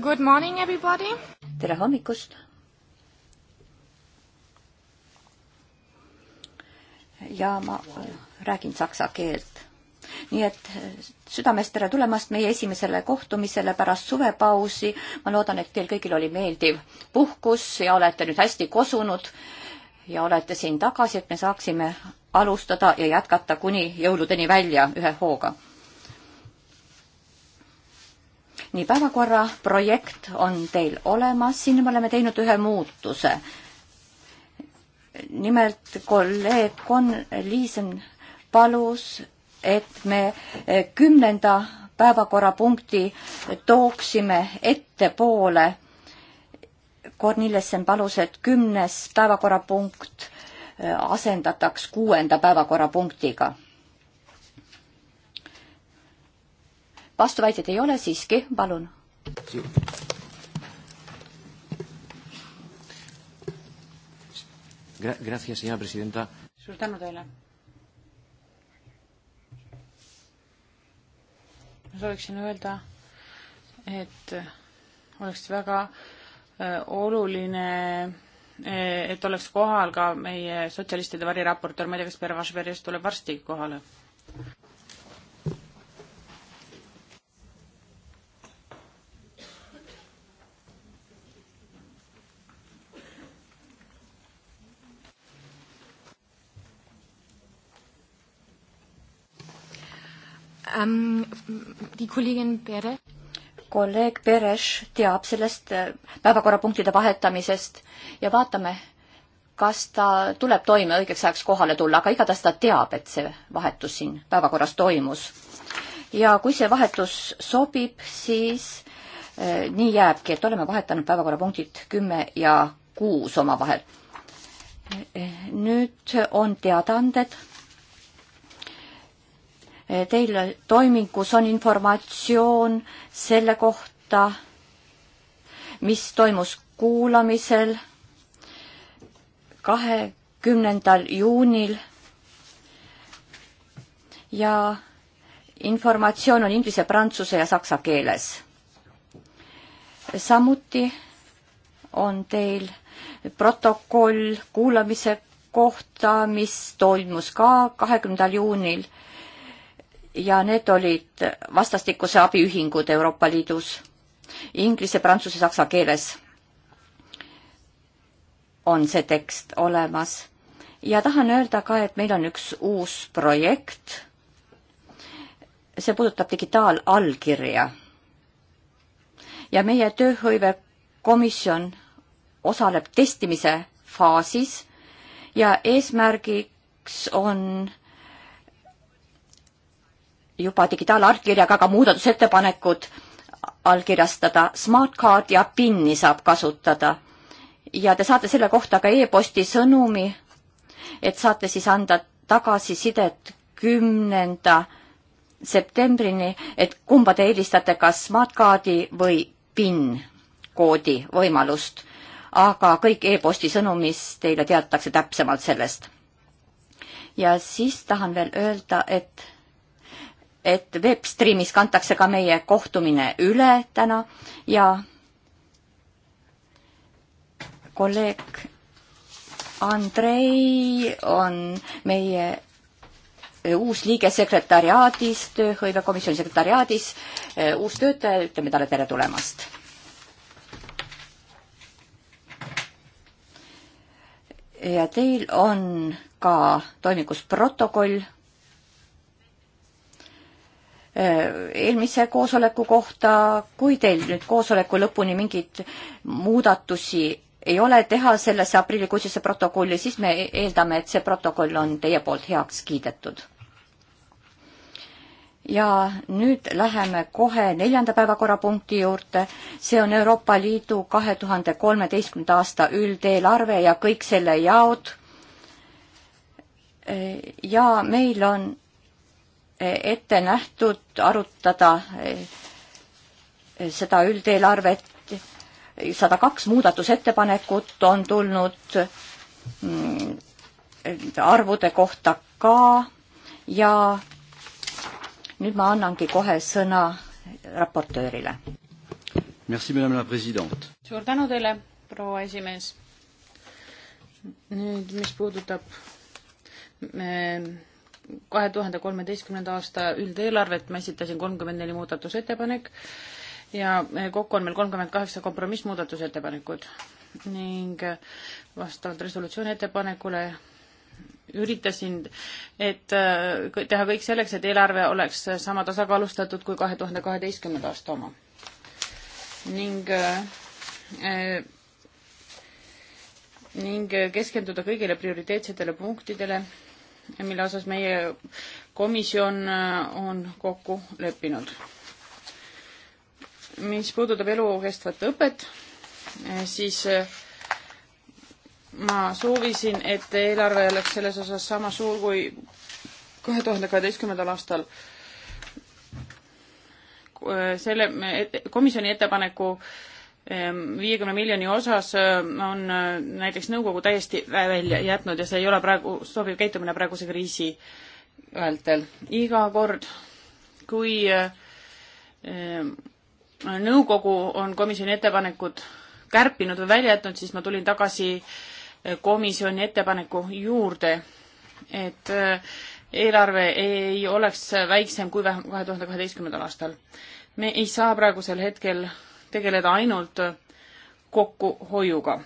Good morning, everybody! tere hommikust! ja ma räägin saksa keelt. nii et südamest tere tulemast meie esimesele kohtumisele pärast suvepausi. ma loodan, et teil kõigil oli meeldiv puhkus ja olete nüüd hästi kosunud ja olete siin tagasi, et me saaksime alustada ja jätkata kuni jõuludeni välja ühe hooga nii päevakorra projekt on teil olemas, siin me oleme teinud ühe muutuse. nimelt kolleeg Kon-, Liisen palus, et me kümnenda päevakorrapunkti tooksime ettepoole. Kornillessen palus, et kümnes päevakorrapunkt asendataks kuuenda päevakorrapunktiga vastuväiteid ei ole siiski, palun. Gracias, señora presidenta. suur tänu teile. ma sooviksin öelda, et oleks väga äh, oluline, äh, et oleks kohal ka meie sotsialistide variraportor, ma ei tea, kas Pervaš Verjes tuleb varsti kohale? ähm, die Kollegin Bere. kolleeg Beres teab sellest äh, päevakorrapunktide vahetamisest ja vaatame, kas ta tuleb toime õigeks ajaks kohale tulla, aga igatahes ta teab, et see vahetus siin päevakorras toimus. ja kui see vahetus sobib, siis eh, nii jääbki, et oleme vahetanud päevakorrapunktid kümme ja kuus omavahel. Äh, nüüd on teadaanded Eh, teil toimingus on informatsioon selle kohta, mis toimus kuulamisel kahekümnendal juunil ja informatsioon on inglise, prantsuse ja saksa keeles. samuti on teil protokoll kuulamise kohta, mis toimus ka kahekümnendal juunil ja need olid vastastikuse abiühingud Euroopa Liidus inglise, prantsuse, saksa keeles on see tekst olemas. ja tahan öelda ka, et meil on üks uus projekt. see puudutab digitaalallkirja. ja meie tööhõivekomisjon osaleb testimise faasis ja eesmärgiks on juba digitaalallkirjaga ka muudatusettepanekud allkirjastada. Smartcard ja PIN-i saab kasutada. ja te saate selle kohta ka e-posti sõnumi, et saate siis anda tagasisidet kümnenda septembrini, et kumba te eelistate, kas Smartcardi või PIN koodi võimalust. aga kõik e-posti sõnumis teile teatakse täpsemalt sellest. ja siis tahan veel öelda, et et webstreamis kantakse ka meie kohtumine üle täna ja kolleeg Andrei on meie uus liige sekretariaadis, tööhõivekomisjoni sekretariaadis, uus töötaja, ütleme talle tere tulemast. ja teil on ka toimikus protokoll eelmise koosoleku kohta. kui teil nüüd koosoleku lõpuni mingeid muudatusi ei ole teha sellesse aprillikuisesse protokolli, siis me eeldame, et see protokoll on teie poolt heaks kiidetud. ja nüüd läheme kohe neljanda päevakorrapunkti juurde. see on Euroopa Liidu kahe tuhande kolmeteistkümnenda aasta üldeelarve ja kõik selle jaod. ja meil on ette nähtud arutada eh, seda üldeelarvet. sada kaks muudatusettepanekut on tulnud mm, arvude kohta ka ja nüüd ma annangi kohe sõna raportöörile. suur tänu teile, proua esimees. nüüd, mis puudutab me eh, kahe tuhande kolmeteistkümnenda aasta üldeelarvet ma esitasin kolmkümmend neli muudatusettepanek ja kokku on meil kolmkümmend kaheksa kompromissmuudatusettepanekut ning vastavalt resolutsiooni ettepanekule üritasin, et äh, teha kõik selleks, et eelarve oleks sama tasakaalustatud kui kahe tuhande kaheteistkümnenda aasta oma. ning äh, äh, ning keskenduda kõigile prioriteetsetele punktidele mille osas meie komisjon äh, on kokku leppinud. mis puudutab elukestvat õpet, äh, siis äh, ma soovisin, et eelarve oleks selles osas sama suur kui kahe tuhande kaheteistkümnendal aastal. selle komisjoni ettepaneku äh, Ehm, viiekümne miljoni osas ehm, on äh, näiteks nõukogu täiesti välja jätnud ja see ei ole praegu sobiv käitumine praeguse kriisi vältel. iga kord, kui ehm, nõukogu on komisjoni ettepanekud kärpinud või välja jätnud, siis ma tulin tagasi eh, komisjoni ettepaneku juurde, et eh, eelarve ei oleks väiksem kui vähem kahe tuhande kaheteistkümnendal aastal. me ei saa praegusel hetkel tegeleda ainult kokkuhoiuga.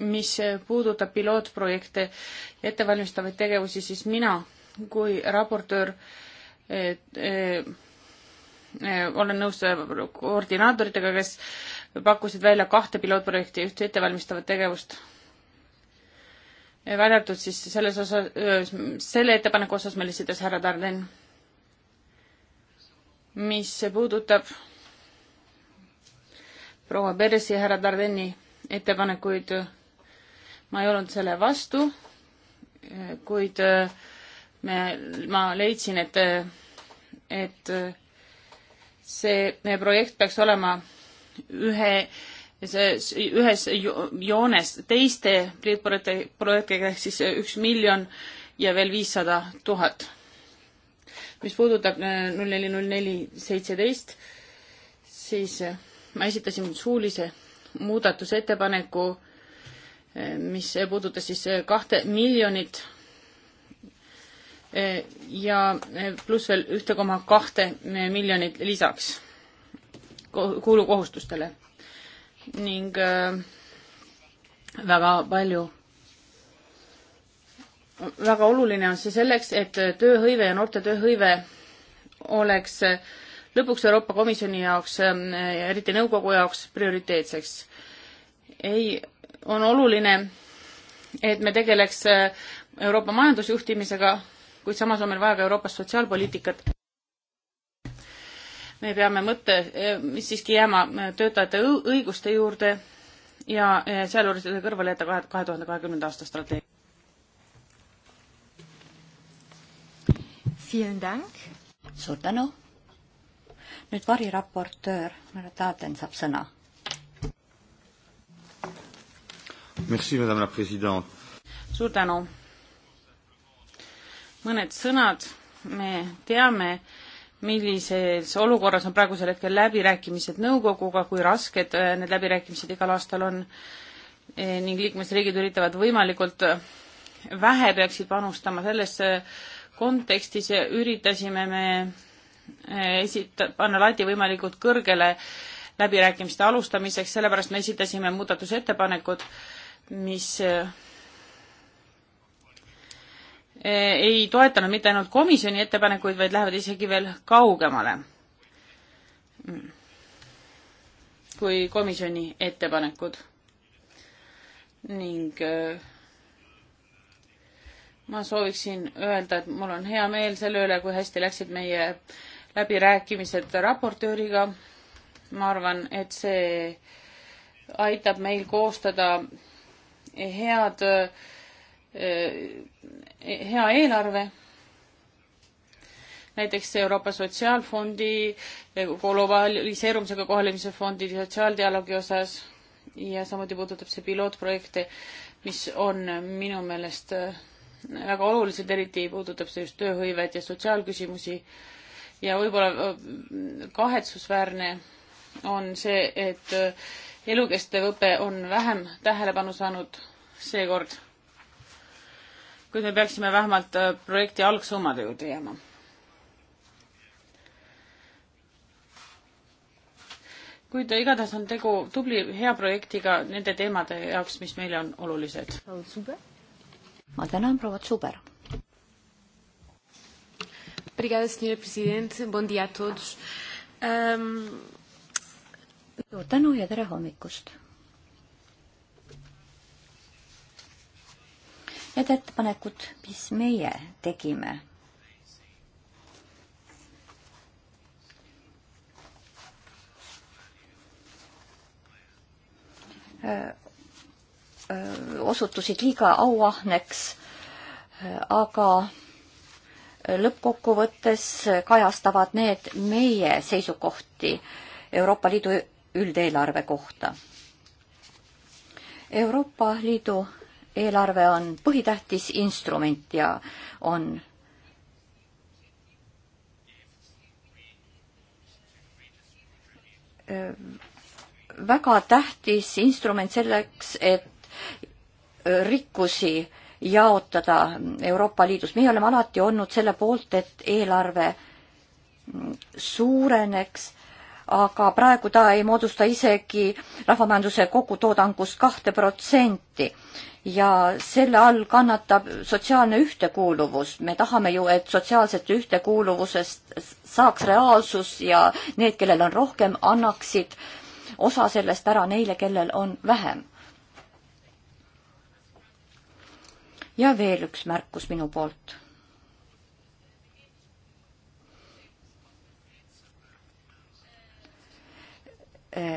mis puudutab pilootprojekte ja ettevalmistavaid tegevusi, siis mina kui raportöör et, et, e, olen nõus koordinaatoritega, kes pakkusid välja kahte pilootprojekti ja ühte ettevalmistavat tegevust. välja arvatud siis selles osas, selle ettepaneku osas, mille esitas härra Tarden. mis puudutab proua Persi ja härra Dardenni ettepanekuid. ma ei olnud selle vastu, kuid eh, me, ma leidsin, et, eh, et eh, see projekt peaks olema ühe, ühes joones teiste projektidega ehk siis üks miljon ja veel viissada tuhat. mis puudutab null neli, null neli, seitseteist, siis ma esitasin suulise muudatusettepaneku, mis puudutas siis kahte miljonit ja pluss veel ühte koma kahte miljonit lisaks kuulukohustustele ning väga palju väga oluline on see selleks, et tööhõive ja noorte tööhõive oleks lõpuks Euroopa Komisjoni jaoks, ähm, eriti nõukogu jaoks prioriteetseks. ei, on oluline, et me tegeleks äh, Euroopa majandusjuhtimisega, kuid samas on meil vaja ka Euroopas sotsiaalpoliitikat. me peame mõtte, äh, siiski jääma äh, töötajate õiguste juurde ja sealjuures kõrvale jätta kahe, kahe tuhande kahekümnenda aasta strateegia. suur tänu! nüüd variraportöör, härra Taaten saab sõna. suur tänu. mõned sõnad, me teame, millises olukorras on praegusel hetkel läbirääkimised nõukoguga, kui rasked äh, need läbirääkimised igal aastal on eh, ning liikmesriigid üritavad võimalikult äh, vähe peaksid panustama sellesse kontekstis üritasime me esita-, panna lati võimalikult kõrgele läbirääkimiste alustamiseks, sellepärast me esitasime muudatusettepanekud, mis e, ei toetanud mitte ainult komisjoni ettepanekuid, vaid lähevad isegi veel kaugemale kui komisjoni ettepanekud. ning e, ma sooviksin öelda, et mul on hea meel selle üle, kui hästi läksid meie äh, läbirääkimised raportööriga. ma arvan, et see aitab meil koostada head, eh, hea eelarve. näiteks Euroopa Sotsiaalfondi, eh, globaliseerumisega kohalemise fondi sotsiaaldialoogi osas ja samuti puudutab see pilootprojekte, mis on minu meelest eh, väga olulised, eriti puudutab see just tööhõivet ja sotsiaalküsimusi ja võib-olla äh, kahetsusväärne on see, et äh, elukestev õpe on vähem tähelepanu saanud seekord. kuid me peaksime vähemalt äh, projekti algsummade juurde jääma. kuid igatahes on tegu tubli, hea projektiga nende teemade jaoks, mis meile on olulised. ma tänan, proua Zuber Obrigada, Sra. Presidente. Bom dia a todos. Um... suur tänu ja tere hommikust. Need ettepanekud, mis meie tegime, äh, äh, osutusid liiga auahneks, äh, aga lõppkokkuvõttes kajastavad need meie seisukohti Euroopa Liidu üldeelarve kohta. Euroopa Liidu eelarve on põhitähtis instrument ja on väga tähtis instrument selleks, et rikkusi äh, jaotada Euroopa Liidus. meie oleme alati olnud selle poolt, et eelarve suureneks, aga praegu ta ei moodusta isegi rahvamajanduse kogutoodangust kahte protsenti ja selle all kannatab sotsiaalne ühtekuuluvus. me tahame ju, et sotsiaalsest ühtekuuluvusest saaks reaalsus ja need, kellel on rohkem, annaksid osa sellest ära neile, kellel on vähem ja veel üks märkus minu poolt.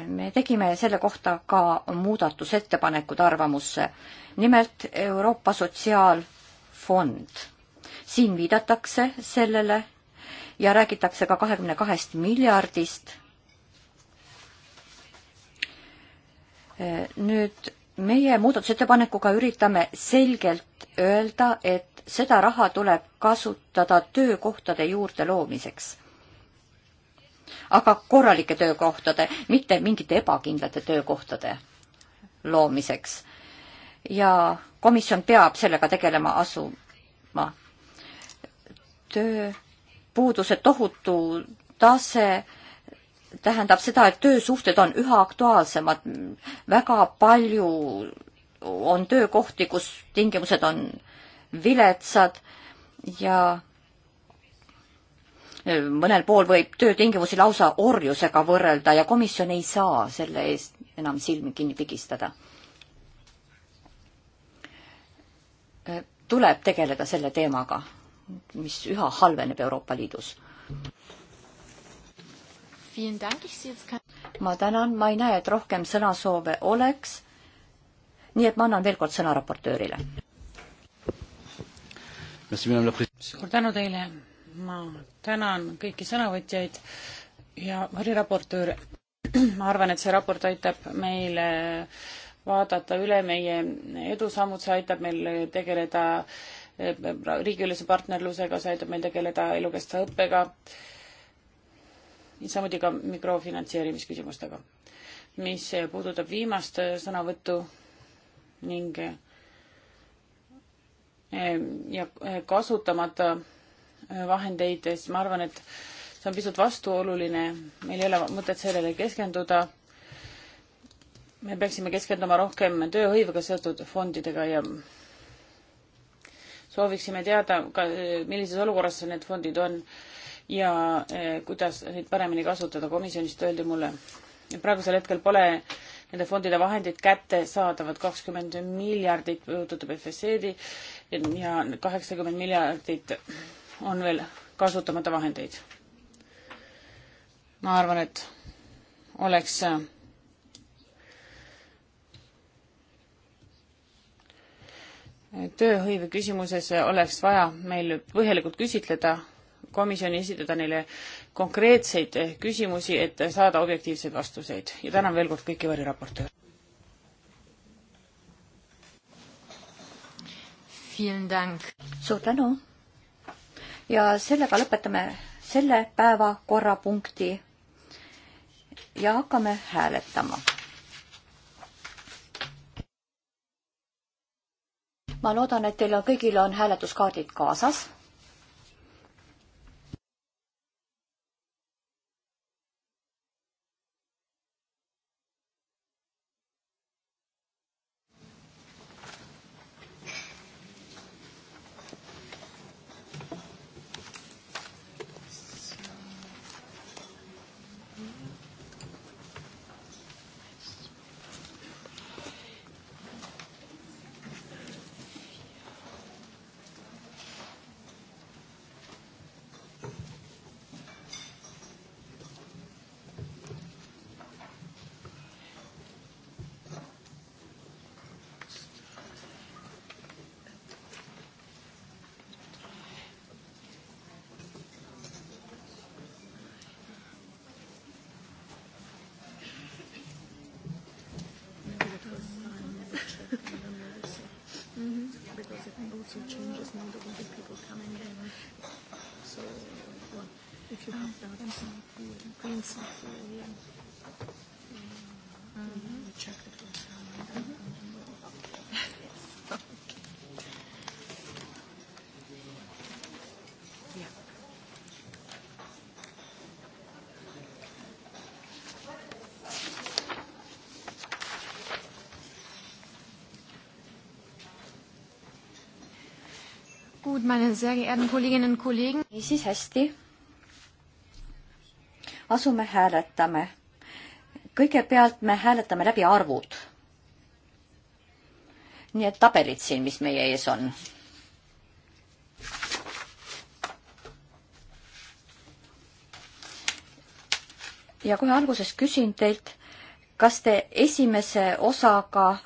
me tegime selle kohta ka muudatusettepanekud arvamusse, nimelt Euroopa Sotsiaalfond. siin viidatakse sellele ja räägitakse ka kahekümne kahest miljardist. nüüd meie muudatusettepanekuga üritame selgelt öelda, et seda raha tuleb kasutada töökohtade juurde loomiseks. aga korralike töökohtade, mitte mingite ebakindlate töökohtade loomiseks. ja komisjon peab sellega tegelema asuma. tööpuuduse tohutu tase tähendab seda, et töösuhted on üha aktuaalsemad. väga palju on töökohti, kus tingimused on viletsad ja e, mõnel pool võib töötingimusi lausa orjusega võrrelda ja komisjon ei saa selle eest enam silmi kinni pigistada. E, tuleb tegeleda selle teemaga, mis üha halveneb Euroopa Liidus ma tänan, ma ei näe, et rohkem sõnasoove oleks. nii et ma annan veel kord sõna raportöörile. suur tänu teile, ma tänan kõiki sõnavõtjaid ja variraportööre. ma arvan, et see raport aitab meile vaadata üle meie edusammud, see aitab meil tegeleda eh, riigiülese partnerlusega, see aitab meil tegeleda elukestva õppega samuti ka mikrofinantseerimisküsimustega. mis puudutab viimast sõnavõttu ning eh, ja kasutamata vahendeid, siis ma arvan, et see on pisut vastuoluline, meil ei ole mõtet sellele keskenduda. me peaksime keskenduma rohkem tööhõivega seotud fondidega ja sooviksime teada ka, eh, millises olukorras need fondid on ja eh, kuidas neid paremini kasutada. komisjonist öeldi mulle, et praegusel hetkel pole nende fondide vahendid kättesaadavad, kakskümmend miljardit puudutab FSE-di ja kaheksakümmend miljardit on veel kasutamata vahendeid. ma arvan, et oleks eh, tööhõive küsimuses oleks vaja meil põhjalikult küsitleda komisjoni esitada neile konkreetseid küsimusi, et saada objektiivseid vastuseid ja tänan veel kord kõiki variraportööre. suur tänu ja sellega lõpetame selle päevakorrapunkti ja hakkame hääletama. ma loodan, et teil on kõigil on hääletuskaardid kaasas Gut, meine sehr geehrten Kolleginnen und Kollegen. niisiis hästi. asume hääletame. kõigepealt me hääletame läbi arvud. nii et tabelid siin, mis meie ees on. ja kohe alguses küsin teilt, kas te esimese osaga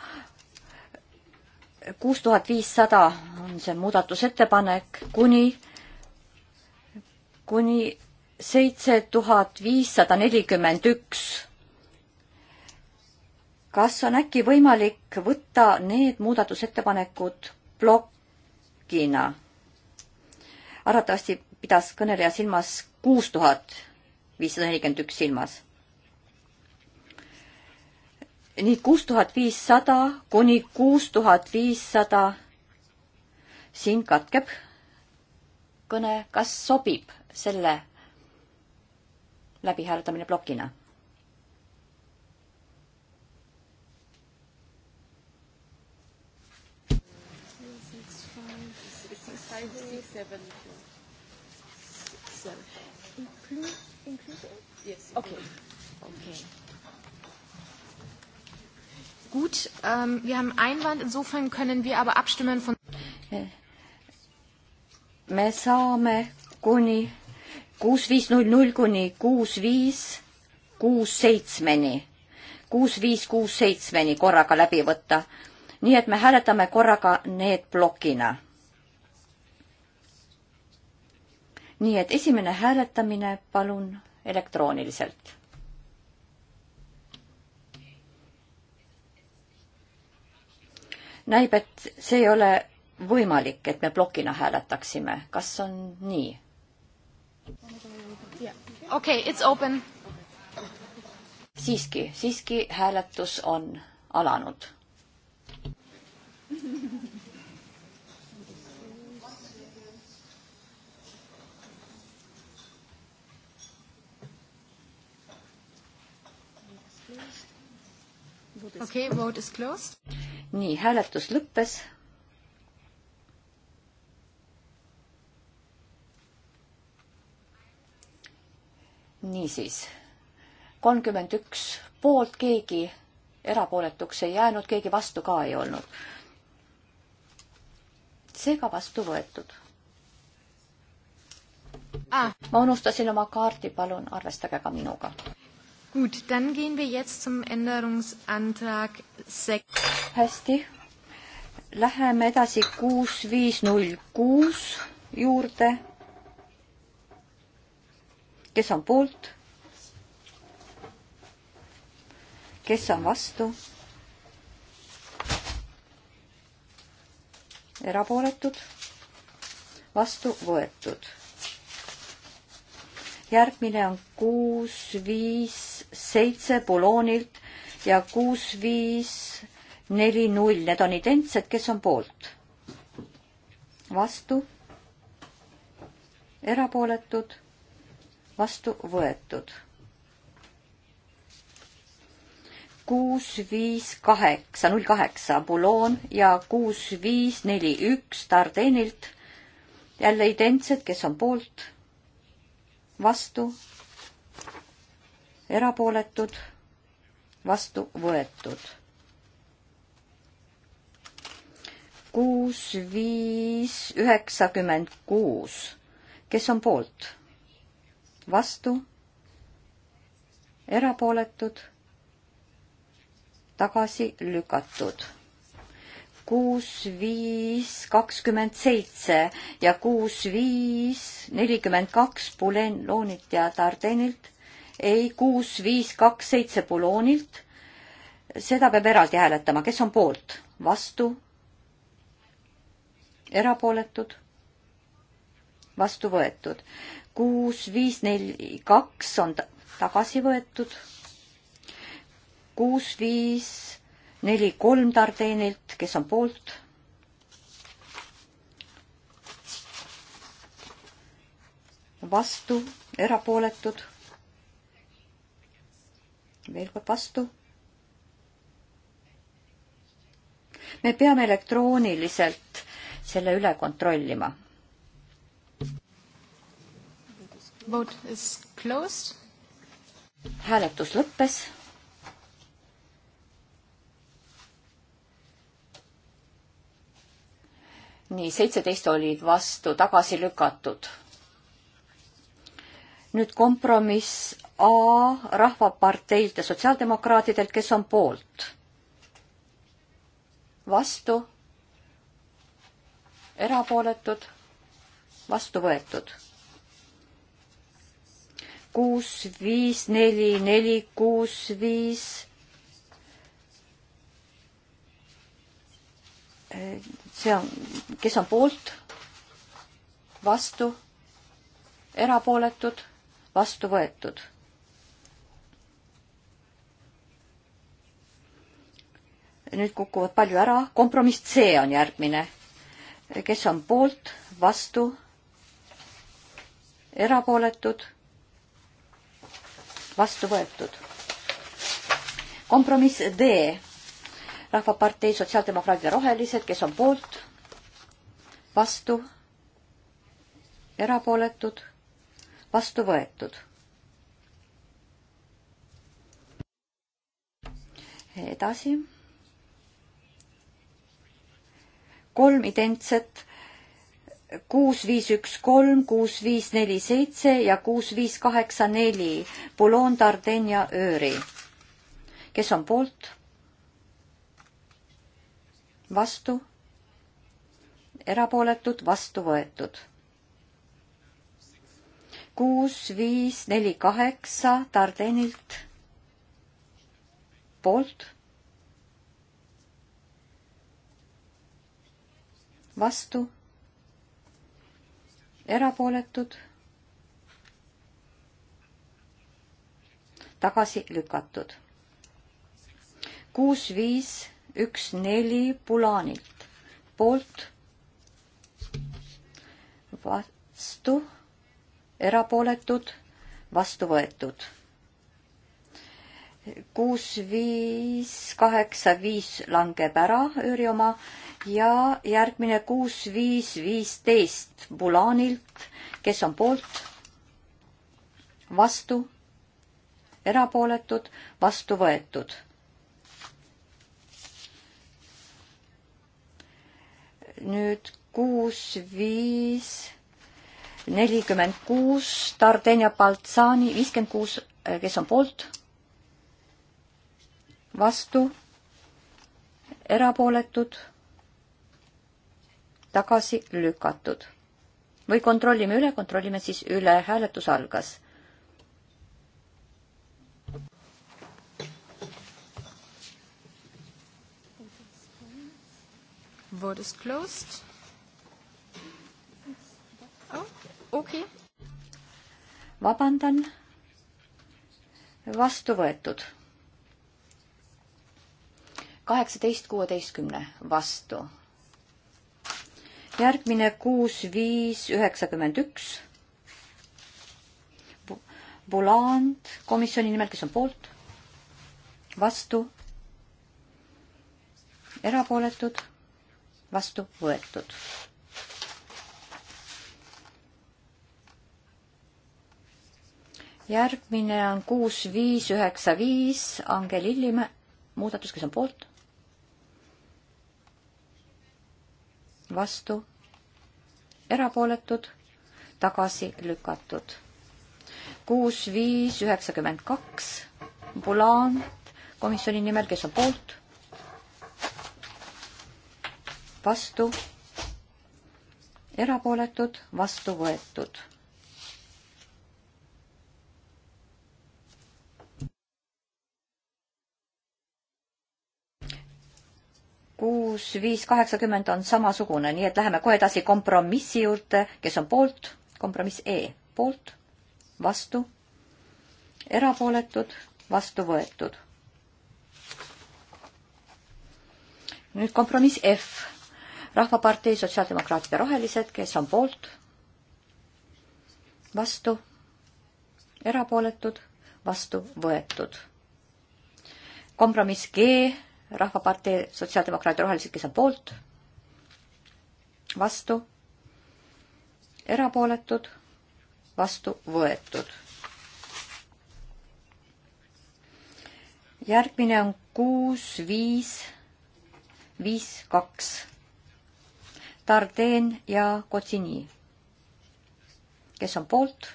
kuus tuhat viissada see muudatusettepanek kuni, kuni seitse tuhat viissada nelikümmend üks. kas on äkki võimalik võtta need muudatusettepanekud plokina? arvatavasti pidas kõneleja silmas kuus tuhat viissada nelikümmend üks silmas. nii kuus tuhat viissada kuni kuus tuhat viissada siin katkeb kõne, kas sobib selle läbihääletamine plokina? okei, okei. Gut, ähm, wir haben Einwand, insofern können wir aber abstimmen von. Eh me saame kuni kuus, viis, null, null kuni kuus, viis, kuus, seitsmeni, kuus, viis, kuus, seitsmeni korraga läbi võtta. nii et me hääletame korraga need plokina. nii et esimene hääletamine, palun elektrooniliselt näib, et see ei ole võimalik, et me plokina hääletaksime, kas on nii? okei, it's open. siiski, siiski hääletus on alanud. okei okay,, vote is closed. nii, hääletus lõppes niisiis, kolmkümmend üks poolt keegi erapooletuks ei jäänud, keegi vastu ka ei olnud. seega vastu võetud ah.. ma unustasin oma kaardi, palun arvestage ka minuga. Gut, dann gehen wir jetzt zum Änderungsantrag 6. Hästi. Läheme edasi 6506 juurde kes on poolt? kes on vastu? erapooletud, vastu võetud. järgmine on kuus, viis, seitse Bouloonilt ja kuus, viis, neli, null, need on identsed, kes on poolt? vastu, erapooletud, vastu võetud. kuus, viis, kaheksa, null kaheksa Buloon ja kuus, viis, neli, üks Tardenilt. jälle identsed, kes on poolt, vastu, erapooletud, vastu võetud kuus, viis, üheksakümmend kuus. kes on poolt? vastu, erapooletud, tagasi lükatud. kuus, viis, kakskümmend seitse ja kuus, viis, nelikümmend kaks Pulen, Loonilt ja Tardenilt. ei, kuus, viis, kaks, seitse Puloonilt. seda peab eraldi hääletama, kes on poolt, vastu, erapooletud, vastu võetud kuus, viis, neli, kaks on tagasi võetud. kuus, viis, neli, kolm Tardeenilt, kes on poolt. vastu, erapooletud. veel kord vastu. me peame elektrooniliselt selle üle kontrollima Vote is closed. hääletus lõppes. nii, seitseteist olid vastu, tagasi lükatud. nüüd kompromiss A Rahvaparteilt ja Sotsiaaldemokraatidelt, kes on poolt? vastu? erapooletud? vastu võetud kuus, viis, neli, neli, kuus, viis. see on, kes on poolt, vastu, erapooletud, vastu võetud. nüüd kukuvad palju ära, kompromiss C on järgmine. kes on poolt, vastu, erapooletud vastu võetud. kompromiss D, Rahvapartei, Sotsiaaldemokraadid ja Rohelised, kes on poolt, vastu, erapooletud, vastu võetud. edasi. kolm identset kuus, viis, üks, kolm, kuus, viis, neli, seitse ja kuus, viis, kaheksa, neli, Boulogne, Darden ja Ööri. kes on poolt? vastu? erapooletud, vastu võetud. kuus, viis, neli, kaheksa Dardenilt. poolt? vastu erapooletud, tagasi lükatud. kuus, viis, üks, neli Pulaanilt, poolt, vastu, erapooletud, vastu võetud kuus, viis, kaheksa, viis langeb ära, üüri oma, ja järgmine kuus, viis, viisteist Bulanilt, kes on poolt, vastu, erapooletud, vastu võetud. nüüd kuus, viis, nelikümmend kuus, Tardenia Baltsani, viiskümmend kuus, kes on poolt vastu, erapooletud, tagasi lükatud. või kontrollime üle, kontrollime siis üle, hääletus algas. Vote is closed. Oh, okay. vabandan, vastu võetud kaheksateist kuueteistkümne vastu. järgmine kuus, viis, üheksakümmend üks. Voland komisjoni nimel, kes on poolt, vastu, erapooletud, vastu võetud. järgmine on kuus, viis, üheksa, viis, Angel Illimäe, muudatus, kes on poolt vastu, erapooletud, tagasi lükatud. kuus, viis, üheksakümmend kaks, Bulant komisjoni nimel, kes on poolt, vastu, erapooletud, vastu võetud kuus, viis, kaheksakümmend on samasugune, nii et läheme kohe edasi kompromissi juurde, kes on poolt, kompromiss E, poolt, vastu, erapooletud, vastu võetud. nüüd kompromiss F, Rahvapartei, Sotsiaaldemokraatide Rohelised, kes on poolt, vastu, erapooletud, vastu võetud. kompromiss G Rahvapartei, Sotsiaaldemokraadid, Rohelised, kes on poolt, vastu, erapooletud, vastu võetud. järgmine on kuus, viis, viis, kaks. Tardeen ja Kotsini. kes on poolt?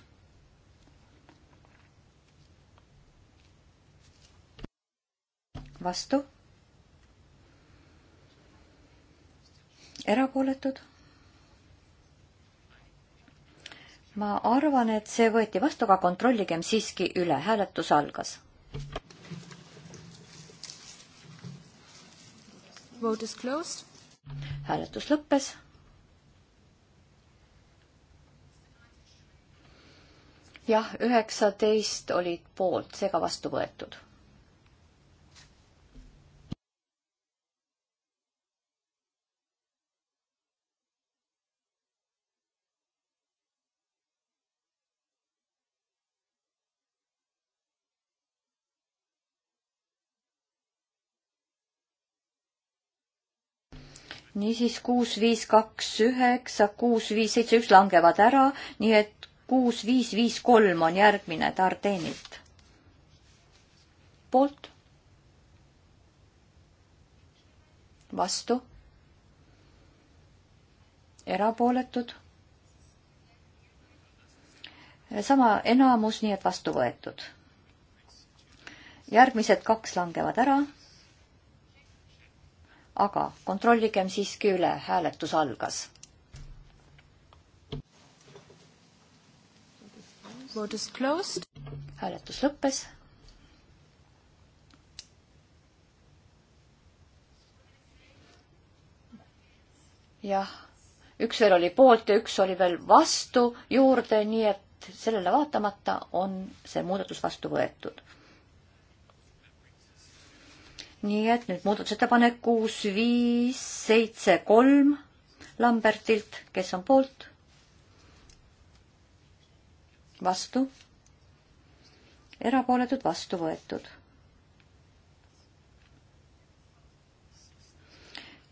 vastu erapooletud? ma arvan, et see võeti vastu, aga kontrolligem siiski üle, hääletus algas. Vote is closed. hääletus lõppes. jah, üheksateist olid poolt, seega vastu võetud niisiis kuus, viis, kaks, üheksa, kuus, viis, seitse, üks langevad ära, nii et kuus, viis, viis, kolm on järgmine Dardenilt. poolt. vastu. erapooletud. sama enamus, nii et vastu võetud. järgmised kaks langevad ära aga kontrolligem siiski üle, hääletus algas. hääletus lõppes. jah, üks veel oli poolt ja üks oli veel vastu juurde, nii et sellele vaatamata on see muudatus vastu võetud nii et nüüd muudatusettepanek kuus, viis, seitse, kolm Lambertilt, kes on poolt? vastu? erapooletud, vastu võetud.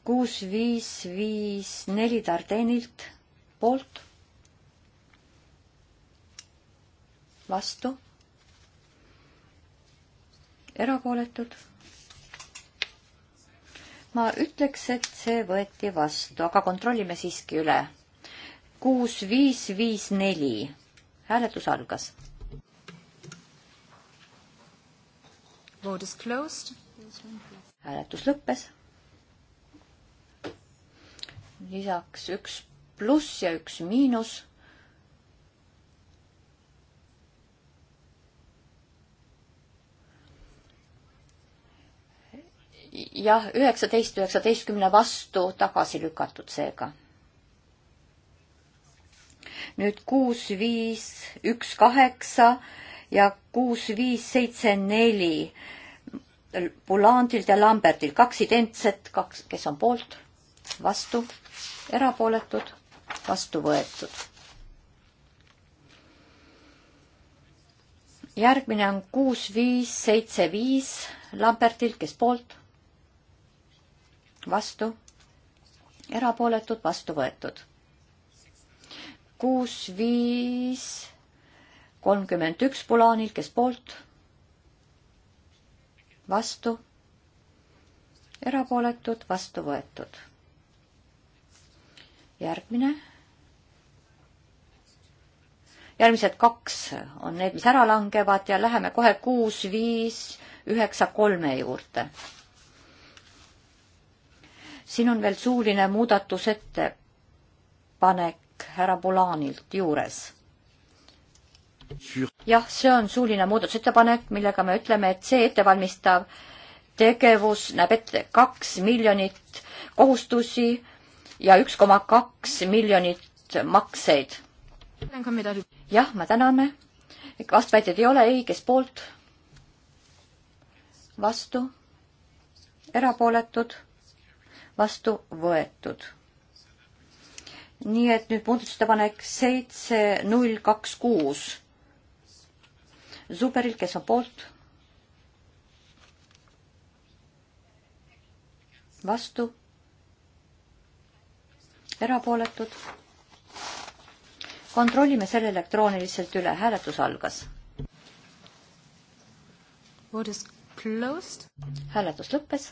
kuus, viis, viis, neli Dardenilt, poolt? vastu? erapooletud ma ütleks, et see võeti vastu, aga kontrollime siiski üle. kuus, viis, viis, neli. hääletus algas. hääletus lõppes. lisaks üks pluss ja üks miinus jah, üheksateist üheksateistkümne vastu tagasi lükatud seega. nüüd kuus, viis, üks, kaheksa ja kuus, viis, seitse, neli Bulandilt ja Lambertilt, kaks identset, kaks, kes on poolt, vastu, erapooletud, vastu võetud. järgmine on kuus, viis, seitse, viis Lambertilt, kes poolt vastu, erapooletud, vastu võetud. kuus, viis, kolmkümmend üks Pulaanil, kes poolt, vastu, erapooletud, vastu võetud. järgmine. järgmised kaks on need, mis ära langevad ja läheme kohe kuus, viis, üheksa, kolme juurde siin on veel suuline muudatusettepanek härra Bulaanilt juures. jah, see on suuline muudatusettepanek, millega me ütleme, et see ettevalmistav tegevus näeb ette kaks miljonit kohustusi ja üks koma kaks miljonit makseid. jah, me täname. vastuväiteid ei ole, ei, kes poolt? vastu? erapooletud? vastu võetud. nii et nüüd muudatusettepanek seitse null kaks kuus. Zuberilt, kes on poolt? vastu? erapooletud? kontrollime selle elektrooniliselt üle, hääletus algas. hääletus lõppes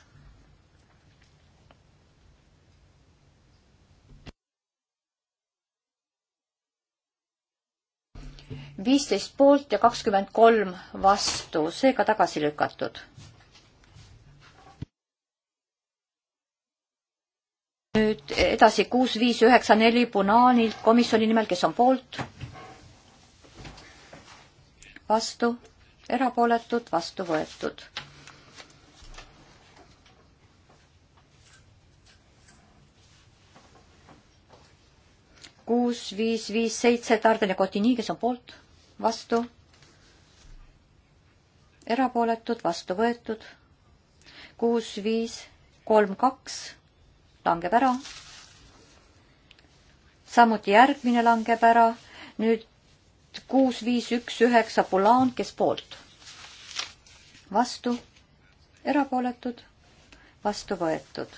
viisteist poolt ja kakskümmend kolm vastu, seega tagasi lükatud. nüüd edasi kuus, viis, üheksa, neli Punaanilt komisjoni nimel, kes on poolt? vastu, erapooletud, vastu võetud kuus, viis, viis, seitse Tardel ja Cotigny, kes on poolt? vastu, erapooletud, vastu võetud, kuus, viis, kolm, kaks langeb ära. samuti järgmine langeb ära, nüüd kuus, viis, üks, üheksa, Bulaan, kes poolt? vastu, erapooletud, vastu võetud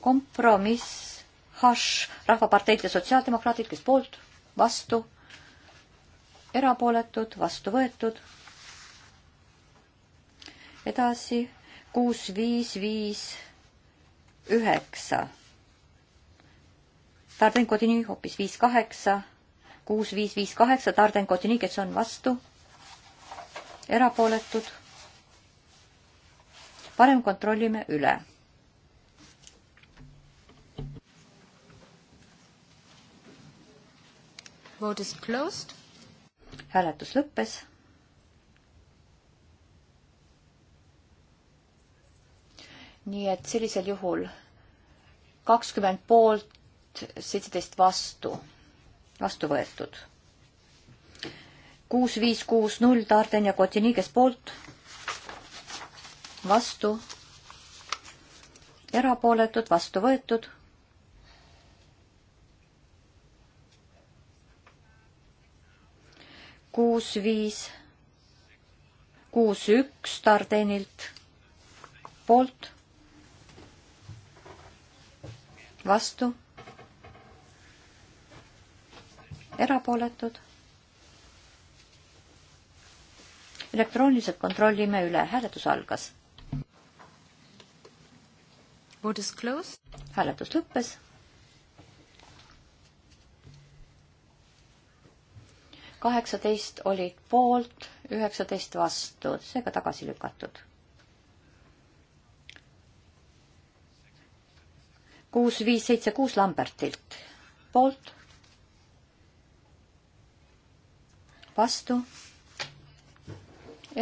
kompromiss, hašš, Rahvaparteilt ja sotsiaaldemokraadid, kes poolt, vastu, erapooletud, vastu võetud. edasi kuus, viis, viis, üheksa. Tardenkodini hoopis viis, kaheksa, kuus, viis, viis, kaheksa, Tardenkodini, kes on vastu, erapooletud. parem kontrollime üle Vote is closed hääletus lõppes. nii et sellisel juhul kakskümmend poolt, seitseteist vastu, vastu võetud. kuus, viis, kuus, null, Tarden ja Kotini, kes poolt, vastu, erapooletud, vastu võetud kuus, viis, kuus, üks Tardenilt poolt, vastu, erapooletud. elektrooniliselt kontrollime üle, hääletus algas. hääletus lõppes kaheksateist olid poolt, üheksateist vastu, seega tagasi lükatud. kuus, viis, seitse, kuus Lambertilt poolt, vastu,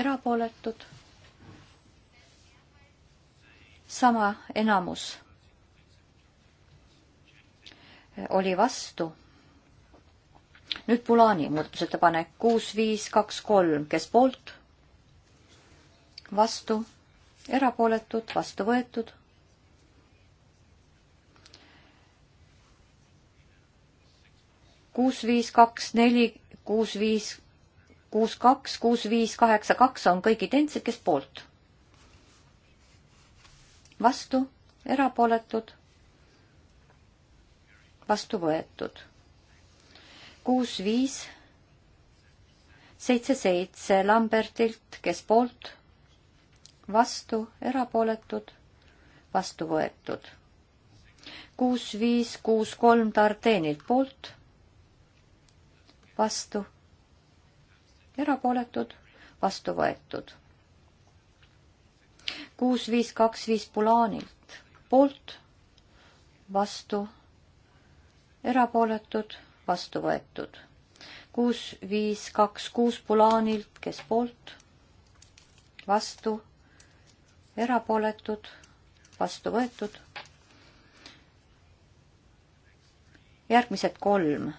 erapooletud, sama enamus oli vastu nüüd Pulaani muudatusettepanek kuus, viis, kaks, kolm, kes poolt? vastu, erapooletud, vastu võetud. kuus, viis, kaks, neli, kuus, viis, kuus, kaks, kuus, viis, kaheksa, kaks on kõik identsed, kes poolt? vastu, erapooletud, vastu võetud kuus, viis, seitse, seitse Lambertilt, kes poolt, vastu, erapooletud, vastu võetud. kuus, viis, kuus, kolm Tarteenilt poolt, vastu, erapooletud, vastu võetud. kuus, viis, kaks, viis Pulaanilt poolt, vastu, erapooletud vastu võetud. kuus, viis, kaks, kuus Pulaanilt, kes poolt, vastu, erapooletud, vastu võetud. järgmised kolm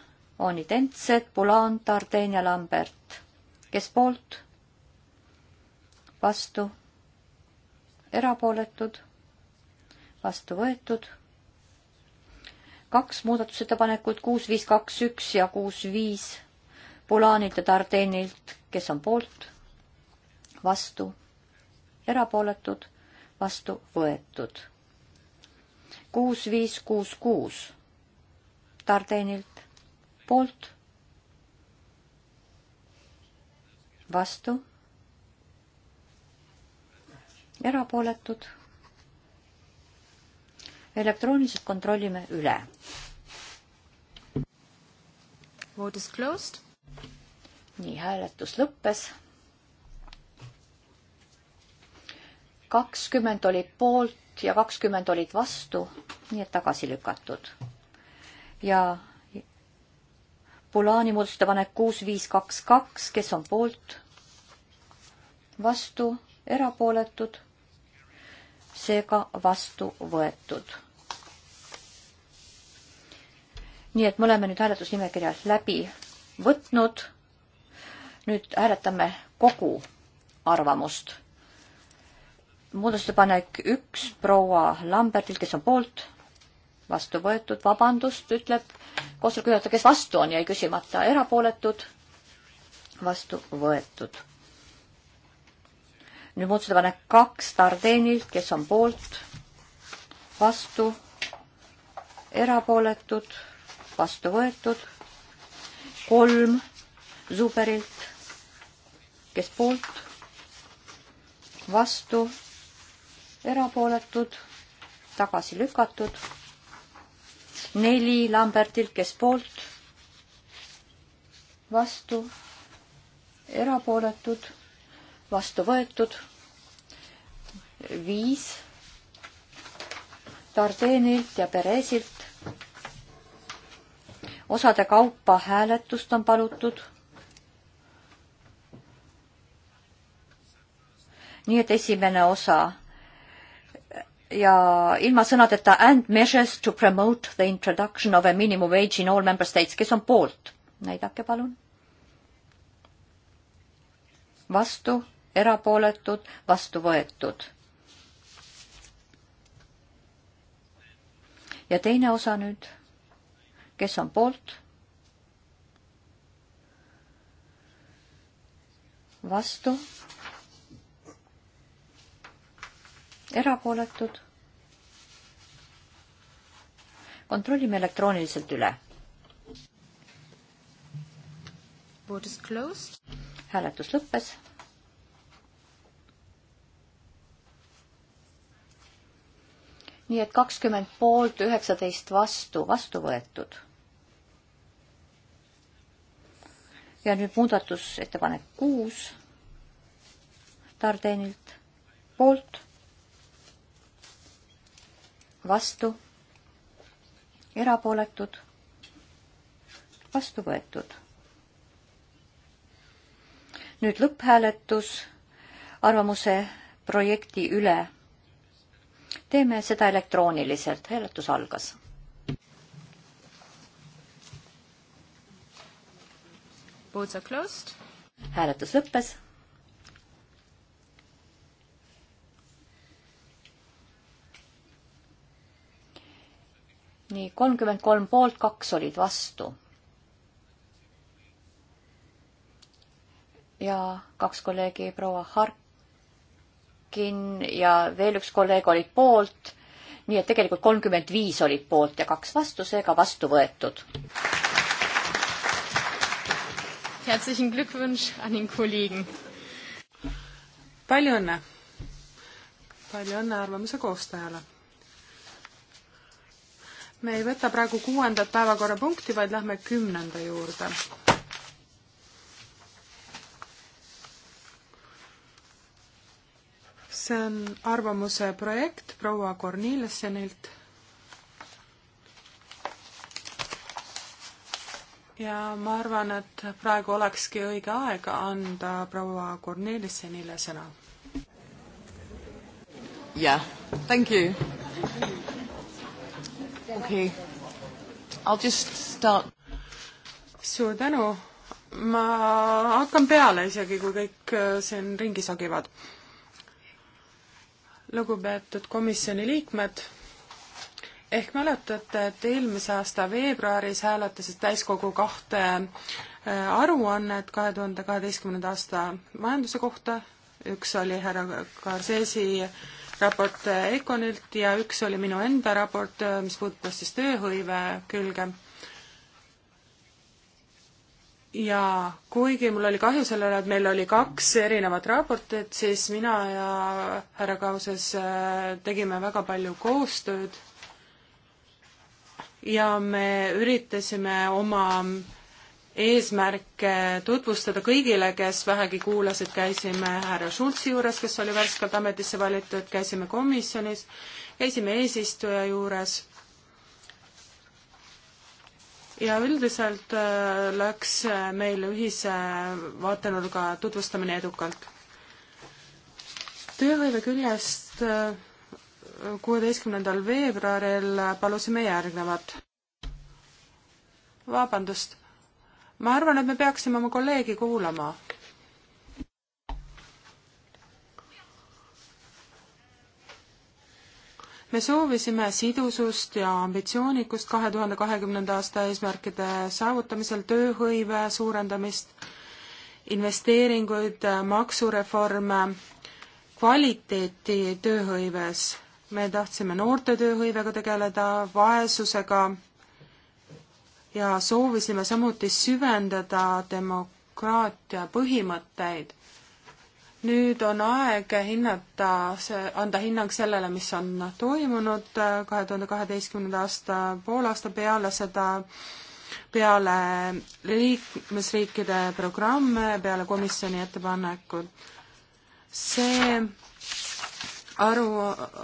on identsed, Pulaan, Tardeen ja Lambert, kes poolt, vastu, erapooletud, vastu võetud kaks muudatusettepanekut, kuus, viis, kaks, üks ja kuus, viis Pulaanilt ja Tartenilt, kes on poolt, vastu, erapooletud, vastu võetud. kuus, viis, kuus, kuus Tartenilt, poolt, vastu, erapooletud elektrooniliselt kontrollime üle. Vote is closed. nii, hääletus lõppes. kakskümmend olid poolt ja kakskümmend olid vastu, nii et tagasi lükatud. ja Pulaani muudatusettepanek kuus, viis, kaks, kaks, kes on poolt, vastu, erapooletud seega vastu võetud. nii et me oleme nüüd hääletusnimekirja läbi võtnud. nüüd hääletame kogu arvamust. muudatusettepanek üks proua Lambertilt, kes on poolt, vastu võetud, vabandust, ütleb koosoleku juhataja, kes vastu on, jäi küsimata, erapooletud, vastu võetud nüüd muudatusettepanek kaks Tardenilt, kes on poolt, vastu, erapooletud, vastu võetud, kolm Zuberilt, kes poolt, vastu, erapooletud, tagasi lükatud, neli Lambertilt, kes poolt, vastu, erapooletud, vastu võetud viis Dardeenilt ja Peresilt. osade kaupa hääletust on palutud. nii et esimene osa ja ilma sõnadeta and measures to promote the introduction of a minimum wage in all member states, kes on poolt, näidake palun. vastu, erapooletud, vastu võetud ja teine osa nüüd, kes on poolt? vastu? erapooletud? kontrollime elektrooniliselt üle. hääletus lõppes nii et kakskümmend poolt, üheksateist vastu, vastu võetud. ja nüüd muudatusettepanek kuus Tardenilt poolt, vastu, erapooletud, vastu võetud. nüüd lõpphääletus arvamuse projekti üle teeme seda elektrooniliselt, hääletus algas. hääletus lõppes. nii, kolmkümmend kolm poolt, kaks olid vastu. ja kaks kolleegi proua Hark Harkin ja veel üks kolleeg olid poolt. nii et tegelikult kolmkümmend viis olid poolt ja kaks vastu, seega vastu võetud. Herzlichen Glückwunsch an den Kollegen. palju õnne. palju õnne arvamuse koostajale. me ei võta praegu kuuendat päevakorrapunkti, vaid lähme kümnenda juurde see on arvamuse projekt proua Kornilessenilt. ja ma arvan, et praegu olekski õige aeg anda proua Kornilessenile sõna. jah yeah,, thank you. okei okay., I will just start. suur tänu, ma hakkan peale, isegi kui kõik äh, siin ringi sagivad lugupeetud komisjoni liikmed, ehk mäletate, et eelmise aasta veebruaris hääletasid täiskogu kahte äh, aruannet kahe tuhande kaheteistkümnenda aasta majanduse kohta, üks oli härra Karsesi raport Econilt ja üks oli minu enda raport, äh, mis puudutas siis tööhõive külge ja kuigi mul oli kahju selle üle, et meil oli kaks erinevat raportit, siis mina ja härra Kauses äh, tegime väga palju koostööd ja me üritasime oma eesmärke tutvustada kõigile, kes vähegi kuulasid, käisime härra Schultzi juures, kes oli värskelt ametisse valitud, käisime komisjonis, käisime eesistuja juures ja üldiselt äh, läks äh, meil ühise vaatenurga tutvustamine edukalt. tööhõive küljest äh, kuueteistkümnendal veebruaril palusime järgnevat. vabandust, ma arvan, et me peaksime oma kolleegi kuulama me soovisime sidusust ja ambitsioonikust kahe tuhande kahekümnenda aasta eesmärkide saavutamisel, tööhõive suurendamist, investeeringuid, maksureforme, kvaliteeti tööhõives, me tahtsime noorte tööhõivega tegeleda, vaesusega ja soovisime samuti süvendada demokraatia põhimõtteid nüüd on aeg hinnata, anda hinnang sellele, mis on toimunud äh, kahe tuhande kaheteistkümnenda aasta poolaasta peale seda, peale liikmesriikide programme, peale komisjoni ettepanekud. see aru,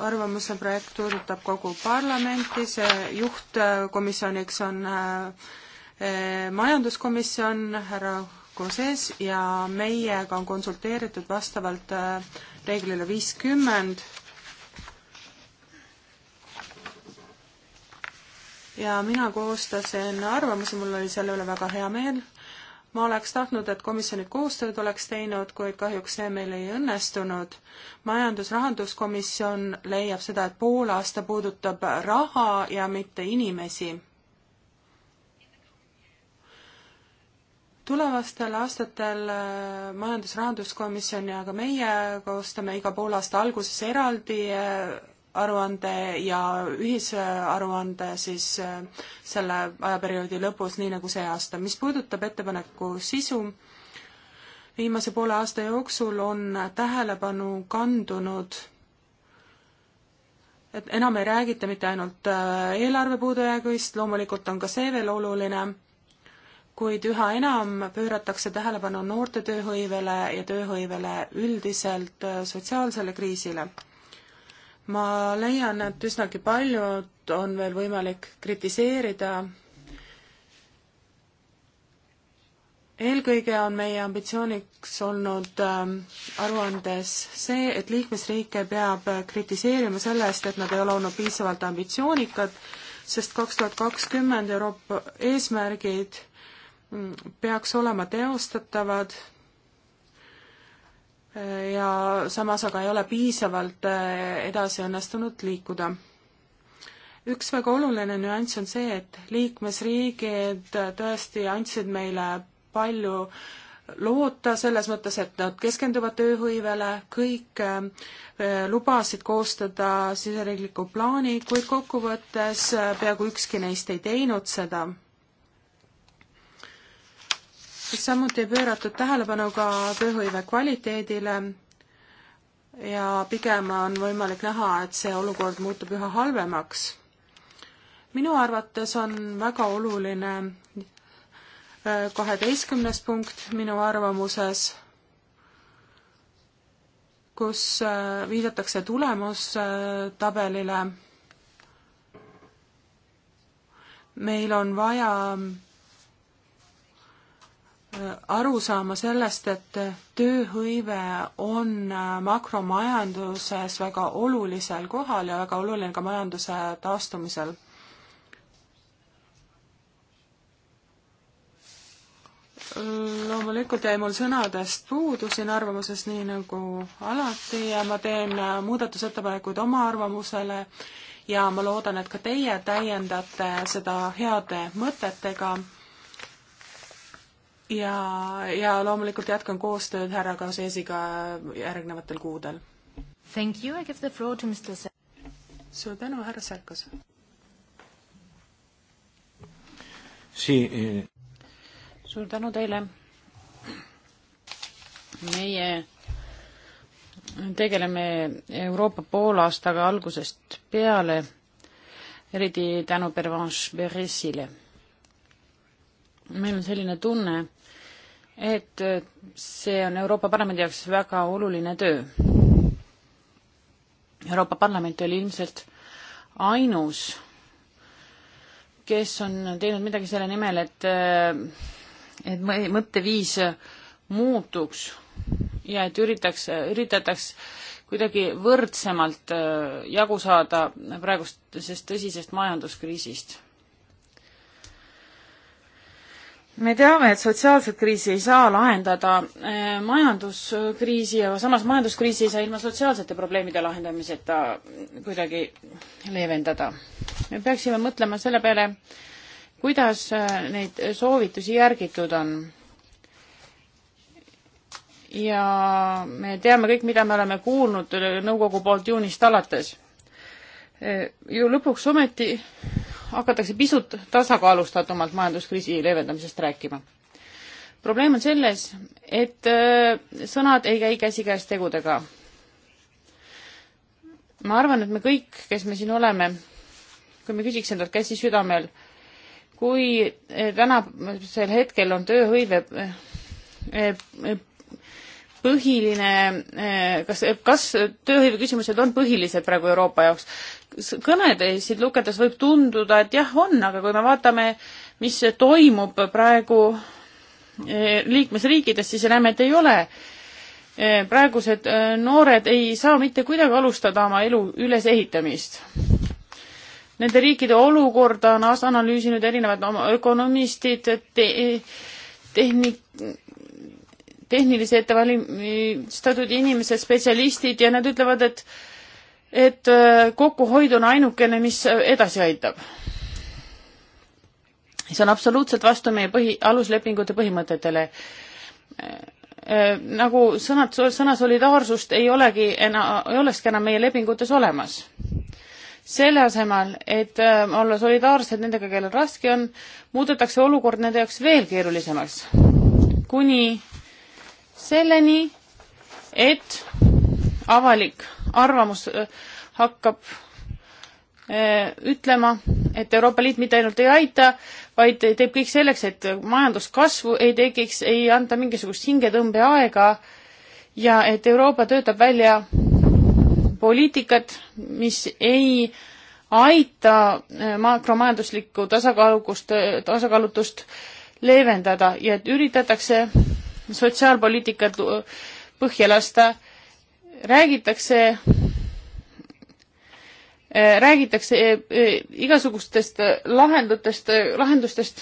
arvamuse projekt puudutab kogu parlamenti, see juhtkomisjoniks on äh, äh majanduskomisjon, härra pakkumises ja meiega on konsulteeritud vastavalt äh, reeglile viiskümmend. ja mina koostasin arvamuse, mul oli selle üle väga hea meel. ma oleks tahtnud, et komisjonid koostööd oleks teinud, kuid kahjuks see meil ei õnnestunud majandus. majandus-rahanduskomisjon leiab seda, et poolaasta puudutab raha ja mitte inimesi tulevastel aastatel äh, Majandus-Rahanduskomisjon ja ka meie koostame iga poolaasta alguses eraldi äh, aruande ja ühisaruande siis äh, selle ajaperioodi lõpus, nii nagu see aasta. mis puudutab ettepaneku sisu, viimase poole aasta jooksul on tähelepanu kandunud et enam ei räägita mitte ainult eelarve puudujäägist, loomulikult on ka see veel oluline kuid üha enam pööratakse tähelepanu noorte tööhõivele ja tööhõivele üldiselt äh, sotsiaalsele kriisile. ma leian, et üsnagi paljud on veel võimalik kritiseerida. eelkõige on meie ambitsiooniks olnud ähm, aruandes see, et liikmesriike peab äh, kritiseerima selle eest, et nad ei ole olnud piisavalt ambitsioonikad, sest kaks tuhat kakskümmend Euroopa eesmärgid peaks olema teostatavad ja samas aga ei ole piisavalt eh, edasi õnnestunud liikuda. üks väga oluline nüanss on see, et liikmesriigid tõesti andsid meile palju loota selles mõttes, et nad keskenduvad tööhõivele, kõik eh, lubasid koostada siseriikliku plaani, kuid kokkuvõttes eh, peaaegu ükski neist ei teinud seda samuti pööratud tähelepanu ka tööhõive kvaliteedile ja pigem on võimalik näha, et see olukord muutub üha halvemaks. minu arvates on väga oluline äh, kaheteistkümnes punkt minu arvamuses kus äh, viidatakse tulemustabelile. meil on vaja aru saama sellest, et tööhõive on äh, makromajanduses väga olulisel kohal ja väga oluline ka majanduse taastumisel. loomulikult jäi mul sõnadest puudu siin arvamuses, nii nagu alati, ja ma teen äh, muudatusettepanekuid oma arvamusele ja ma loodan, et ka teie täiendate seda heade mõtetega ja, ja loomulikult jätkan koostööd härra Kaseesiga järgnevatel kuudel. Thank you, I give the floor to Mr Se-. suur tänu, härra Särkas. Sii-. Eh, suur tänu teile. meie tegeleme Euroopa poolaastaga algusest peale, eriti tänu Pervenche Beresile meil on selline tunne, et see on Euroopa Parlamendi jaoks väga oluline töö. Euroopa Parlament oli ilmselt ainus, kes on teinud midagi selle nimel, et, et mõtteviis muutuks ja et üritaks, üritataks kuidagi võrdsemalt jagu saada praegusest tõsisest majanduskriisist me teame, et sotsiaalset kriisi ei saa lahendada äh, majanduskriisi, aga samas majanduskriisi ei saa ilma sotsiaalsete probleemide lahendamiseta kuidagi leevendada. me peaksime mõtlema selle peale, kuidas äh, neid soovitusi järgitud on. ja me teame kõik, mida me oleme kuulnud nõukogu poolt juunist alates. Äh, ju lõpuks ometi hakatakse pisut tasakaalustatumalt majanduskriisi leevendamisest rääkima. probleem on selles, et äh, sõnad ei käi käsikäes tegudega. ma arvan, et me kõik, kes me siin oleme, kui me küsiks endalt käsi südamel, kui äh, tänasel hetkel on tööhõive äh, põhiline, eh, kas, kas tööhõive küsimused on põhilised praegu Euroopa jaoks? kõnedesid lugedes võib tunduda, et jah, on, aga kui me vaatame, mis toimub praegu eh, liikmesriikides, siis näeme, et ei ole. Eh, praegused noored ei saa mitte kuidagi alustada oma elu ülesehitamist. Nende riikide olukorda on analüüsinud erinevad ökonomistid te, tehnik-, tehnilise ettevalmistatud inimesed, spetsialistid ja nad ütlevad, et et äh, kokkuhoid on ainukene, mis äh, edasi aitab. see on absoluutselt vastu meie põhi, aluslepingute põhimõtetele. Äh, nagu sõnad, sõna solidaarsust ei olegi enam, ei olekski enam meie lepingutes olemas selle asemel, et olla solidaarsed nendega, kellel raske on, muudetakse olukord nende jaoks veel keerulisemaks. kuni selleni, et avalik arvamus äh, hakkab äh, ütlema, et Euroopa Liit mitte ainult ei aita, vaid teeb kõik selleks, et majanduskasvu ei tekiks, ei anta mingisugust hingetõmbeaega ja et Euroopa töötab välja poliitikat, mis ei aita äh, makromajanduslikku tasakaalukust, tasakaalutust leevendada ja et üritatakse sotsiaalpoliitikat põhja lasta, räägitakse äh, räägitakse äh, äh, igasugustest lahendutest, lahendustest,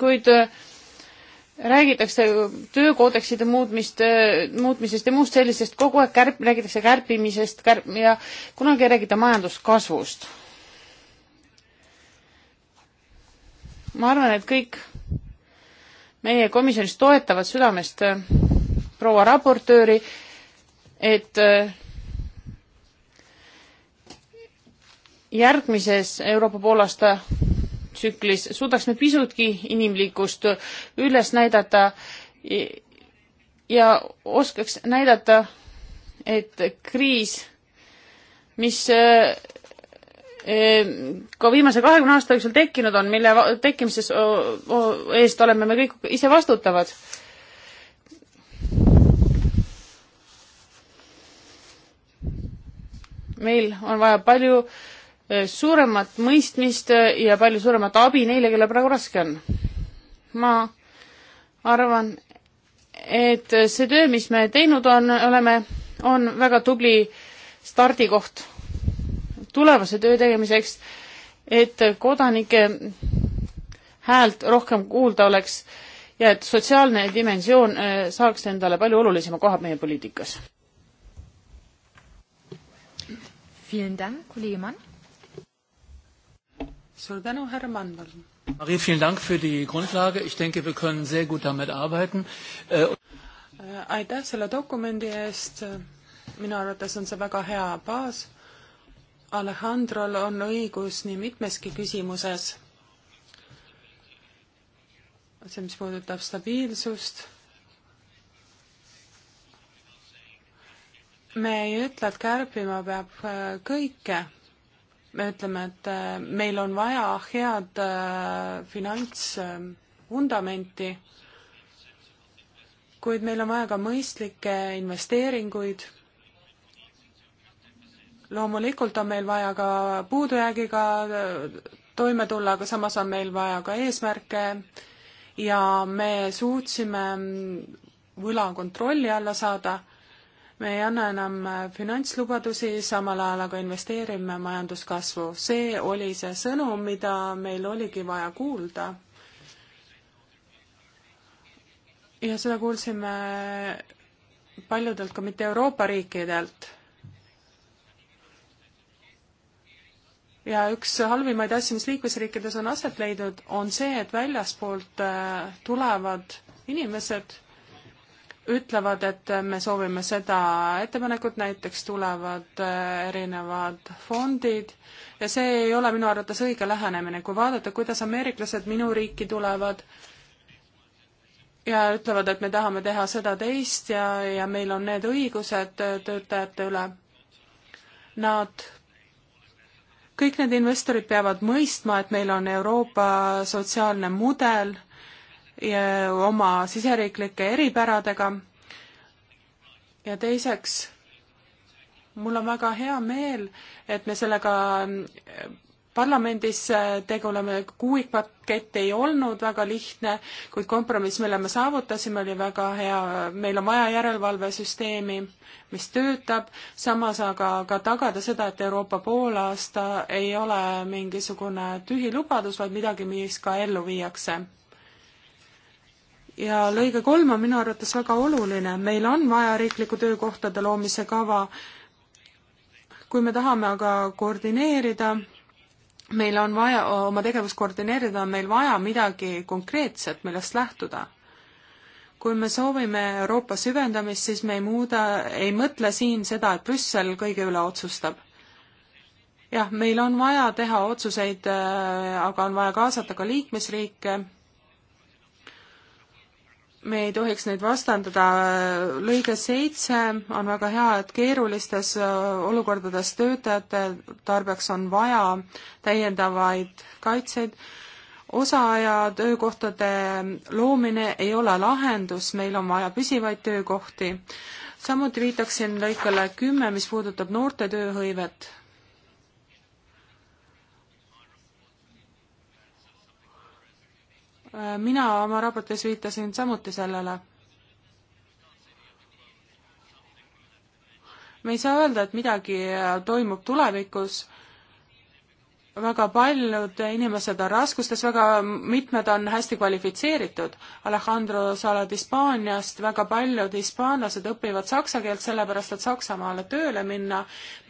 kuid räägitakse töökoodekside muutmist, muutmisest ja muust sellisest, kogu aeg kärp-, räägitakse kärpimisest kärp- ja kunagi ei räägita majanduskasvust. ma arvan, et kõik meie komisjonis toetavad südamest äh, proua raportööri, et äh, järgmises Euroopa poolaasta tsüklis suudaks me pisutki inimlikkust üles näidata ja oskaks näidata, et kriis, mis äh, Ehm, ka viimase kahekümne aasta jooksul tekkinud on, mille tekkimises eest oleme me kõik ise vastutavad. meil on vaja palju eh, suuremat mõistmist eh, ja palju suuremat abi neile, kellel praegu raske on. ma arvan, et see töö, mis me teinud on, oleme, on väga tubli stardikoht tulevase töö tegemiseks, et kodanike häält rohkem kuulda oleks ja et sotsiaalne dimensioon äh, saaks endale palju olulisema koha meie poliitikas. suur tänu, härra Manval. Marie, vielen Dank für die Grundlage. Ich denke, wir können sehr gut damit arbeiten. Äh, äh, aitäh selle dokumendi eest. minu arvates on see väga hea baas Alejandrol on õigus nii mitmeski küsimuses. see, mis puudutab stabiilsust. me ei ütle, et kärpima peab äh, kõike. me ütleme, et äh, meil on vaja head äh, finantsvundamenti, kuid meil on vaja ka mõistlikke investeeringuid loomulikult on meil vaja ka puudujäägiga toime tulla, aga samas on meil vaja ka eesmärke ja me suutsime võla kontrolli alla saada. me ei anna enam finantslubadusi, samal ajal aga investeerime majanduskasvu. see oli see sõnum, mida meil oligi vaja kuulda. ja seda kuulsime paljudelt ka mitte Euroopa riikidelt ja üks halvimaid asju, mis liikmesriikides on aset leidnud, on see, et väljaspoolt äh, tulevad inimesed ütlevad, et me soovime seda ettepanekut, näiteks tulevad äh, erinevad fondid ja see ei ole minu arvates õige lähenemine, kui vaadata, kuidas ameeriklased minu riiki tulevad ja ütlevad, et me tahame teha seda, teist ja, ja meil on need õigused äh, töötajate üle. Nad kõik need investorid peavad mõistma, et meil on Euroopa sotsiaalne mudel ja oma siseriiklike eripäradega. ja teiseks, mul on väga hea meel, et me sellega parlamendis äh, teguleme, kuuikpakett ei olnud väga lihtne, kuid kompromiss, mille me saavutasime, oli väga hea, meil on vaja järelevalvesüsteemi, mis töötab, samas aga ka tagada seda, et Euroopa poolaasta ei ole mingisugune tühi lubadus, vaid midagi, mis ka ellu viiakse ja lõige kolm on minu arvates väga oluline, meil on vaja riikliku töökohtade loomise kava, kui me tahame aga koordineerida meil on vaja oma tegevust koordineerida, on meil vaja midagi konkreetset, millest lähtuda. kui me soovime Euroopa süvendamist, siis me ei muuda, ei mõtle siin seda, et Brüssel kõige üle otsustab. jah, meil on vaja teha otsuseid, äh, aga on vaja kaasata ka liikmesriike me ei tohiks neid vastandada, lõige seitse on väga hea, et keerulistes äh, olukordades töötajate tarbeks on vaja täiendavaid kaitseid, osaaja töökohtade loomine ei ole lahendus, meil on vaja püsivaid töökohti. samuti viitaksin lõikele kümme, mis puudutab noorte tööhõivet. Äh, mina oma raportis viitasin samuti sellele. me ei saa öelda, et midagi äh, toimub tulevikus, väga paljud inimesed on raskustes, väga mitmed on hästi kvalifitseeritud. Alejandro, sa oled Hispaaniast, väga paljud hispaanlased õpivad saksa keelt sellepärast, et Saksamaale tööle minna.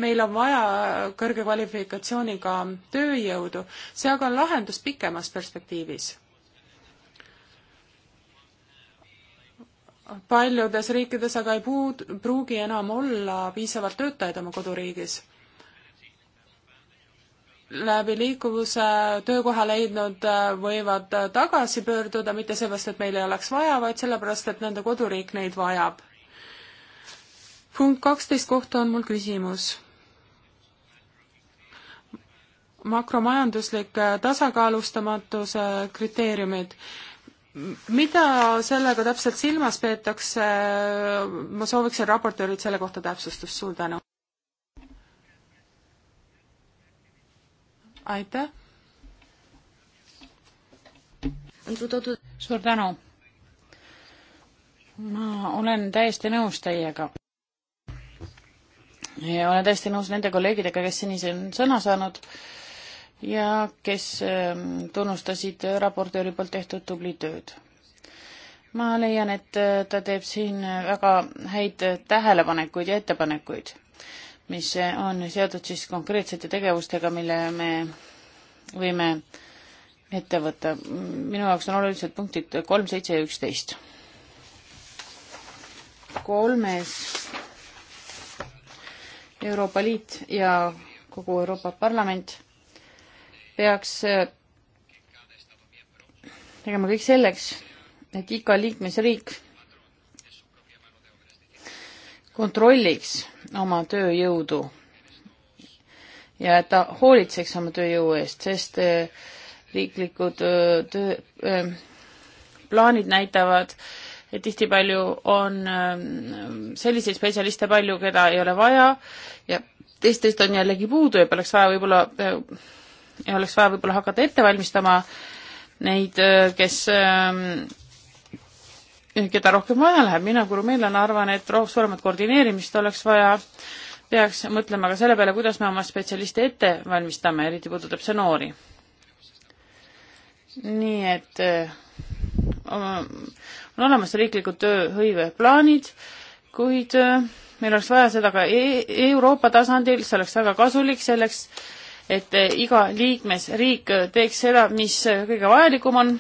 meil on vaja äh, kõrge kvalifikatsiooniga tööjõudu. see aga on lahendus pikemas perspektiivis paljudes riikides aga ei puud-, pruugi enam olla piisavalt töötajaid oma koduriigis. läbi liikuvuse töökoha leidnud äh, võivad tagasi pöörduda, mitte seepärast, et meil ei oleks vaja, vaid sellepärast, et nende koduriik neid vajab. punkt kaksteist kohta on mul küsimus. makromajanduslik äh, tasakaalustamatuse kriteeriumid mida sellega täpselt silmas peetakse, ma sooviksin raportöörilt selle kohta täpsustust, suur tänu. aitäh. suur tänu. ma olen täiesti nõus teiega. ja olen täiesti nõus nende kolleegidega, kes seni siin sõna saanud ja kes ähm, tunnustasid raportööri poolt tehtud tubli tööd. ma leian, et äh, ta teeb siin väga häid tähelepanekuid ja ettepanekuid, mis äh, on seotud siis konkreetsete tegevustega, mille me võime ette võtta. minu jaoks on olulised punktid kolm, seitse ja üksteist. kolmes Euroopa Liit ja kogu Euroopa Parlament peaks äh, tegema kõik selleks, et iga liikmesriik kontrolliks oma tööjõudu ja et ta hoolitseks oma tööjõu eest, sest äh, riiklikud äh, töö, plaanid näitavad, et tihti palju on selliseid spetsialiste palju, keda ei ole vaja ja teistest on jällegi puudu ja oleks vaja võib-olla ja oleks vaja võib-olla hakata ette valmistama neid, äh, kes, ähm, keda rohkem vaja läheb. mina kurumeelena arvan, et suuremat koordineerimist oleks vaja, peaks mõtlema ka selle peale, kuidas me oma spetsialiste ette valmistame, eriti puudutab see noori. nii et äh, on olemas riiklikud tööhõiveplaanid, kuid äh, meil oleks vaja seda ka e Euroopa tasandil, see oleks väga kasulik selleks, et eh, iga liikmesriik eh, teeks seda, mis eh, kõige vajalikum on,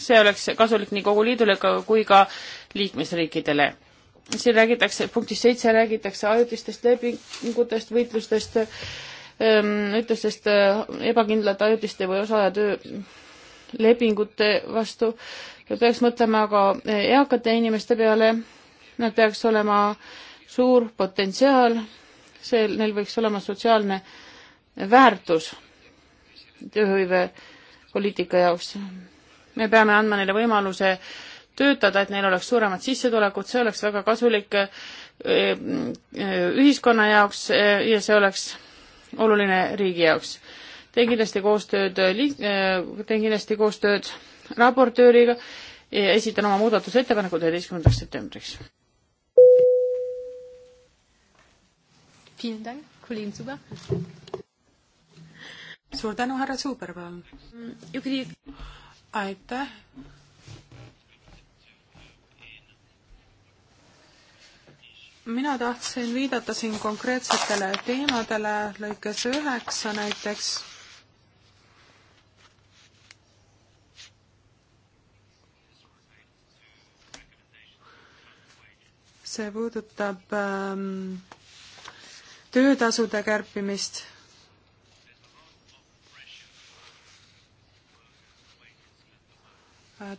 see oleks kasulik nii kogu liidule kui ka liikmesriikidele. siin räägitakse, punktis seitse räägitakse ajutistest lepingutest, võitlustest, ehm, ütlustest ebakindlate ajutiste või osaaja töölepingute vastu. peaks mõtlema ka eakate inimeste peale, nad peaks olema suur potentsiaal, see, neil võiks olema sotsiaalne äh, väärtus tööhõivepoliitika jaoks. me peame andma neile võimaluse töötada, et neil oleks suuremad sissetulekud, see oleks väga kasulik eh, eh, ühiskonna jaoks eh, ja see oleks oluline riigi jaoks. teen kindlasti koostööd, teen kindlasti koostööd raportööriga, esitan oma muudatusettepanekud üheteistkümnendaks septembriks. Vielen Dank, Kollegin Zuber suur tänu, härra Suuber, palun. aitäh. mina tahtsin viidata siin konkreetsetele teemadele, lõikes üheksa näiteks. see puudutab ähm, töötasude kärpimist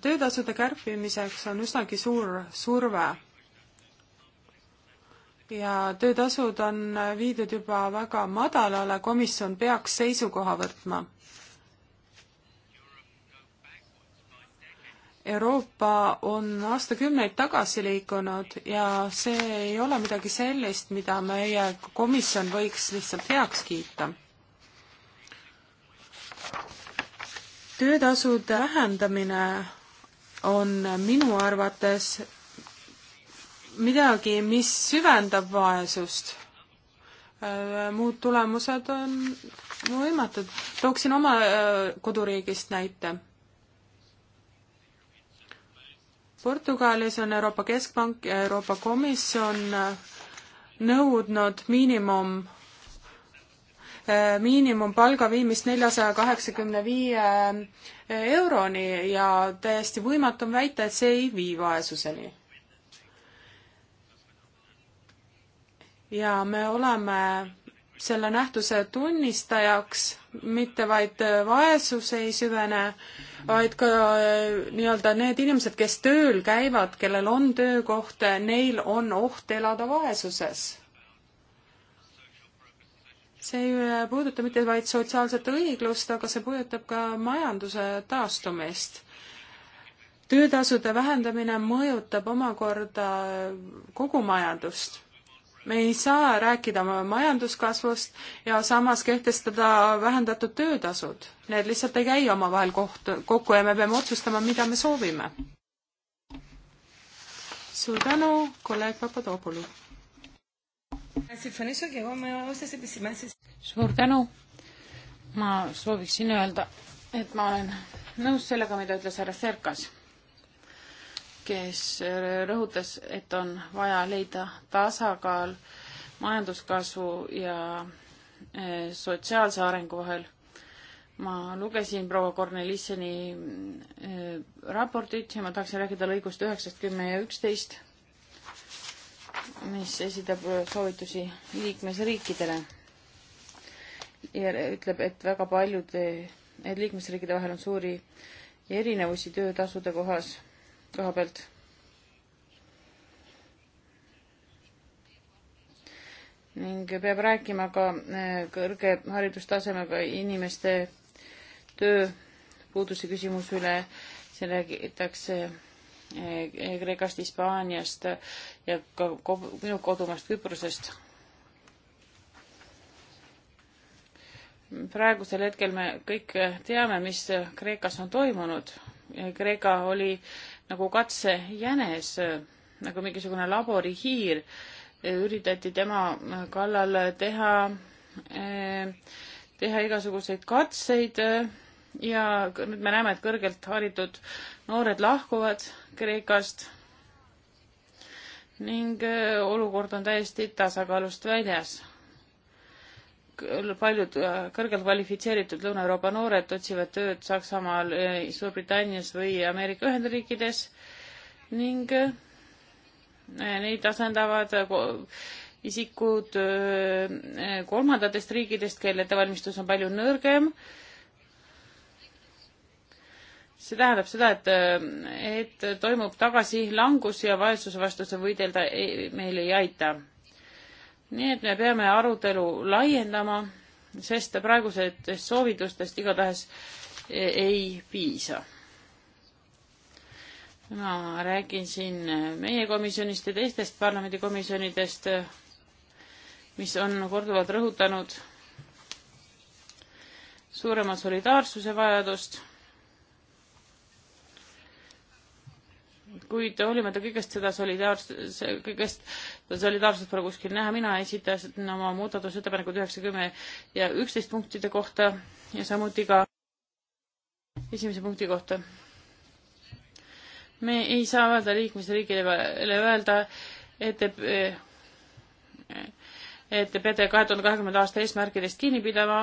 töötasude kärpimiseks on üsnagi suur surve. ja töötasud on viidud juba väga madalale, komisjon peaks seisukoha võtma. Euroopa on aastakümneid tagasi liikunud ja see ei ole midagi sellist, mida meie komisjon võiks lihtsalt heaks kiita töötasude vähendamine on minu arvates midagi, mis süvendab vaesust. Äh, muud tulemused on võimatud. tooksin oma äh, koduriigist näite. Portugalis on Euroopa Keskpank ja Euroopa Komisjon äh, nõudnud miinimum miinimumpalga viimist neljasaja kaheksakümne viie eh, euroni ja täiesti võimatu on väita, et see ei vii vaesuseni. ja me oleme selle nähtuse tunnistajaks, mitte vaid vaesus ei süvene, vaid ka eh, nii-öelda need inimesed, kes tööl käivad, kellel on töökoht, neil on oht elada vaesuses see ei puuduta mitte vaid sotsiaalset õiglust, aga see puudutab ka majanduse taastumist. töötasude vähendamine mõjutab omakorda kogu majandust. me ei saa rääkida majanduskasvust ja samas kehtestada vähendatud töötasud. Need lihtsalt ei käi omavahel koht-, kokku ja me peame otsustama, mida me soovime. suur tänu, kolleeg Papadopoulou suur tänu. ma sooviksin öelda, et ma olen nõus sellega, mida ütles härra Serkas, kes rõhutas, et on vaja leida tasakaal majanduskasvu ja e, sotsiaalse arengu vahel. ma lugesin proua Kornelisseni e, raportit ja ma tahaksin rääkida lõigust üheksast, kümme ja üksteist mis esitab soovitusi liikmesriikidele ja ütleb, et väga paljude, et liikmesriikide vahel on suuri erinevusi töötasude kohas, koha pealt. ning peab rääkima ka äh, kõrge haridustasemega inimeste tööpuuduse küsimuse üle, see räägitakse Eh, Kreekast, Hispaaniast ja ka minu kodumaast Küprosest. praegusel hetkel me kõik teame, mis Kreekas on toimunud. Kreeka oli nagu katsejänes, nagu mingisugune laborihiir, üritati tema kallal teha, eh, teha igasuguseid katseid ja nüüd me näeme, et kõrgelt haritud noored lahkuvad Kreekast ning äh, olukord on täiesti tasakaalust väljas. paljud äh, kõrgelt kvalifitseeritud Lõuna-Euroopa noored otsivad tööd Saksamaal, äh, Suurbritannias või Ameerika Ühendriikides ning neid asendavad isikud kolmandatest riikidest, kelle ettevalmistus on palju nõrgem see tähendab seda, et, et toimub tagasilangus ja vaesuse vastu see võidelda ei, meil ei aita. nii et me peame arutelu laiendama, sest praegusetest soovitustest igatahes e, ei piisa. ma räägin siin meie komisjonist ja teistest parlamendikomisjonidest, mis on korduvalt rõhutanud suurema solidaarsuse vajadust kuid hoolimata kõigest seda solidaarsust, kõigest solidaarsust pole kuskil näha, mina esitasin oma muudatusettepanekud üheksa, kümme ja üksteist punktide kohta ja samuti ka esimese punkti kohta. me ei saa öelda liikmesriigile öelda, et te, et te peate kahe tuhande kahekümnenda aasta eesmärkidest kinni pidama,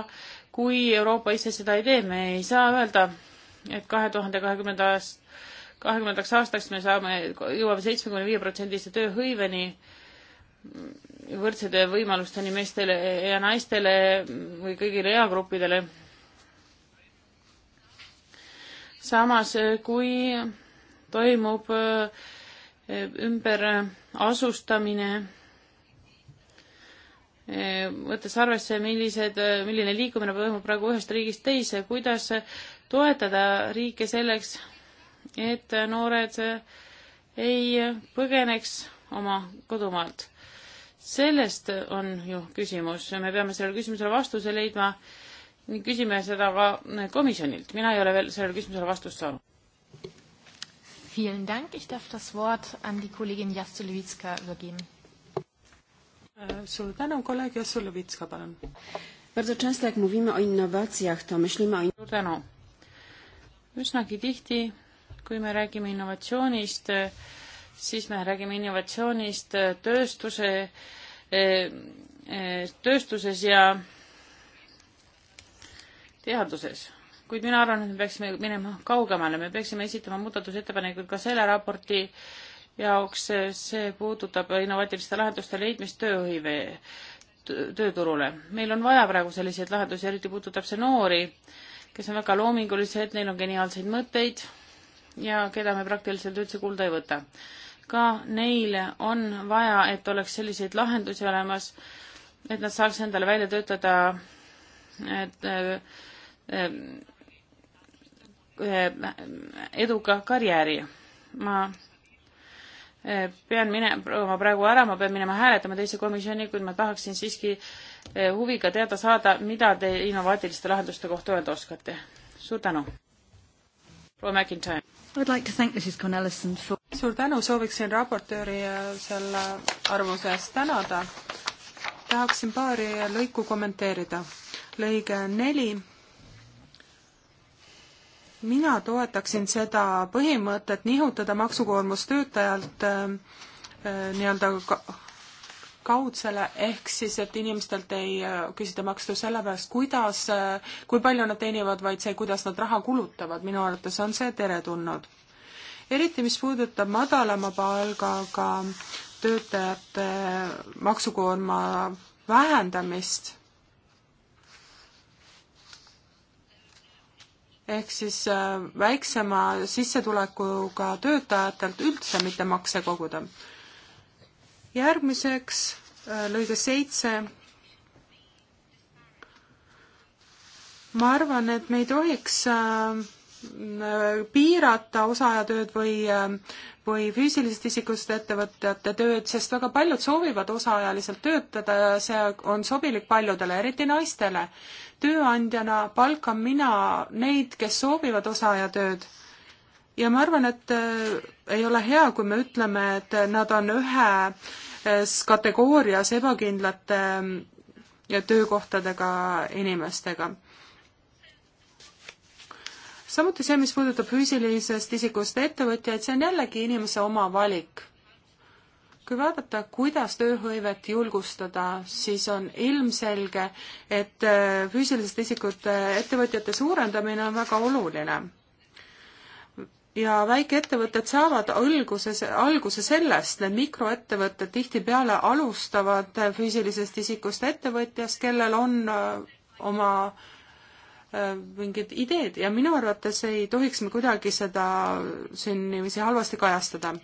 kui Euroopa ise seda ei tee, me ei saa öelda, et kahe tuhande kahekümnenda aasta kahekümnendaks aastaks me saame jõuame, jõuame seitsmekümne viie protsendise tööhõiveni, võrdsete võimalusteni meestele ja naistele või kõigile eagruppidele. samas, kui toimub eh, ümberasustamine, eh, võttes arvesse, millised, milline liikumine toimub praegu ühest riigist teise, kuidas toetada riike selleks, et noored ei põgeneks oma kodumaalt. sellest on ju küsimus, me peame sellele küsimusele vastuse leidma. küsime seda ka komisjonilt, mina ei ole veel sellele küsimusele vastust saanud. Vielen Dank. Ich darf das Wort an die Kollegin Jasulewitska übergeben. Äh, suur tänu, kolleeg Jasulewitska, palun. Bardzo często, jak mówimy o innowacjach, to myślimy o... Suur tänu. Üsnagi tihti kui me räägime innovatsioonist, siis me räägime innovatsioonist tööstuse, tööstuses ja teaduses. kuid mina arvan, et me peaksime minema kaugemale, me peaksime esitama muudatusettepanekuid ka selle raporti jaoks, see puudutab innovaatiliste lahenduste leidmist tööhõive tööturule. meil on vaja praegu selliseid lahendusi, eriti puudutab see noori, kes on väga loomingulised, neil on geniaalseid mõtteid ja keda me praktiliselt üldse kuulda ei võta. ka neile on vaja, et oleks selliseid lahendusi olemas, et nad saaks endale välja töötada, et äh, äh, äh, eduka karjääri. ma pean minema praegu ära, ma pean minema hääletama teise komisjoni, kuid ma tahaksin siiski huviga teada saada, mida te innovaatiliste lahenduste kohta öelda oskate. suur tänu. proua McIntyre. Like for... suur tänu, sooviksin raportööri selle arvamuse eest tänada. tahaksin paari lõiku kommenteerida. lõige neli. mina toetaksin seda põhimõtet nihutada maksukoormus töötajalt äh, äh nii-öelda kaudsele, ehk siis, et inimestelt ei äh, küsida makstu selle pärast, kuidas, äh, kui palju nad teenivad, vaid see, kuidas nad raha kulutavad, minu arvates on see teretulnud. eriti, mis puudutab madalama palgaga töötajate maksukoorma vähendamist, ehk siis äh, väiksema sissetulekuga töötajatelt üldse mitte makse koguda järgmiseks äh, lõige seitse. ma arvan, et me ei tohiks äh, piirata osaajatööd või, äh, või füüsilisest isikust ettevõtjate tööd, sest väga paljud soovivad osaajaliselt töötada ja see on sobilik paljudele, eriti naistele. tööandjana palkan mina neid, kes soovivad osaajatööd. ja ma arvan, et ei ole hea, kui me ütleme, et nad on ühe äh, kategoorias ebakindlate mm, töökohtadega inimestega. samuti see, mis puudutab füüsilisest isikust ettevõtjaid, see on jällegi inimese oma valik kui vaadata, kuidas tööhõivet julgustada, siis on ilmselge, et äh, füüsilisest isikut ettevõtjate suurendamine on väga oluline ja väikeettevõtted saavad alguses, alguse sellest, need mikroettevõtted tihtipeale alustavad füüsilisest isikust ettevõtjast, kellel on äh, oma äh, mingid ideed ja minu arvates ei tohiks me kuidagi seda siin niiviisi halvasti kajastada.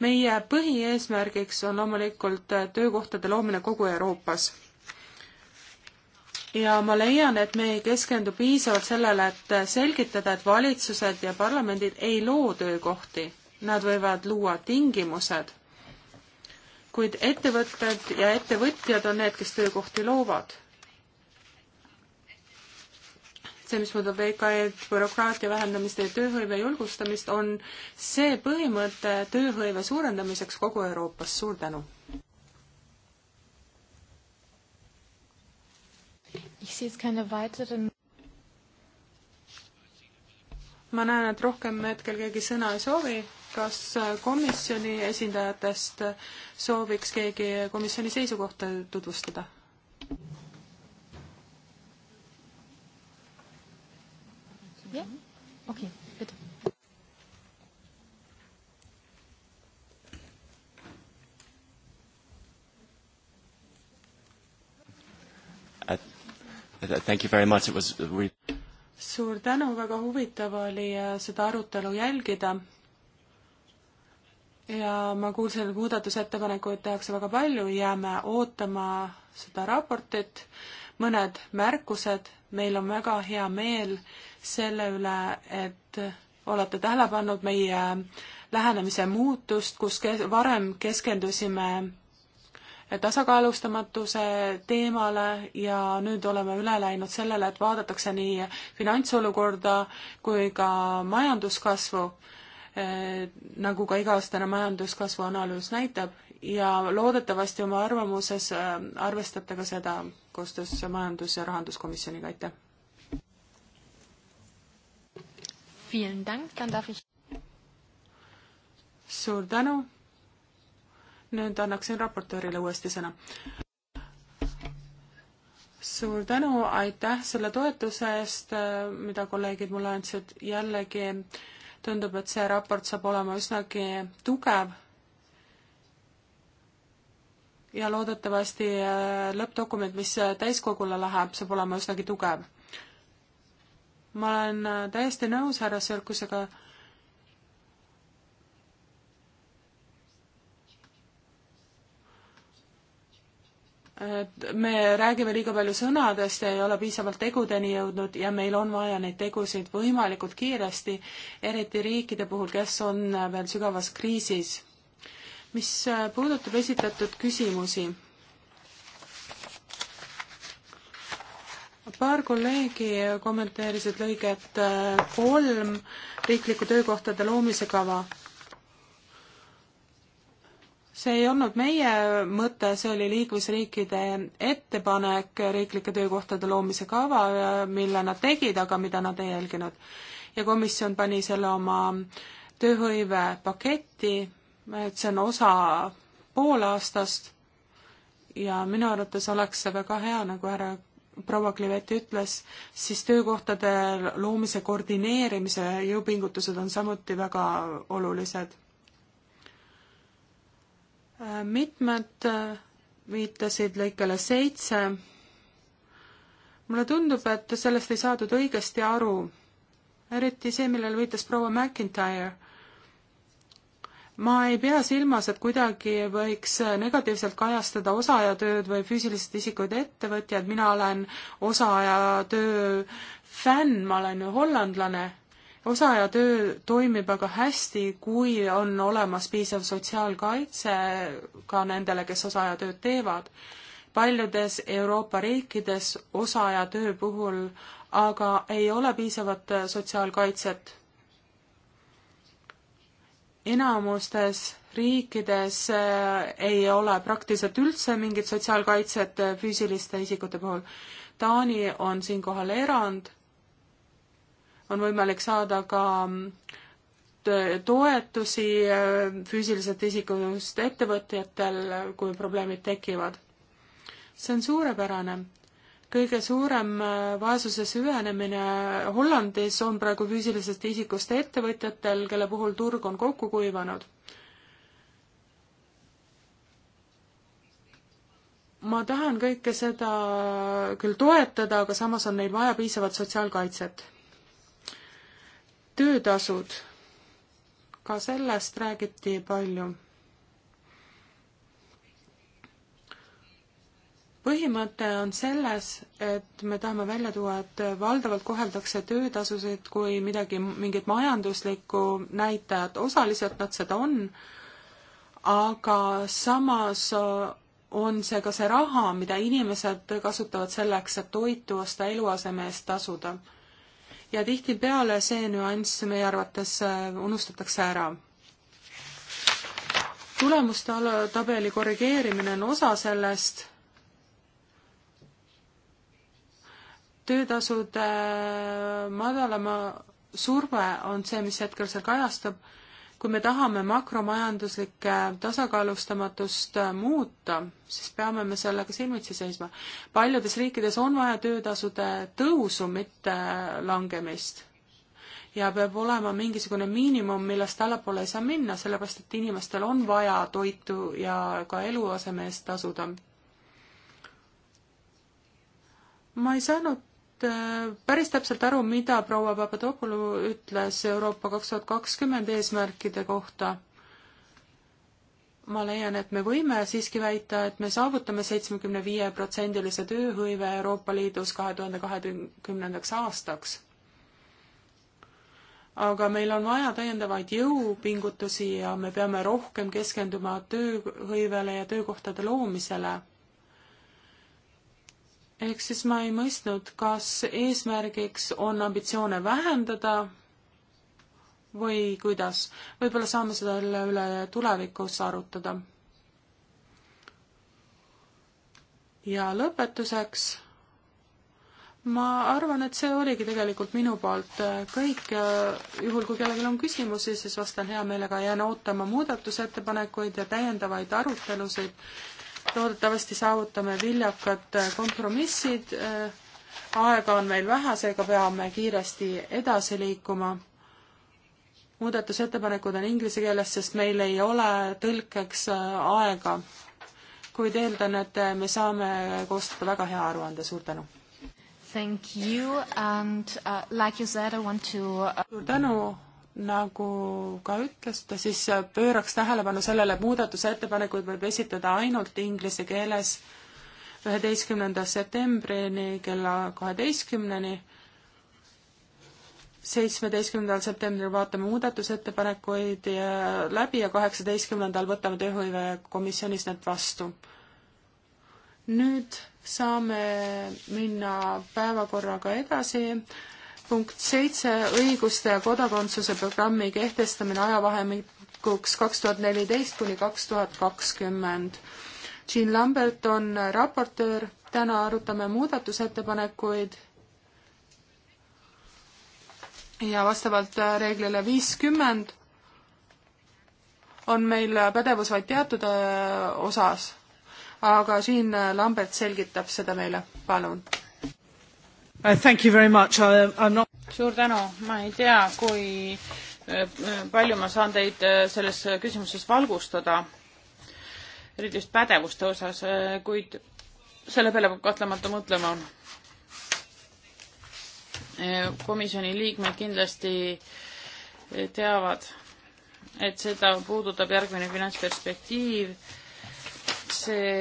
meie põhieesmärgiks on loomulikult töökohtade loomine kogu Euroopas ja ma leian, et me ei keskendu piisavalt sellele, et selgitada, et valitsused ja parlamendid ei loo töökohti, nad võivad luua tingimused. kuid ettevõtted ja ettevõtjad on need, kes töökohti loovad. see, mis puudutab VKE-d, bürokraatia vähendamist ja tööhõive julgustamist, on see põhimõte tööhõive suurendamiseks kogu Euroopas. suur tänu! Ich sehe jetzt keine weiteren. ma näen, et rohkem hetkel keegi sõna ei soovi. kas äh, komisjoni esindajatest äh, sooviks keegi komisjoni seisukohta tutvustada? jah, okei okay.. Thank you very much, it was really suur tänu, väga huvitav oli äh, seda arutelu jälgida. ja ma kuulsin, et muudatusettepanekuid tehakse väga palju, jääme ootama seda raportit. mõned märkused, meil on väga hea meel selle üle, et olete tähele pannud meie lähenemise muutust, kus kes, varem keskendusime tasakaalustamatuse teemale ja nüüd oleme üle läinud sellele, et vaadatakse nii finantsolukorda kui ka majanduskasvu, eh, nagu ka iga-aastane majanduskasvu analüüs näitab ja loodetavasti oma arvamuses eh, arvestate ka seda koostöös Majandus- ja Rahanduskomisjoniga, aitäh! suur tänu! nüüd annaksin raportöörile uuesti sõna. suur tänu, aitäh selle toetuse eest, mida kolleegid mulle andsid, jällegi tundub, et see raport saab olema üsnagi tugev ja loodetavasti äh, lõppdokument, mis täiskogule läheb, saab olema üsnagi tugev. ma olen äh, täiesti nõus härra Sõrkusega me räägime liiga palju sõnadest ja ei ole piisavalt tegudeni jõudnud ja meil on vaja neid tegusid võimalikult kiiresti, eriti riikide puhul, kes on veel sügavas kriisis. mis puudutab esitatud küsimusi, paar kolleegi kommenteerisid lõiget kolm, riikliku töökohtade loomise kava see ei olnud meie mõte, see oli liikmesriikide ettepanek riiklike töökohtade loomise kava, mille nad tegid, aga mida nad ei jälginud. ja komisjon pani selle oma tööhõivepaketti, et see on osa poolaastast ja minu arvates oleks see väga hea, nagu härra proua Kliveti ütles, siis töökohtade loomise koordineerimise jõupingutused on samuti väga olulised mitmed äh, viitasid lõikele seitse. mulle tundub, et sellest ei saadud õigesti aru, eriti see, millele viitas proua McIntyre. ma ei pea silmas, et kuidagi võiks negatiivselt kajastada osaajatööd või füüsilised isikud ettevõtjad, mina olen osaajatöö fänn, ma olen ju hollandlane osaaja töö toimib aga hästi, kui on olemas piisav sotsiaalkaitse ka nendele, kes osaaja tööd teevad. paljudes Euroopa riikides osaaja töö puhul aga ei ole piisavat sotsiaalkaitset. enamustes riikides eh, ei ole praktiliselt üldse mingit sotsiaalkaitset eh, füüsiliste isikute puhul. Taani on siinkohal erand on võimalik saada ka mm, toetusi äh, füüsilisest isikust ettevõtjatel, kui probleemid tekivad. see on suurepärane. kõige suurem äh, vaesuses ühenemine Hollandis on praegu füüsilisest isikust ettevõtjatel, kelle puhul turg on kokku kuivanud. ma tahan kõike seda küll toetada, aga samas on neil vaja piisavat sotsiaalkaitset töötasud, ka sellest räägiti palju. põhimõte on selles, et me tahame välja tuua, et valdavalt koheldakse töötasusid kui midagi, mingit majanduslikku näitajat, osaliselt nad seda on, aga samas on see ka see raha, mida inimesed kasutavad selleks, et toitu osta, eluaseme eest tasuda ja tihtipeale see nüanss meie arvates äh, unustatakse ära. tulemuste tabeli korrigeerimine on osa sellest, töötasude äh, madalama surve on see, mis hetkel seal kajastub kui me tahame makromajanduslikke tasakaalustamatust äh, muuta, siis peame me sellega silmitsi seisma. paljudes riikides on vaja töötasude tõusu, mitte äh, langemist. ja peab olema mingisugune miinimum, millest allapoole ei saa minna, sellepärast et inimestel on vaja toitu ja ka eluaseme eest tasuda. ma ei saanud Äh, päris täpselt aru, mida proua Papadopoulou ütles Euroopa kaks tuhat kakskümmend eesmärkide kohta. ma leian, et me võime siiski väita, et me saavutame seitsmekümne viie protsendilise tööhõive Euroopa Liidus kahe tuhande kahekümnendaks aastaks aga meil on vaja täiendavaid jõupingutusi ja me peame rohkem keskenduma tööhõivele ja töökohtade loomisele ehk siis ma ei mõistnud, kas eesmärgiks on ambitsioone vähendada või kuidas. võib-olla saame selle üle tulevikus arutada. ja lõpetuseks ma arvan, et see oligi tegelikult minu poolt kõik. juhul, kui kellelgi on küsimusi, siis vastan hea meelega, jään ootama muudatusettepanekuid ja täiendavaid arutelusid loodetavasti saavutame viljakad äh, kompromissid. Äh, aega on meil vähe, seega peame kiiresti edasi liikuma. muudatusettepanekud on inglise keeles, sest meil ei ole tõlkeks äh, aega. kuid eeldan, et me saame koostada väga hea aruande, suur tänu! Thank you and uh, like you said, I want to uh... suur tänu! nagu ka ütlesite, siis pööraks tähelepanu sellele, et muudatusettepanekuid võib esitada ainult inglise keeles üheteistkümnenda septembrini kella kaheteistkümneni. seitsmeteistkümnendal septembril vaatame muudatusettepanekuid läbi ja kaheksateistkümnendal võtame tööhõive komisjonis need vastu. nüüd saame minna päevakorraga edasi punkt seitse, õiguste ja kodakondsuse programmi kehtestamine ajavahemikuks kaks tuhat neliteist kuni kaks tuhat kakskümmend. Jean Lambert on raportöör, täna arutame muudatusettepanekuid ja vastavalt reeglile viiskümmend on meil pädevus vaid teatud äh, osas, aga Jean Lambert selgitab seda meile, palun Uh, thank you very much. I, uh, I'm not... suur tänu, ma ei tea, kui uh, palju ma saan teid selles küsimuses valgustada, eriti just pädevuste osas, kuid selle peale peab kahtlemata mõtlema. komisjoni liikmed kindlasti teavad, et seda puudutab järgmine finantsperspektiiv, see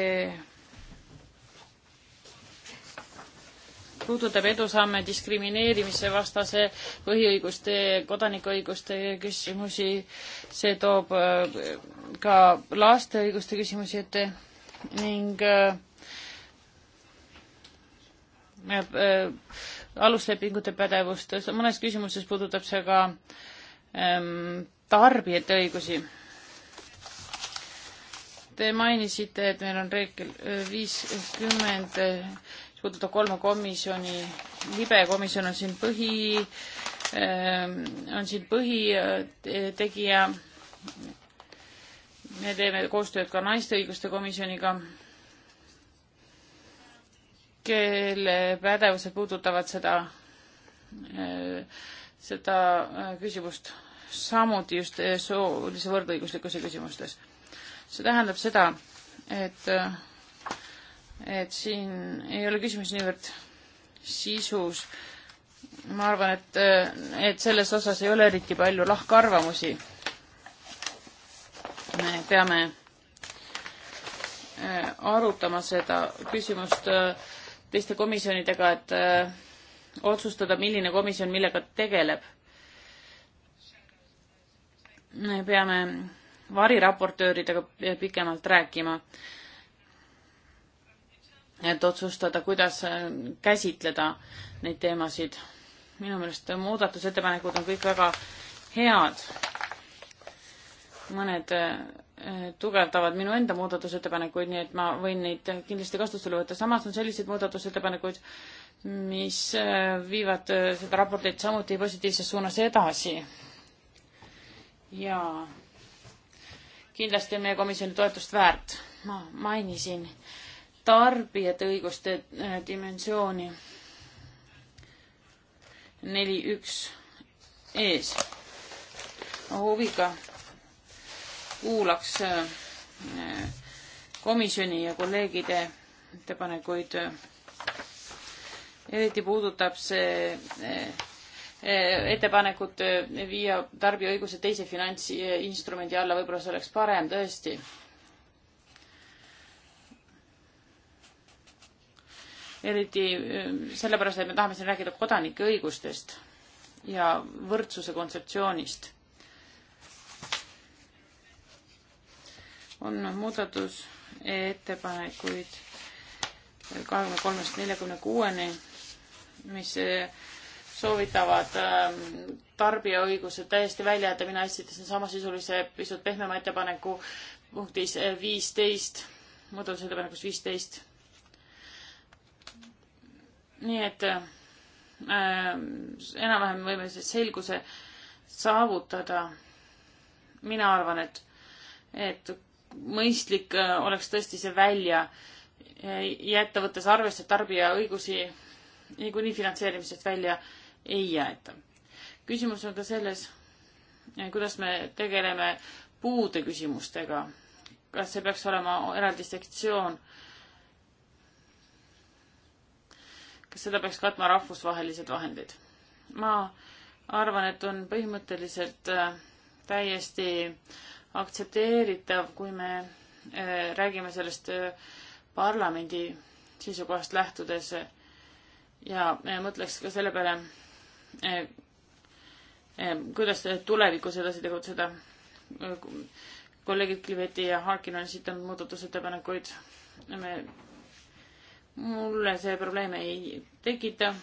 puudutab edusamme diskrimineerimise vastase põhiõiguste, kodanikuõiguste küsimusi, see toob äh, ka laste õiguste küsimusi ette ning äh, äh, aluslepingute pädevust, mõnes küsimuses puudutab see ka ähm, tarbijate õigusi. Te mainisite, et meil on reegel viiskümmend äh, mis puudutab kolme komisjoni, libe komisjon on siin põhi, ähm, on siin põhitegija. me teeme koostööd ka naiste õiguste komisjoniga, kelle pädevused puudutavad seda, äh, seda äh, küsimust samuti just äh, soolise võrdõiguslikkuse küsimustes. see tähendab seda, et et siin ei ole küsimus niivõrd sisus. ma arvan, et, et selles osas ei ole eriti palju lahkarvamusi. me peame äh, arutama seda küsimust äh, teiste komisjonidega, et äh, otsustada, milline komisjon millega tegeleb. me peame variraportööridega pikemalt rääkima et otsustada, kuidas äh, käsitleda neid teemasid. minu meelest muudatusettepanekud on kõik väga head. mõned äh, tugevdavad minu enda muudatusettepanekuid, nii et ma võin neid kindlasti kasutusele võtta. samas on selliseid muudatusettepanekuid, mis äh, viivad seda raportit samuti positiivses suunas edasi. ja kindlasti on meie komisjoni toetust väärt. ma mainisin äh, tarbijate õiguste äh, dimensiooni neli üks ees. huviga kuulaks äh, komisjoni ja kolleegide ettepanekuid. eriti puudutab see äh, ettepanekut viia tarbijaõigused teise finantsinstrumendi alla, võib-olla see oleks parem tõesti eriti ähm, sellepärast, et me tahame siin rääkida kodanike õigustest ja võrdsuse kontseptsioonist. on muudatusettepanekuid kahekümne kolmest neljakümne kuueni, mis äh, soovitavad ähm, tarbijaõigused täiesti välja jätta, mina esitasin samasisulise pisut pehmema ettepaneku punktis äh, viisteist, muudatusettepanekus viisteist nii et äh, enam-vähem võime siis selguse saavutada. mina arvan, et, et mõistlik äh, oleks tõesti see välja äh, jätta, võttes arvesse, et tarbija õigusi niikuinii finantseerimisest välja ei jäeta. küsimus on ka selles, äh, kuidas me tegeleme puude küsimustega. kas see peaks olema eraldi sektsioon äh, kas seda peaks katma rahvusvahelised vahendid? ma arvan, et on põhimõtteliselt äh, täiesti aktsepteeritav, kui me äh, räägime sellest äh, parlamendi seisukohast lähtudes ja mõtleks ka selle peale, kuidas tulevikus edasi tegutseda. kolleegid Kliveti ja Harkin on esitanud muudatusettepanekuid. me mulle see probleeme ei tekita,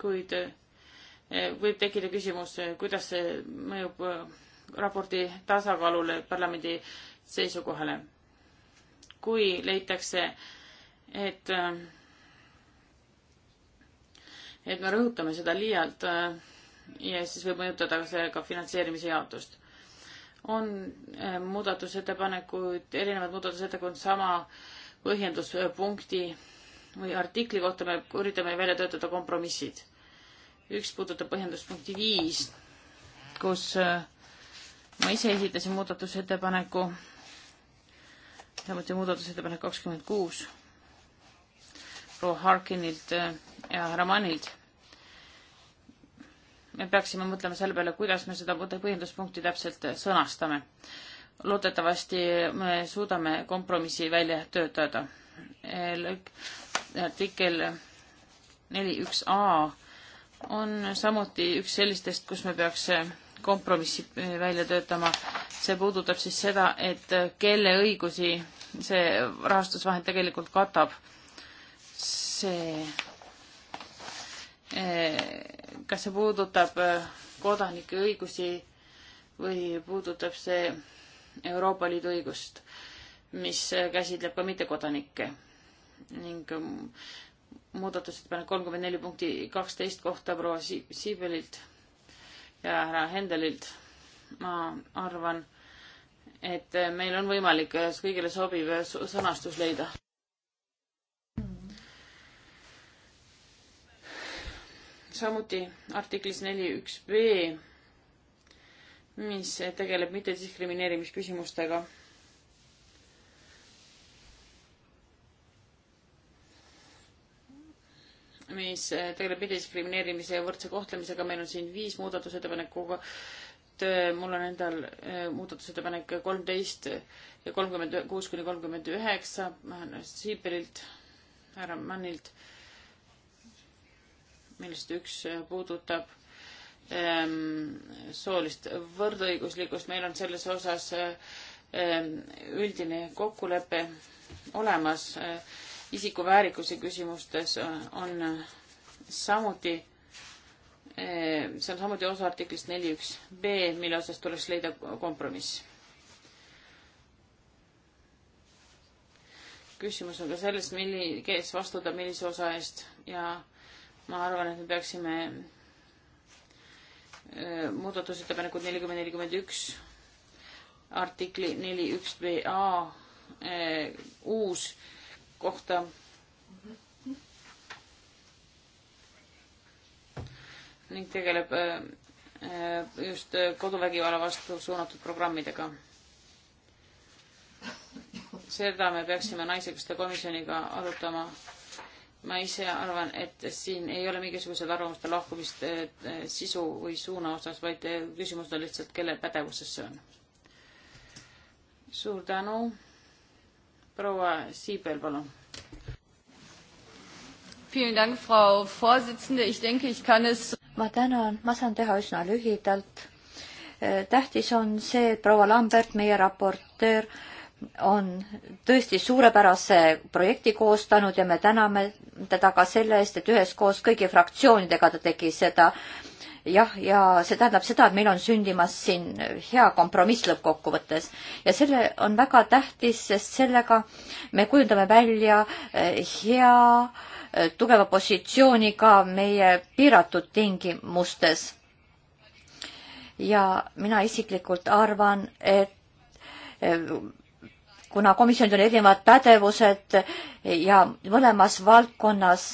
kuid eh, võib tekkida küsimus, eh, kuidas see mõjub eh, raporti tasakaalule parlamendi seisukohale. kui leitakse, et, et me rõhutame seda liialt ja siis võib mõjutada see ka finantseerimise jaotust. on muudatusettepanekuid, erinevad muudatusettepanekud sama põhjenduspunkti või artikli kohta me üritame välja töötada kompromissid. üks puudutab põhjenduspunkti viis, kus äh, ma ise esitasin muudatusettepaneku, samuti muudatusettepanek kakskümmend kuus proua Harkinilt äh, ja härra Mannilt. me peaksime mõtlema selle peale, kuidas me seda põhjenduspunkti täpselt äh, sõnastame. loodetavasti me suudame kompromissi välja töötada artikkel neli üks A on samuti üks sellistest, kus me peaks kompromissi välja töötama. see puudutab siis seda, et kelle õigusi see rahastusvahend tegelikult katab. see, eh, kas see puudutab eh, kodanike õigusi või puudutab see Euroopa Liidu õigust? mis käsitleb ka mittekodanikke ning ähm, muudatusettepanek kolmkümmend neli punkti kaksteist kohta proua Siibelilt ja härra Hendelilt. ma arvan, et meil on võimalik kõigile sobiv sõnastus leida. samuti artiklis neli üks B, mis tegeleb mittediskrimineerimisküsimustega mis tegeleb mittediskrimineerimise ja võrdse kohtlemisega. meil on siin viis muudatusettepanekuga. mul on endal muudatusettepanek kolmteist ja kolmkümmend kuus kuni kolmkümmend üheksa Siibelilt, härra Mannilt, millest üks puudutab ähm, soolist võrdõiguslikkust. meil on selles osas ähm, üldine kokkulepe olemas äh, isikuväärikuse küsimustes on, on samuti, eh, see on samuti osa artiklist neli üks B, mille osas tuleks leida kompromiss. küsimus on ka selles, milli-, kes vastutab millise osa eest ja ma arvan, et me peaksime eh, muudatusettepanekud nelikümmend, nelikümmend üks, artikli neli üks BA eh, uus kohta. ning tegeleb äh, äh, just koduvägivalla vastu suunatud programmidega. seda me peaksime naisõiguste komisjoniga arutama. ma ise arvan, et siin ei ole mingisugused arvamuste lahkumist äh, sisu või suuna osas, vaid küsimus on lihtsalt, kelle pädevuses see on. suur tänu proua Siibel, palun. ma tänan, ma saan teha üsna lühidalt. Eh, tähtis on see, et proua Lambert, meie raportöör, on tõesti suurepärase projekti koostanud ja me täname teda ka selle eest, et üheskoos kõigi fraktsioonidega ta tegi seda äh, jah, ja see tähendab seda, et meil on sündimas siin hea kompromiss lõppkokkuvõttes ja selle on väga tähtis, sest sellega me kujundame välja eh, hea eh, tugeva positsiooni ka meie piiratud tingimustes. ja mina isiklikult arvan, et eh, kuna komisjonid on erinevad pädevused ja mõlemas valdkonnas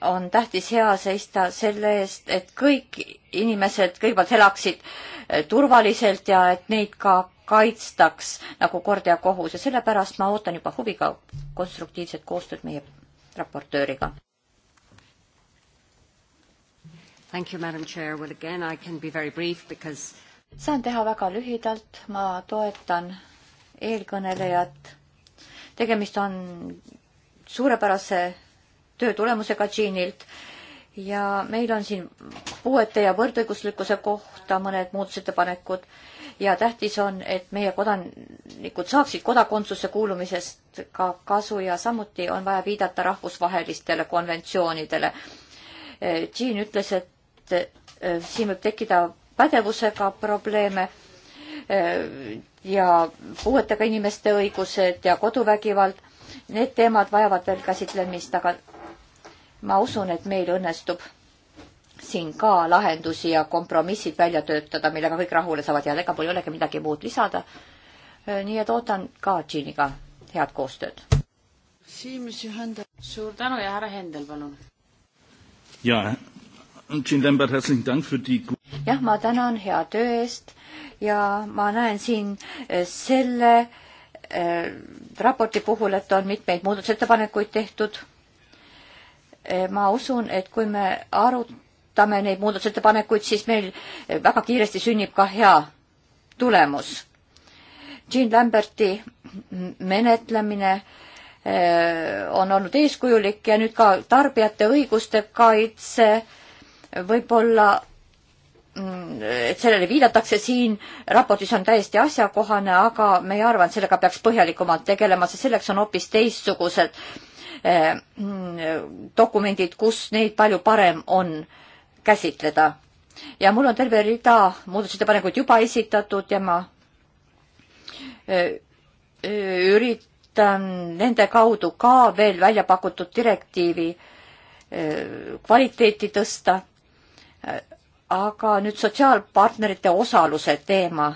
on tähtis hea seista selle eest, et kõik inimesed kõigepealt elaksid eh, turvaliselt ja et neid ka kaitstaks nagu kord ja kohus ja sellepärast ma ootan juba huviga konstruktiivset koostööd meie raportööriga. Thank you, madam chair, well again I can be very brief because saan teha väga lühidalt, ma toetan eelkõnelejat. tegemist on suurepärase töö tulemusega Jeanilt ja meil on siin puuete ja võrdõiguslikkuse kohta mõned muudusettepanekud ja tähtis on, et meie kodanikud saaksid kodakondsusse kuulumisest ka kasu ja samuti on vaja viidata rahvusvahelistele konventsioonidele. Jean ütles, et e, siin võib tekkida pädevusega probleeme e, ja puuetega inimeste õigused ja koduvägivald, need teemad vajavad veel käsitlemist, aga ma usun, et meil õnnestub siin ka lahendusi ja kompromissid välja töötada, millega kõik rahule saavad jääda, ega mul ei olegi midagi muud lisada. Äh, nii et ootan ka Džiniga head koostööd. suur tänu ja härra Hendel, palun. ja, jah, ma tänan hea töö eest ja ma näen siin äh, selle äh, raporti puhul, et on mitmeid muudatusettepanekuid tehtud Eh, ma usun, et kui me arutame neid muudatusettepanekuid, siis meil eh, väga kiiresti sünnib ka hea tulemus. Jean Lamberti menetlemine eh, on olnud eeskujulik ja nüüd ka tarbijate õiguste kaitse võib-olla mm, et sellele viidatakse siin, raportis on täiesti asjakohane, aga me ei arva, et sellega peaks põhjalikumalt tegelema, sest selleks on hoopis teistsugused äh, Eh, dokumendid, kus neid palju parem on käsitleda. ja mul on terve rida muudatusettepanekuid juba esitatud ja ma eh, eh, üritan nende kaudu ka veel välja pakutud direktiivi kvaliteeti tõsta. aga nüüd sotsiaalpartnerite osaluse teema.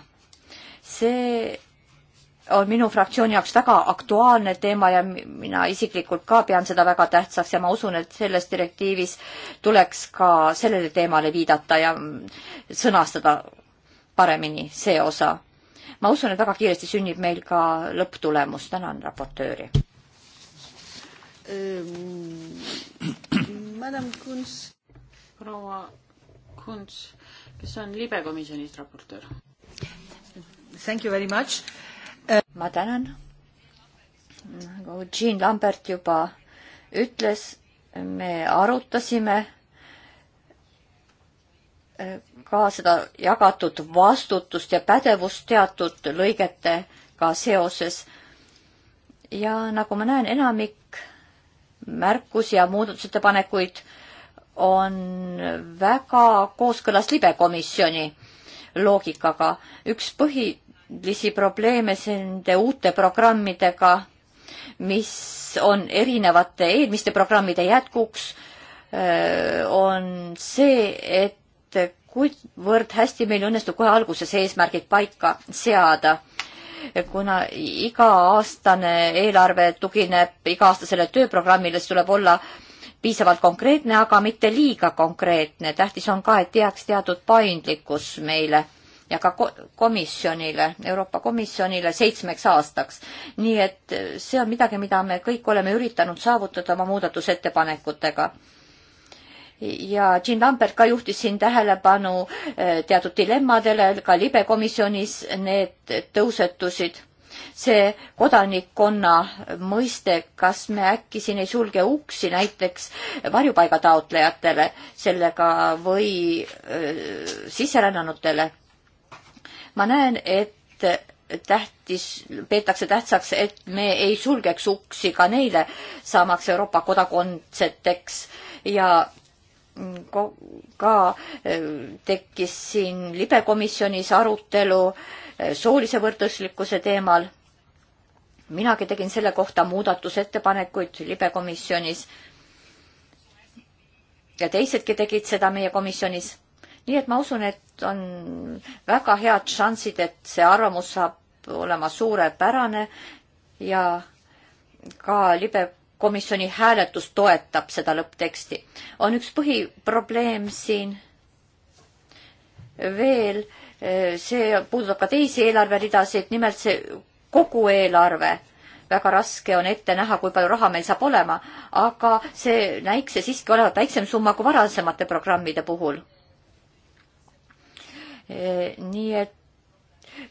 see on minu fraktsiooni jaoks väga aktuaalne teema ja mina isiklikult ka pean seda väga tähtsaks ja ma usun, et selles direktiivis tuleks ka sellele teemale viidata ja sõnastada paremini see osa. ma usun, et väga kiiresti sünnib meil ka lõpptulemus, tänan raportööri. Ähm, Madam Kunz, proua Kunz, kes on libekomisjonis raportöör. Thank you very much uh, ma tänan. nagu Jean Lambert juba ütles, me arutasime äh, ka seda jagatud vastutust ja pädevust teatud lõigetega seoses. ja nagu ma näen, enamik märkusi ja muudatusettepanekuid on väga kooskõlas libekomisjoni loogikaga. üks põhi erilisi probleeme nende uute programmidega, mis on erinevate eelmiste programmide jätkuks, on see, et kuivõrd hästi meil õnnestub kohe alguses eesmärgid paika seada kuna iga-aastane eelarve tugineb iga-aastasele tööprogrammile, siis tuleb olla piisavalt konkreetne, aga mitte liiga konkreetne. tähtis on ka, et jääks teatud paindlikkus meile ja ka komisjonile, Euroopa Komisjonile seitsmeks aastaks. nii et see on midagi, mida me kõik oleme üritanud saavutada oma muudatusettepanekutega ja Jean Lambert ka juhtis siin tähelepanu eh, teatud dilemmadele, ka libe komisjonis need tõusetusid. see kodanikkonna mõiste, kas me äkki siin ei sulge uksi näiteks varjupaiga taotlejatele sellega või eh, sisserännanutele ma näen, et tähtis, peetakse tähtsaks, et me ei sulgeks uksi ka neile, saamaks Euroopa kodakondseteks ja ka e, tekkis siin libekomisjonis arutelu e, soolise võrdõiguslikkuse teemal. minagi tegin selle kohta muudatusettepanekuid libekomisjonis ja teisedki tegid seda meie komisjonis nii et ma usun, et on väga head šansid, et see arvamus saab olema suurepärane ja ka libe komisjoni hääletus toetab seda lõppteksti. on üks põhiprobleem siin veel, see puudutab ka teisi eelarveridasid, nimelt see kogu eelarve. väga raske on ette näha, kui palju raha meil saab olema, aga see näikse siiski olevat väiksem summa kui varasemate programmide puhul E, nii et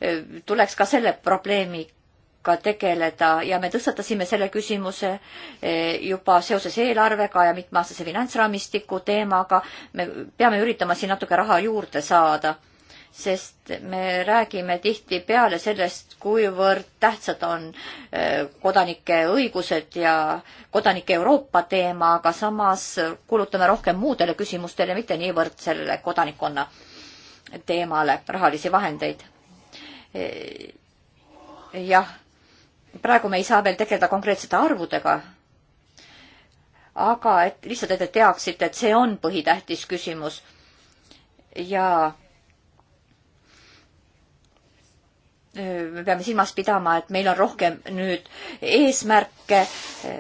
e, tuleks ka selle probleemiga tegeleda ja me tõstatasime selle küsimuse e, juba seoses eelarvega ja mitmeaastase finantsraamistiku teemaga. me peame üritama siin natuke raha juurde saada sest me räägime tihtipeale sellest, kuivõrd tähtsad on kodanike õigused ja kodanike Euroopa teema, aga samas kulutame rohkem muudele küsimustele, mitte niivõrd sellele kodanikkonna teemale rahalisi vahendeid. E, jah, praegu me ei saa veel tegeleda konkreetsete arvudega, aga et lihtsalt, et te teaksite, et see on põhitähtis küsimus ja e, me peame silmas pidama, et meil on rohkem nüüd eesmärke, e,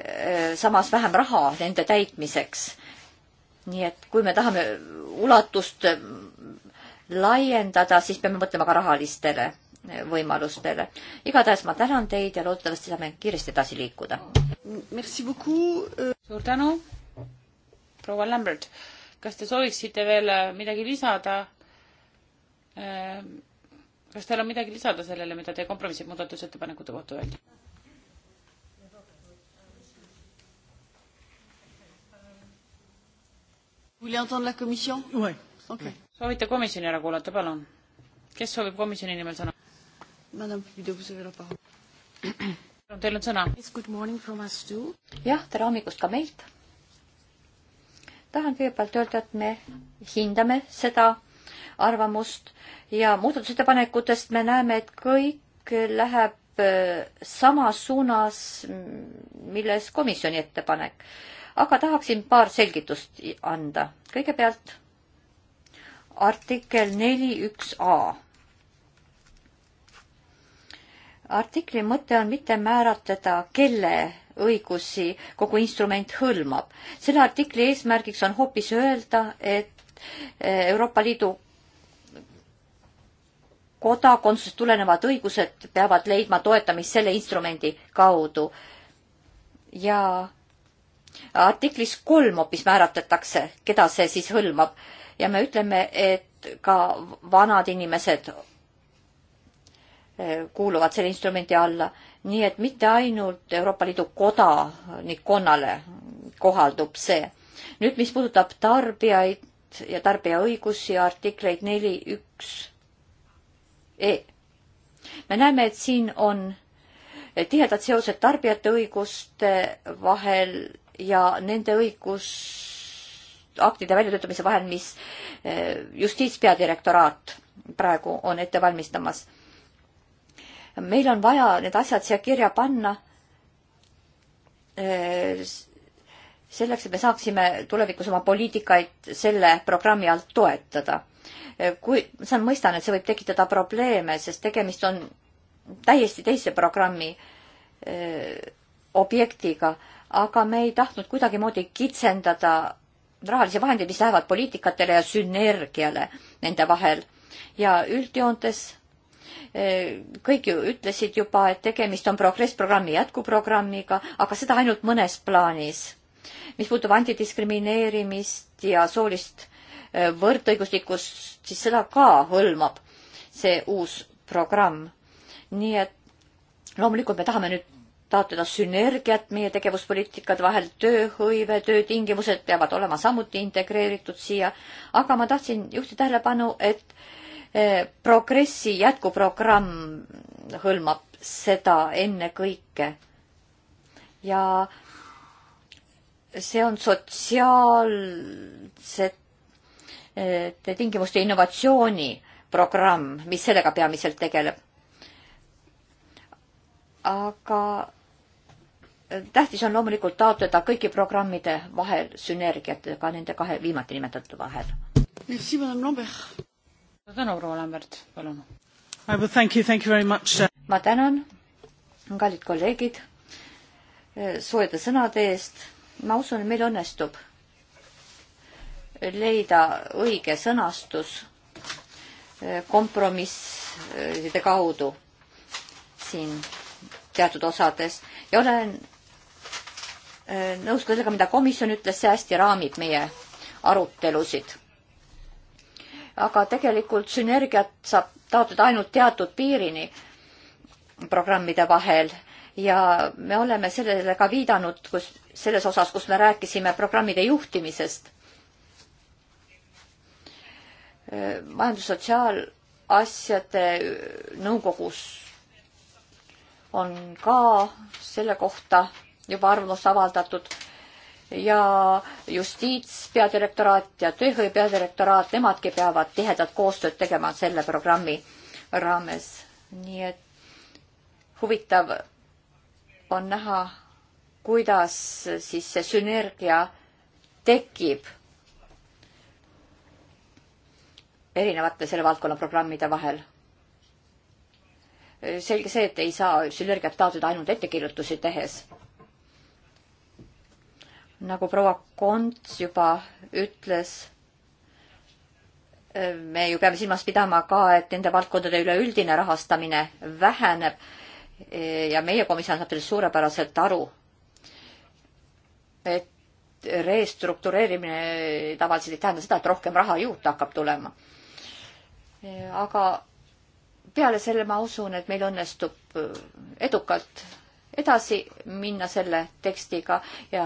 samas vähem raha nende täitmiseks. nii et kui me tahame ulatust laiendada, siis peame mõtlema ka rahalistele eh, võimalustele. igatahes ma tänan teid ja loodetavasti saame kiiresti edasi liikuda. Euh, suur tänu, proua Lambert. kas te sooviksite veel äh, midagi lisada? Äh, kas teil on midagi lisada sellele, mida te kompromissi muudatusettepanekute kohta öeldi? Vous voulez entendre la commission Oui. Ok. Oui soovite komisjoni ära kuulata, palun. kes soovib komisjoni nimel sõna? Teil on sõna. jah, tere hommikust ka meilt. tahan kõigepealt öelda, et me hindame seda arvamust ja muudatusettepanekutest me näeme, et kõik läheb äh, samas suunas, milles komisjoni ettepanek. aga tahaksin paar selgitust anda. kõigepealt artikkel neli üks A. artikli mõte on mitte määratleda, kelle õigusi kogu instrument hõlmab. selle artikli eesmärgiks on hoopis öelda, et e, Euroopa Liidu kodakondsusest tulenevad õigused peavad leidma toetamist selle instrumendi kaudu. ja artiklis kolm hoopis määratletakse, keda see siis hõlmab ja me ütleme, et ka vanad inimesed eh, kuuluvad selle instrumendi alla, nii et mitte ainult Euroopa Liidu kodanikkonnale kohaldub see. nüüd, mis puudutab tarbijaid ja tarbijaõigusi ja artikleid neli üks E. me näeme, et siin on tihedad seosed tarbijate õiguste vahel ja nende õigus aktide väljatöötamise vahend, mis eh, justiitspeadirektoraat praegu on ette valmistamas. meil on vaja need asjad siia kirja panna eh, selleks, et me saaksime tulevikus oma poliitikaid selle programmi alt toetada. Eh, kui, ma mõistan, et see võib tekitada probleeme, sest tegemist on täiesti teise programmi öö, objektiga, aga me ei tahtnud kuidagimoodi kitsendada rahalisi vahendeid, mis lähevad poliitikatele ja sünergiale nende vahel. ja üldjoontes e, kõik ju ütlesid juba, et tegemist on progressprogrammi jätkuprogrammiga, aga seda ainult mõnes plaanis. mis puutub antidiskrimineerimist ja soolist e, võrdõiguslikkust, siis seda ka hõlmab see uus programm. nii et loomulikult me tahame nüüd taotleda sünergiat meie tegevuspoliitikad vahel, tööhõive, töötingimused peavad olema samuti integreeritud siia, aga ma tahtsin juhtida tähelepanu, et eh, progressi jätkuprogramm hõlmab seda ennekõike. ja see on sotsiaalsete eh, tingimuste innovatsiooni programm, mis sellega peamiselt tegeleb aga tähtis on loomulikult taotleda kõigi programmide vahel sünergiat ka nende kahe viimati nimetatu vahel. suur tänu, proua Lambert, palun. Uh, ma tänan, kallid kolleegid, eh, soojade sõnade eest. ma usun, et meil õnnestub leida õige sõnastus eh, kompromisside eh, kaudu siin teatud osades ja olen äh, nõus ka sellega, mida komisjon ütles, see hästi raamib meie arutelusid. aga tegelikult sünergiat saab taotleda ainult teatud piirini programmide vahel ja me oleme sellele ka viidanud, kus selles osas, kus me rääkisime programmide juhtimisest. Äh, majandus-sotsiaalasjade nõukogus on ka selle kohta juba arvamust avaldatud ja justiitspeadirektoraat ja tööhõive peadirektoraat, nemadki peavad tihedat koostööd tegema selle programmi raames. nii et huvitav on näha, kuidas siis see sünergia tekib erinevate selle valdkonna programmide vahel selge see, et ei saa sünergiat taotleda ainult ettekirjutusi tehes. nagu proua Konts juba ütles, me ju peame silmas pidama ka, et nende valdkondade üleüldine rahastamine väheneb ja meie komisjon saab sellest suurepäraselt aru, et restruktureerimine tavaliselt ei tähenda seda, et rohkem raha juurde hakkab tulema. aga peale selle ma usun, et meil õnnestub äh, edukalt edasi minna selle tekstiga ja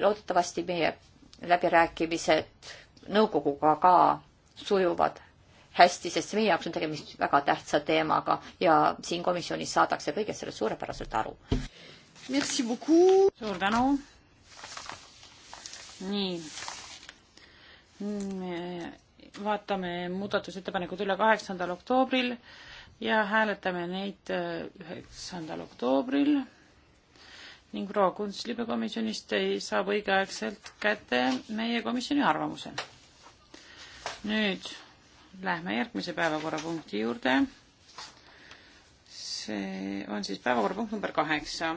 loodetavasti meie läbirääkimised nõukoguga ka sujuvad hästi, sest meie jaoks on tegemist väga tähtsa teemaga ja siin komisjonis saadakse kõigest sellest suurepäraselt aru. suur tänu. nii vaatame muudatusettepanekud üle kaheksandal oktoobril ja hääletame neid äh, üheksandal oktoobril ning proua Kunst libekomisjonist saab õigeaegselt kätte meie komisjoni arvamuse. nüüd lähme järgmise päevakorrapunkti juurde. see on siis päevakorrapunkt number kaheksa.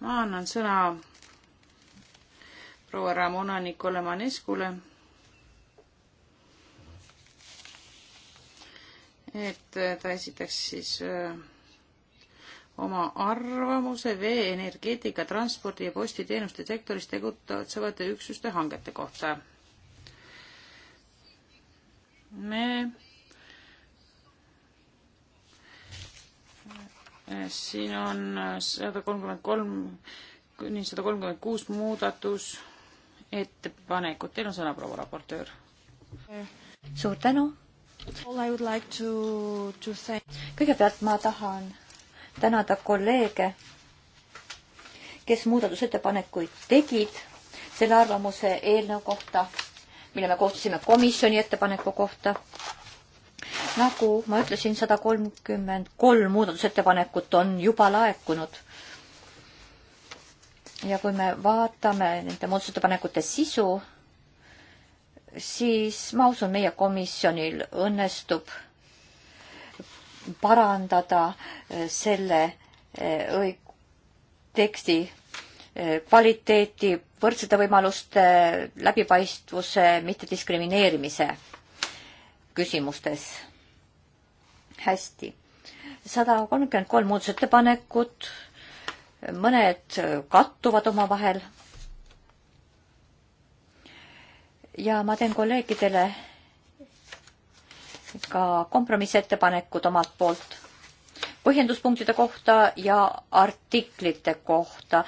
ma annan sõna proua Ramona Nikolai Maneskule et äh, ta esitaks siis äh, oma arvamuse vee, energeetika, transpordi ja postiteenuste sektoris tegutsevate üksuste hangete kohta. me äh, siin on sada kolmkümmend kolm kuni sada kolmkümmend kuus muudatusettepanekut, teil on sõna, proua raportöör. suur tänu kõigepealt ma tahan tänada kolleege, kes muudatusettepanekuid tegid selle arvamuse eelnõu kohta, mille me koostasime komisjoni ettepaneku kohta. nagu ma ütlesin, sada kolmkümmend kolm muudatusettepanekut on juba laekunud. ja kui me vaatame nende muudatusettepanekute sisu, siis ma usun, meie komisjonil õnnestub parandada eh, selle eh, õig-, teksti eh, kvaliteeti, võrdsete võimaluste, läbipaistvuse, mittediskrimineerimise küsimustes. hästi. sada kolmkümmend kolm muudatusettepanekut, mõned kattuvad omavahel ja ma teen kolleegidele ka kompromissettepanekud omalt poolt põhjenduspunktide kohta ja artiklite kohta.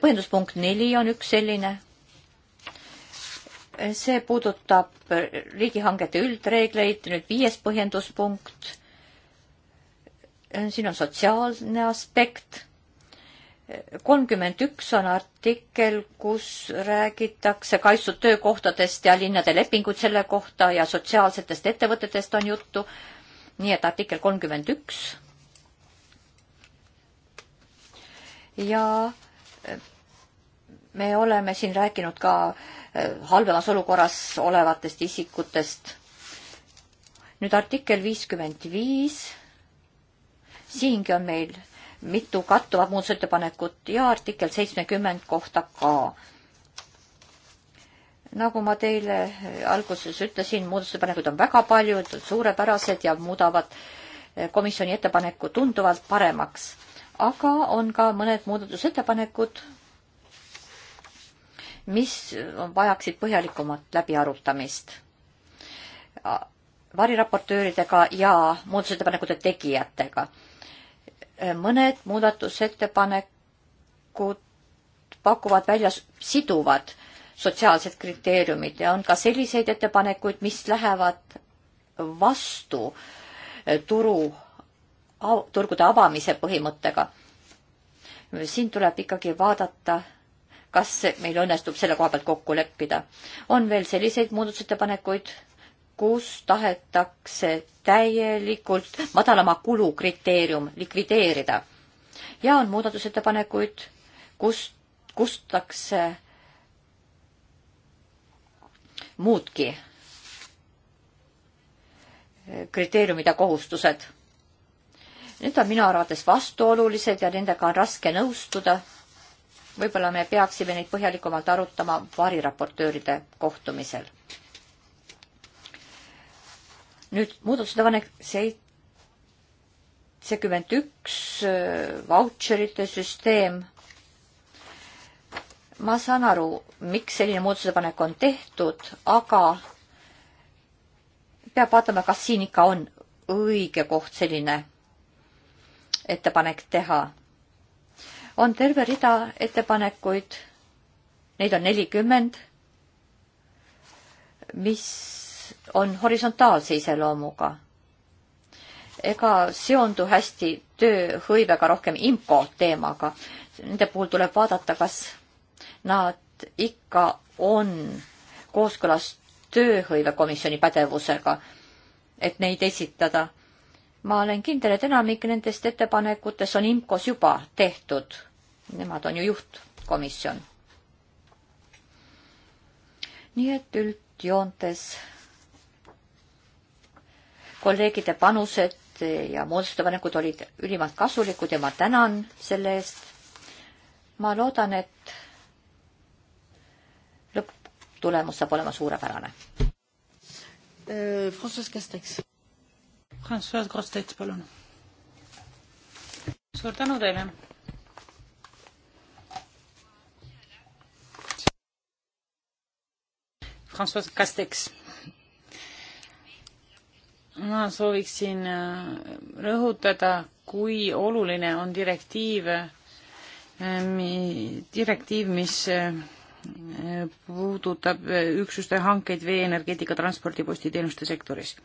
põhjenduspunkt neli on üks selline. see puudutab riigihangete üldreegleid, nüüd viies põhjenduspunkt. siin on sotsiaalne aspekt kolmkümmend üks on artikkel, kus räägitakse kaitstud töökohtadest ja linnade lepingud selle kohta ja sotsiaalsetest ettevõtetest on juttu. nii et artikkel kolmkümmend üks. ja äh, me oleme siin rääkinud ka äh, halvemas olukorras olevatest isikutest. nüüd artikkel viiskümmend viis. siingi on meil mitu kattuvat muudatusettepanekut ja artikkel seitsmekümmend kohta ka. nagu ma teile alguses ütlesin, muudatusettepanekuid on väga palju, suurepärased ja muudavad eh, komisjoni ettepaneku tunduvalt paremaks. aga on ka mõned muudatusettepanekud, mis vajaksid põhjalikumat läbiarutamist variraportööridega ja muudatusettepanekute tegijatega mõned muudatusettepanekud pakuvad välja siduvad sotsiaalsed kriteeriumid ja on ka selliseid ettepanekuid, mis lähevad vastu turu, turgude avamise põhimõttega. siin tuleb ikkagi vaadata, kas meil õnnestub selle koha pealt kokku leppida. on veel selliseid muudatusettepanekuid, kus tahetakse täielikult madalama kulu kriteerium likvideerida ja on muudatusettepanekuid, kus kustakse muudki kriteeriumid ja kohustused. Need on minu arvates vastuolulised ja nendega on raske nõustuda. võib-olla me peaksime neid põhjalikumalt arutama variraportööride kohtumisel nüüd muudatusettepanek seitsekümmend üks, äh, vautšerite süsteem. ma saan aru, miks selline muudatusettepanek on tehtud, aga peab vaatama, kas siin ikka on õige koht selline ettepanek teha. on terve rida ettepanekuid, neid on nelikümmend, mis on horisontaalse iseloomuga ega seondu hästi tööhõivega rohkem IMCO teemaga. Nende puhul tuleb vaadata, kas nad ikka on kooskõlas tööhõivekomisjoni pädevusega, et neid esitada. ma olen kindel, et enamik nendest ettepanekutest on IMCO-s juba tehtud. Nemad on ju juhtkomisjon. nii et üldjoontes kolleegide panused ja moodustusettepanekud olid ülimalt kasulikud ja ma tänan selle eest. ma loodan, et lõpptulemus saab olema suurepärane. Äh, Francois Castex. Francois Castex, palun. suur tänu teile. Francois Castex ma sooviksin äh, rõhutada, kui oluline on direktiiv, äh, direktiiv, mis äh, puudutab üksuste hankeid vee, energeetika, transpordi, postiteenuste sektoris.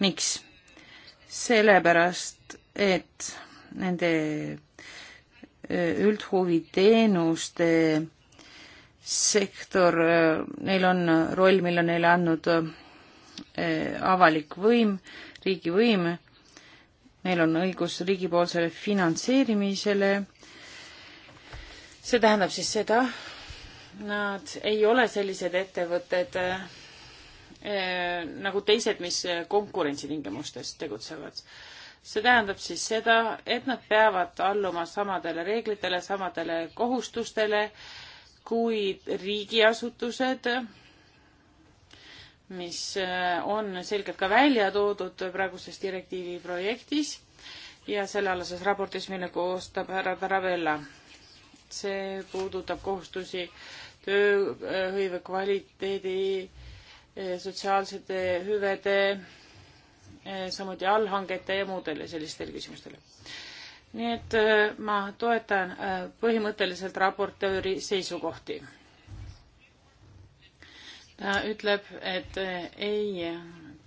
miks? sellepärast, et nende üldhuviteenuste sektor, neil on roll, mille on neile andnud Eh, avalik võim, riigivõim, neil on õigus riigipoolsele finantseerimisele, see tähendab siis seda, nad ei ole sellised ettevõtted äh, nagu teised, mis konkurentsitingimustes tegutsevad. see tähendab siis seda, et nad peavad alluma samadele reeglitele, samadele kohustustele kui riigiasutused mis äh, on selgelt ka välja toodud praeguses direktiivi projektis ja sellealases raportis, mille koostab härra Tarabella. see puudutab kohustusi tööhõive kvaliteedi, äh, sotsiaalsete hüvede, äh, samuti allhangete ja muudele sellistele küsimustele. nii et ma toetan põhimõtteliselt raportööri seisukohti ta ütleb, et eh, ei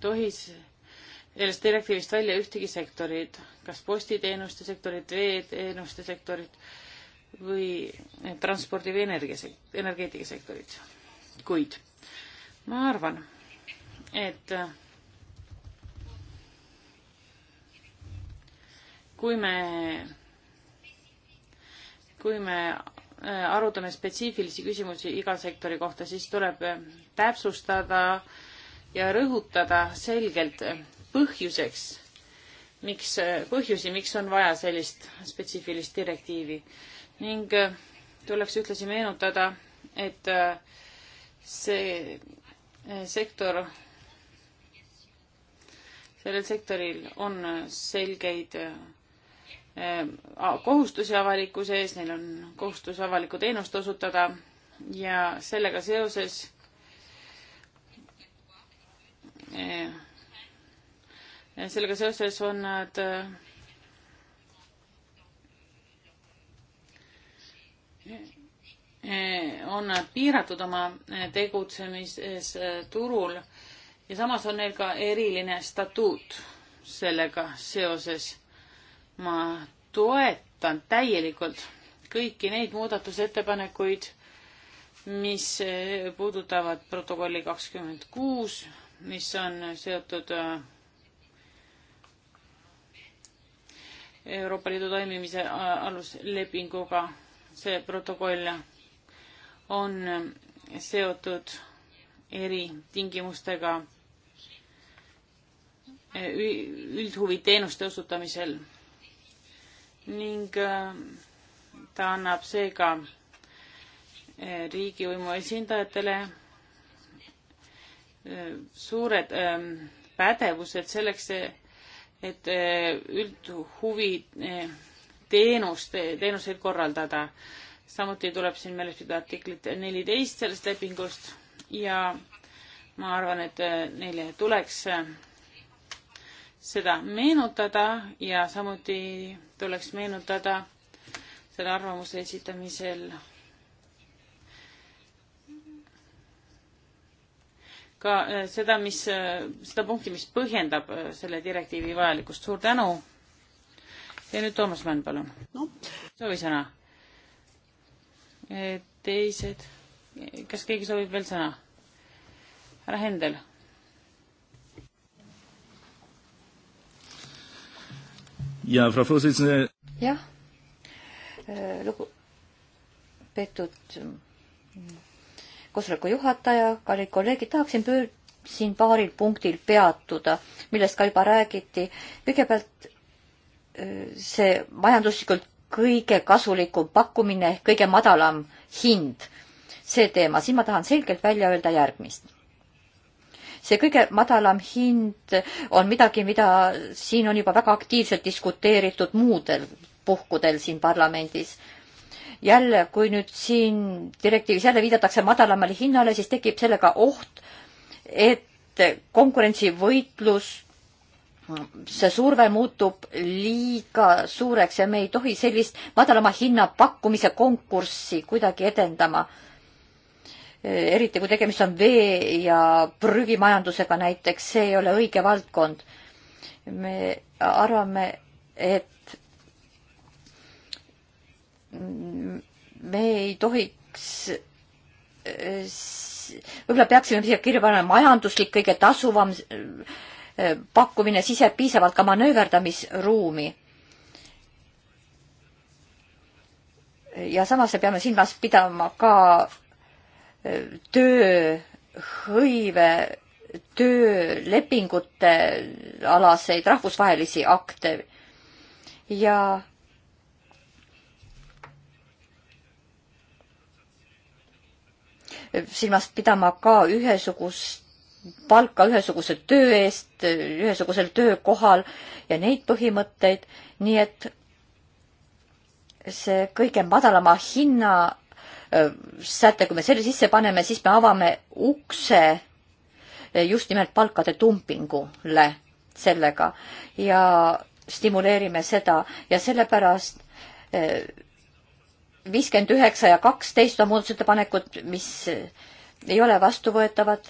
tohi sellest direktiivist välja ühtegi sektorit, kas postiteenuste sektorit, veeteenuste sektorit või transpordi või energia, energeetikasektorit. kuid ma arvan, et kui me, kui me eh, arutame spetsiifilisi küsimusi iga sektori kohta, siis tuleb eh, täpsustada ja rõhutada selgelt põhjuseks, miks, põhjusi, miks on vaja sellist spetsiifilist direktiivi ning äh, tuleks ühtlasi meenutada, et äh, see äh, sektor, sellel sektoril on selgeid kohustusi avalikkuse ees, neil on kohustus avalikku teenust osutada ja sellega seoses sellega seoses on nad äh, on nad piiratud oma tegutsemises äh, turul ja samas on neil ka eriline statuut sellega seoses. ma toetan täielikult kõiki neid muudatusettepanekuid, mis äh, puudutavad protokolli kakskümmend kuus mis on seotud äh, Euroopa Liidu toimimise äh, aluslepinguga. see protokoll on äh, seotud eritingimustega üldhuviteenuste osutamisel ning ta annab seega riigivõimu esindajatele suured ähm, pädevused selleks, et äh, üldhuvi äh, teenuste, äh, teenuseid korraldada. samuti tuleb siin meeles pidada artiklit neliteist sellest lepingust ja ma arvan, et neile tuleks seda meenutada ja samuti tuleks meenutada selle arvamuse esitamisel ka äh, seda, mis, äh, seda punkti, mis põhjendab äh, selle direktiivi vajalikkust. suur tänu. ja nüüd Toomas Mann, palun no.. soovisõna. teised, kas keegi soovib veel sõna? härra Hendel. ja, Frau Vorsitzende. jah, lugupeetud koosoleku juhataja, kallid kolleegid, tahaksin pöör-, siin paaril punktil peatuda, millest ka juba räägiti. kõigepealt see majanduslikult kõige kasulikum pakkumine ehk kõige madalam hind, see teema, siin ma tahan selgelt välja öelda järgmist see kõige madalam hind on midagi, mida siin on juba väga aktiivselt diskuteeritud muudel puhkudel siin parlamendis jälle, kui nüüd siin direktiivis jälle viidatakse madalamale hinnale, siis tekib sellega oht, et konkurentsivõitlus, see surve muutub liiga suureks ja me ei tohi sellist madalama hinna pakkumise konkurssi kuidagi edendama. eriti kui tegemist on vee ja prügimajandusega näiteks, see ei ole õige valdkond. me arvame, et me ei tohiks võib-olla peaksime siia kirja panema majanduslik kõige tasuvam eh, pakkumine, siis jääb piisavalt ka manööverdamisruumi. ja samas me peame silmas pidama ka eh, tööhõive, töölepingute alaseid rahvusvahelisi akte ja silmas pidama ka ühesugust palka ühesuguse töö eest, ühesugusel töökohal ja neid põhimõtteid, nii et see kõige madalama hinna säte, kui me selle sisse paneme, siis me avame ukse just nimelt palkade dumpingule sellega ja stimuleerime seda ja sellepärast viiskümmend üheksa ja kaksteist on muudatusettepanekud, mis ei ole vastuvõetavad.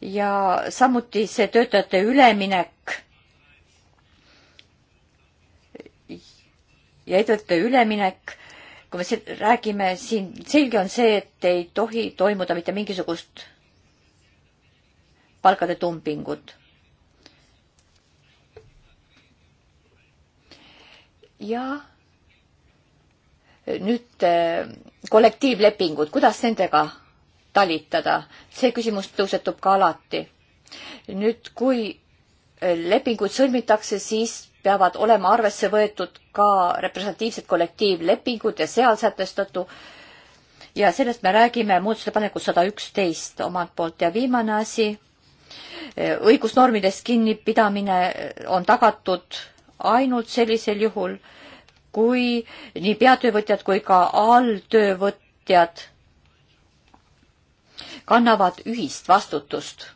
ja samuti see töötajate üleminek ja ettevõtete üleminek, kui me räägime siin, selge on see, et ei tohi toimuda mitte mingisugust palkade dumpingut. ja nüüd eh, kollektiivlepingud, kuidas nendega talitada, see küsimus tõusetub ka alati. nüüd, kui eh, lepinguid sõlmitakse, siis peavad olema arvesse võetud ka representatiivsed kollektiivlepingud ja seal sätestatu. ja sellest me räägime muudatusettepanekus sada üksteist omalt poolt ja viimane asi, eh, õigusnormidest kinnipidamine on tagatud ainult sellisel juhul, kui nii peatöövõtjad kui ka alltöövõtjad kannavad ühist vastutust.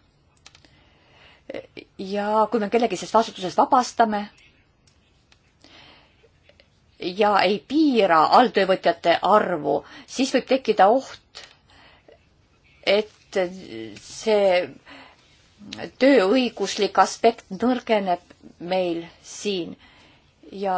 ja kui me kellegi sellest vastutusest vabastame ja ei piira alltöövõtjate arvu, siis võib tekkida oht, et see tööõiguslik aspekt nõrgeneb meil siin ja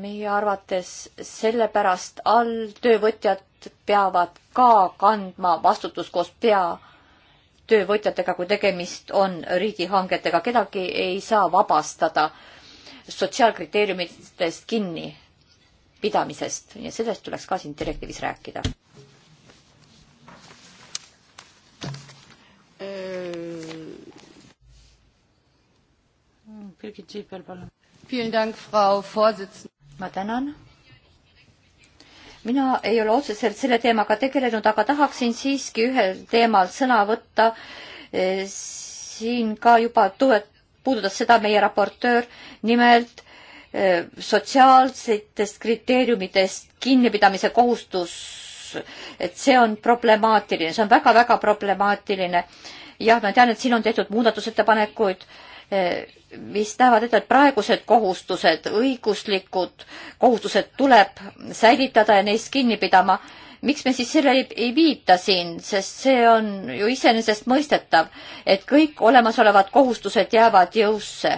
meie arvates sellepärast alltöövõtjad peavad ka kandma vastutust koos peatöövõtjatega, kui tegemist on riigihangetega, kedagi ei saa vabastada sotsiaalkriteeriumitest kinnipidamisest ja sellest tuleks ka siin direktiivis rääkida. Äh. Birgit Siipel, palun ma tänan. mina ei ole otseselt selle teemaga tegelenud, aga tahaksin siiski ühel teemal sõna võtta. E, siin ka juba tulet-, puudutas seda meie raportöör, nimelt e, sotsiaalsetest kriteeriumidest kinnipidamise kohustus, et see on problemaatiline, see on väga-väga problemaatiline. jah, ma tean, et siin on tehtud muudatusettepanekuid e, mis näevad ette, et praegused kohustused, õiguslikud kohustused tuleb säilitada ja neist kinni pidama. miks me siis sellele ei, ei viita siin, sest see on ju iseenesestmõistetav, et kõik olemasolevad kohustused jäävad jõusse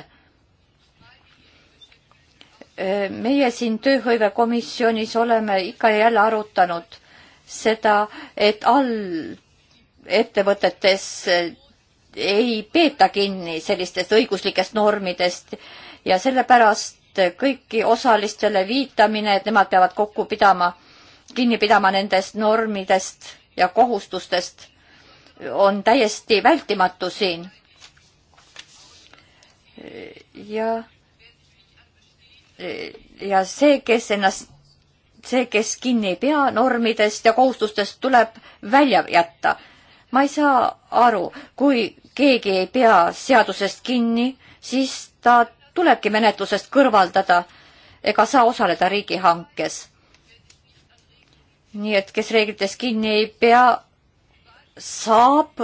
meie siin tööhõivekomisjonis oleme ikka ja jälle arutanud seda, et all ettevõtetes ei peeta kinni sellistest õiguslikest normidest ja sellepärast kõiki osalistele viitamine, et nemad peavad kokku pidama, kinni pidama nendest normidest ja kohustustest, on täiesti vältimatu siin. ja, ja see, kes ennast, see, kes kinni ei pea normidest ja kohustustest, tuleb välja jätta ma ei saa aru, kui keegi ei pea seadusest kinni, siis ta tulebki menetlusest kõrvaldada ega saa osaleda riigihankes. nii et kes reeglitest kinni ei pea, saab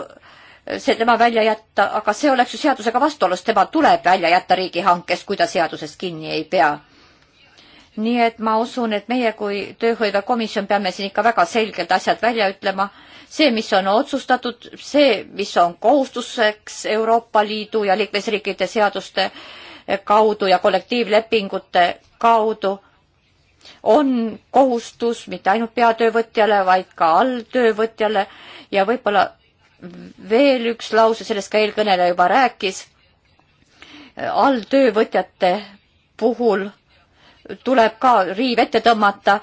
see tema välja jätta, aga see oleks ju seadusega vastuolus, tema tuleb välja jätta riigihankest, kui ta seadusest kinni ei pea nii et ma usun, et meie kui tööhõivekomisjon peame siin ikka väga selgelt asjad välja ütlema. see, mis on otsustatud, see, mis on kohustuseks Euroopa Liidu ja liikmesriikide seaduste kaudu ja kollektiivlepingute kaudu, on kohustus mitte ainult peatöövõtjale, vaid ka alltöövõtjale ja võib-olla veel üks lause, sellest ka eelkõneleja juba rääkis, alltöövõtjate puhul tuleb ka riiv ette tõmmata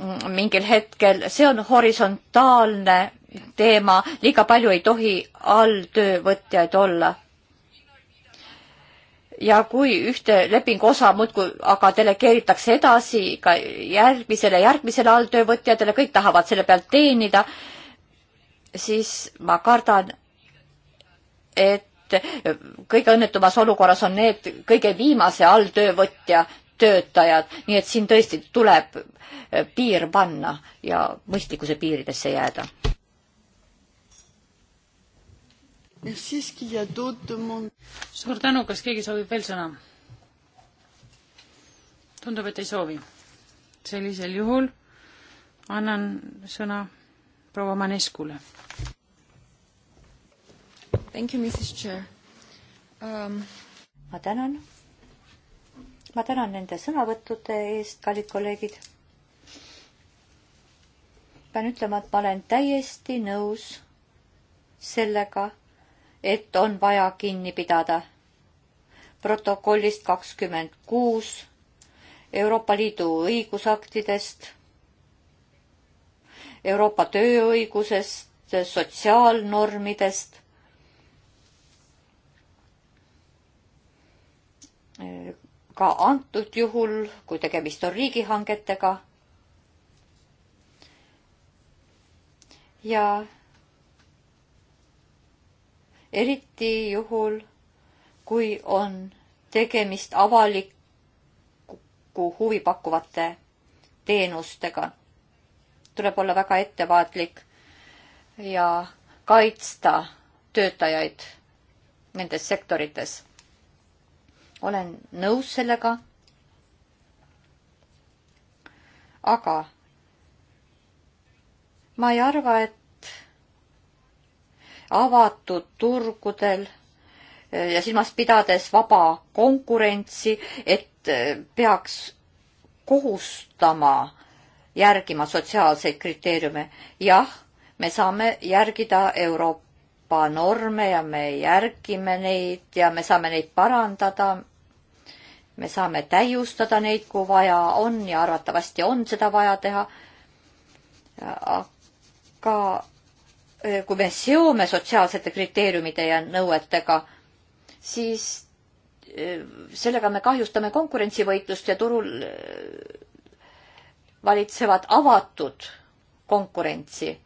mm, mingil hetkel, see on horisontaalne teema, liiga palju ei tohi alltöövõtjaid olla. ja kui ühte lepingu osa muudkui aga delegeeritakse edasi ka järgmisele, järgmisele alltöövõtjatele, kõik tahavad selle pealt teenida, siis ma kardan, et kõige õnnetumas olukorras on need kõige viimase alltöövõtja töötajad, nii et siin tõesti tuleb eh, piir panna ja mõistlikkuse piiridesse jääda. suur tänu, kas keegi soovib veel sõna? tundub, et ei soovi. sellisel juhul annan sõna proua Maneskule. Thank you, Mrs Chair um.... ma tänan ma tänan nende sõnavõttude eest, kallid kolleegid. pean ütlema, et ma olen täiesti nõus sellega, et on vaja kinni pidada protokollist kakskümmend kuus, Euroopa Liidu õigusaktidest, Euroopa tööõigusest, sotsiaalnormidest, ka antud juhul, kui tegemist on riigihangetega. ja eriti juhul, kui on tegemist avalikku huvi pakkuvate teenustega. tuleb olla väga ettevaatlik ja kaitsta töötajaid nendes sektorites olen nõus sellega. aga ma ei arva, et avatud turgudel ja silmas pidades vaba konkurentsi, et peaks kohustama järgima sotsiaalseid kriteeriume. jah, me saame järgida Euroopa Euroopa norme ja me järgime neid ja me saame neid parandada. me saame täiustada neid, kui vaja on ja arvatavasti on seda vaja teha. aga e, kui me seome sotsiaalsete kriteeriumide ja nõuetega, siis e, sellega me kahjustame konkurentsivõitlust ja turul e, valitsevat avatud konkurentsi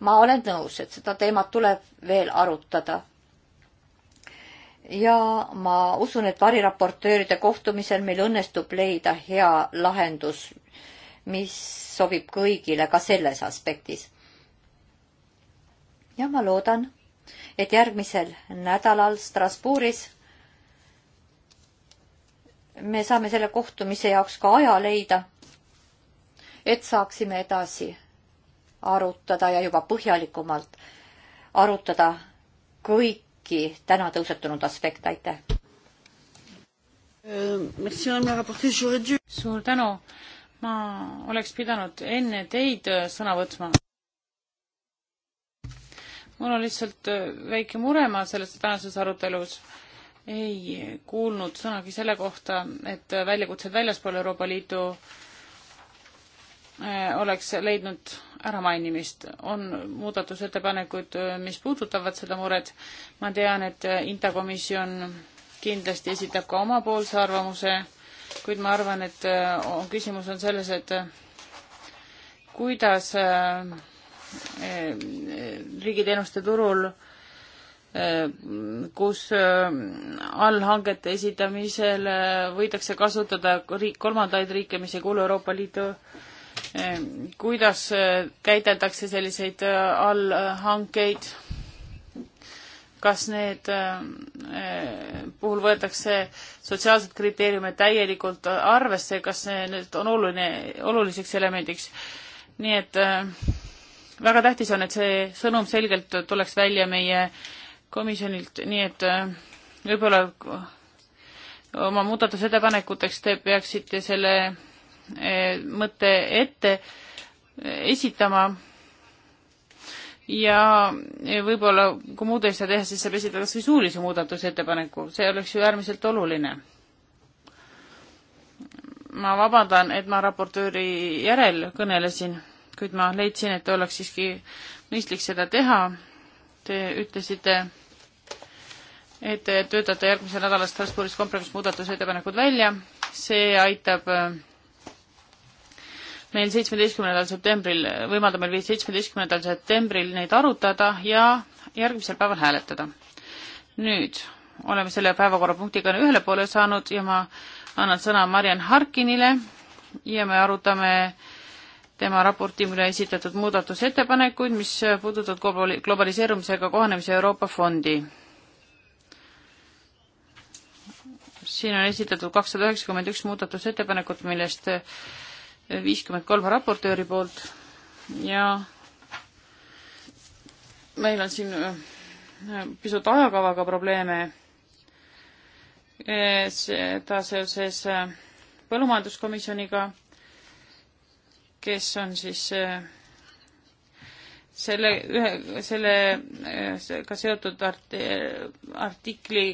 ma olen nõus, et seda teemat tuleb veel arutada. ja ma usun, et variraportööride kohtumisel meil õnnestub leida hea lahendus, mis sobib kõigile ka selles aspektis. ja ma loodan, et järgmisel nädalal Strasbourgis me saame selle kohtumise jaoks ka aja leida, et saaksime edasi arutada ja juba põhjalikumalt arutada kõiki täna tõusetunud aspekte, aitäh! suur tänu, ma oleks pidanud enne teid sõna võtma. mul on lihtsalt väike mure, ma selles tänases arutelus ei kuulnud sõnagi selle kohta, et väljakutsed väljaspool Euroopa Liitu äh, Äh, oleks leidnud äramainimist. on muudatusettepanekuid, äh, mis puudutavad seda muret. ma tean, et äh, Inta komisjon kindlasti esitab ka omapoolse arvamuse, kuid ma arvan, et küsimus on selles, et kuidas riigiteenuste turul, kus allhangete esitamisel võidakse kasutada riik, kolmandaid riike, mis ei kuulu Euroopa Liidu Ehm, kuidas eh, käideldakse selliseid eh, allhankeid, kas need eh, puhul võetakse sotsiaalsed kriteeriumid täielikult arvesse, kas need on oluline, oluliseks elemendiks. nii et väga tähtis on, et see sõnum selgelt tuleks välja meie komisjonilt, nii et võib-olla oma muudatusettepanekuteks te peaksite selle mõte ette esitama. ja võib-olla, kui muud ei saa teha, siis saab esitada kas või suulise muudatusettepaneku, see oleks ju äärmiselt oluline. ma vabandan, et ma raportööri järel kõnelesin, kuid ma leidsin, et oleks siiski mõistlik seda teha. Te ütlesite, et töötate järgmisel nädalal Strasbourgis kompromissmuudatusettepanekud välja, see aitab äh, meil seitsmeteistkümnendal septembril, võimaldab meil seitsmeteistkümnendal septembril neid arutada ja järgmisel päeval hääletada. nüüd oleme selle päevakorrapunktiga ühele poole saanud ja ma annan sõna Mariann Harkinile ja me arutame tema raporti, mille esitatud muudatusettepanekuid, mis puudutavad globaliseerumisega kohanemise Euroopa fondi. siin on esitatud kakssada üheksakümmend üks muudatusettepanekut, millest viiskümmend kolm raportööri poolt ja meil on siin äh, pisut ajakavaga probleeme. Äh, seda seoses äh, põllumajanduskomisjoniga, kes on siis selle ühe, sellega seotud art-, artikli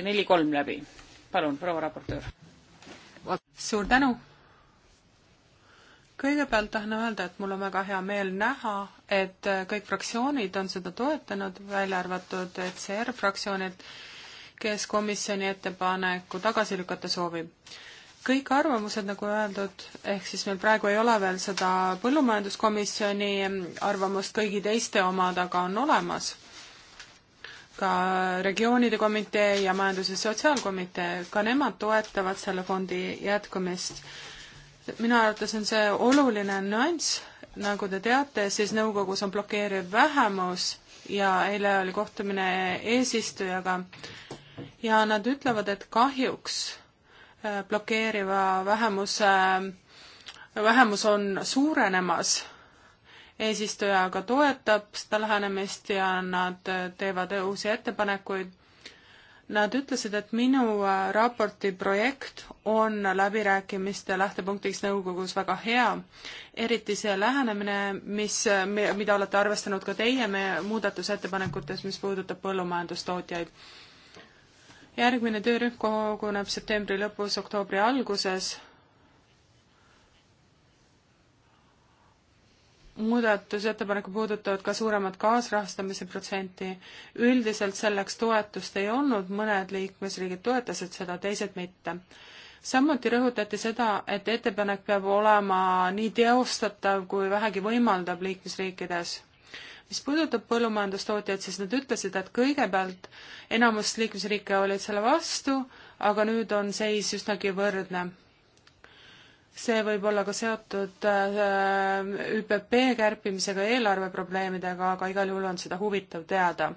neli kolm läbi. palun, proua raportöör. suur tänu kõigepealt tahan öelda, et mul on väga hea meel näha, et äh, kõik fraktsioonid on seda toetanud, välja arvatud ECR fraktsioonid, kes komisjoni ettepaneku tagasi lükata soovib. kõik arvamused, nagu öeldud, ehk siis meil praegu ei ole veel seda põllumajanduskomisjoni mm, arvamust, kõigi teiste omad aga on olemas ka regioonide komitee ja majandus- ja sotsiaalkomitee, ka nemad toetavad selle fondi jätkumist minu arvates on see oluline nüanss, nagu te teate, siis nõukogus on blokeeriv vähemus ja eile oli kohtumine eesistujaga ja nad ütlevad, et kahjuks äh, blokeeriva vähemuse, äh, vähemus on suurenemas. eesistuja aga toetab seda lähenemist ja nad äh, teevad uusi ettepanekuid Nad ütlesid, et minu äh, raporti projekt on läbirääkimiste lähtepunktiks nõukogus väga hea, eriti see lähenemine, mis, äh, mida olete arvestanud ka teie meie muudatusettepanekutes, mis puudutab põllumajandustootjaid. järgmine töörühm koguneb septembri lõpus, oktoobri alguses muudatusettepanekud puudutavad ka suuremat kaasrahastamise protsenti. üldiselt selleks toetust ei olnud, mõned liikmesriigid toetasid seda, teised mitte. samuti rõhutati seda, et ettepanek peab olema nii teostatav kui vähegi võimaldab liikmesriikides. mis puudutab põllumajandustootjaid, siis nad ütlesid, et kõigepealt enamus liikmesriike olid selle vastu, aga nüüd on seis üsnagi võrdne see võib olla ka seotud äh, ÜPP kärpimisega, eelarveprobleemidega, aga igal juhul on seda huvitav teada.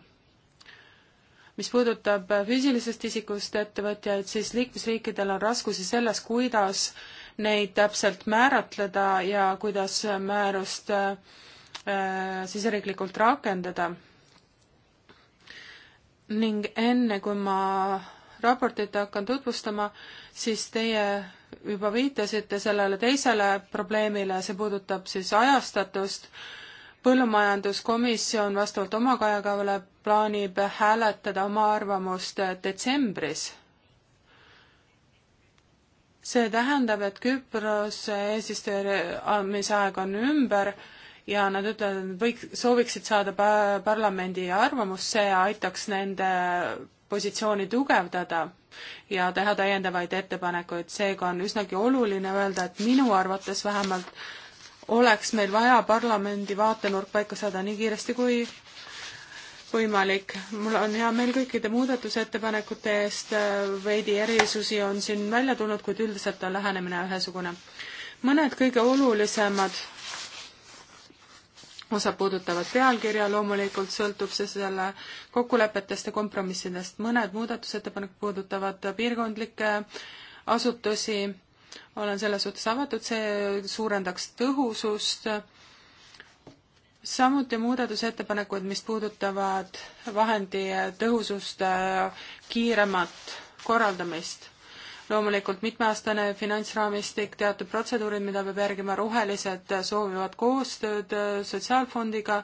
mis puudutab äh, füüsilisest isikust ettevõtjaid, siis liikmesriikidel on raskusi selles, kuidas neid täpselt määratleda ja kuidas määrust äh, siseriiklikult rakendada. ning enne, kui ma raportit hakkan tutvustama, siis teie juba viitasite sellele teisele probleemile, see puudutab siis ajastatust. põllumajanduskomisjon vastavalt oma kajakavale plaanib hääletada oma arvamust detsembris. see tähendab, et Küprose eesistumise aeg on ümber ja nad ütlevad, et võiks, sooviksid saada parlamendi arvamust, see aitaks nende positsiooni tugevdada ja teha täiendavaid ettepanekuid, seega on üsnagi oluline öelda, et minu arvates vähemalt oleks meil vaja parlamendi vaatenurk paika saada nii kiiresti kui võimalik. mul on hea meel kõikide muudatusettepanekute eest, veidi erisusi on siin välja tulnud, kuid üldiselt on lähenemine ühesugune. mõned kõige olulisemad osa puudutavad pealkirja, loomulikult sõltub see selle kokkulepetest ja kompromissidest. mõned muudatusettepanekud puudutavad piirkondlikke asutusi, olen selles suhtes avatud, see suurendaks tõhusust, samuti muudatusettepanekud, mis puudutavad vahendi tõhusust kiiremat korraldamist loomulikult mitmeaastane finantsraamistik, teatud protseduurid, mida peab järgima, rohelised soovivad koostööd äh, Sotsiaalfondiga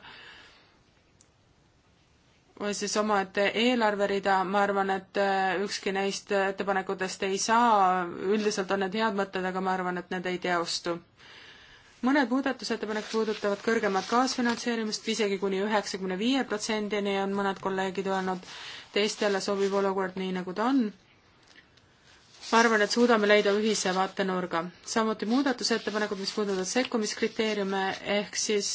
või siis omaette eelarverida, ma arvan, et äh, ükski neist ettepanekutest ei saa, üldiselt on need head mõtted, aga ma arvan, et need ei teostu. mõned muudatusettepanekud puudutavad kõrgemat kaasfinantseerimist, isegi kuni üheksakümne viie protsendini on mõned kolleegid öelnud, teistele sobib olukord nii, nagu ta on ma arvan, et suudame leida ühise vaatenurga. samuti muudatusettepanekud, mis puudutavad sekkumiskriteeriume, ehk siis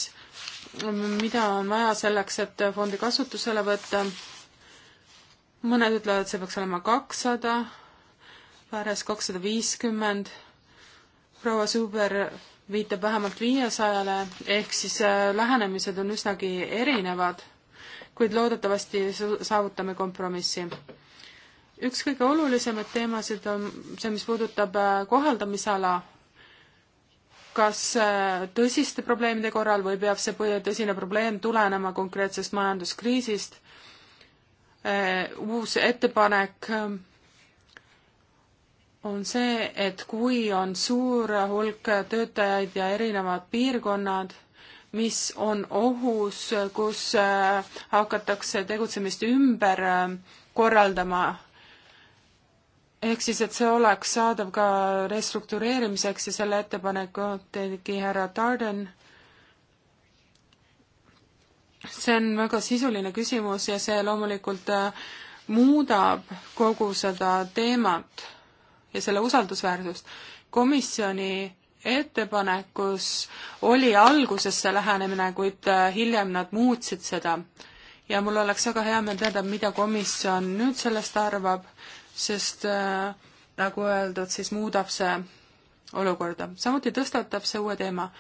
mida on vaja selleks, et fondi kasutusele võtta. mõned ütlevad, et see peaks olema kakssada, vääres kakssada viiskümmend, proua Suber viitab vähemalt viiesajale, ehk siis äh, lähenemised on üsnagi erinevad, kuid loodetavasti saavutame kompromissi üks kõige olulisemaid teemasid on see, mis puudutab äh, kohaldamisala. kas äh, tõsiste probleemide korral või peab see tõsine probleem tulenema konkreetsest majanduskriisist? Äh, uus ettepanek on see, et kui on suur hulk töötajaid ja erinevad piirkonnad, mis on ohus, kus hakatakse tegutsemist ümber korraldama ehk siis, et see oleks saadav ka restruktureerimiseks ja selle ettepaneku tegi härra Darden. see on väga sisuline küsimus ja see loomulikult äh, muudab kogu seda teemat ja selle usaldusväärsust. komisjoni ettepanekus oli alguses see lähenemine, kuid äh, hiljem nad muutsid seda. ja mul oleks väga hea meel teada, mida komisjon nüüd sellest arvab sest äh, nagu öeldud, siis muudab see olukorda. samuti tõstatab see uue teema.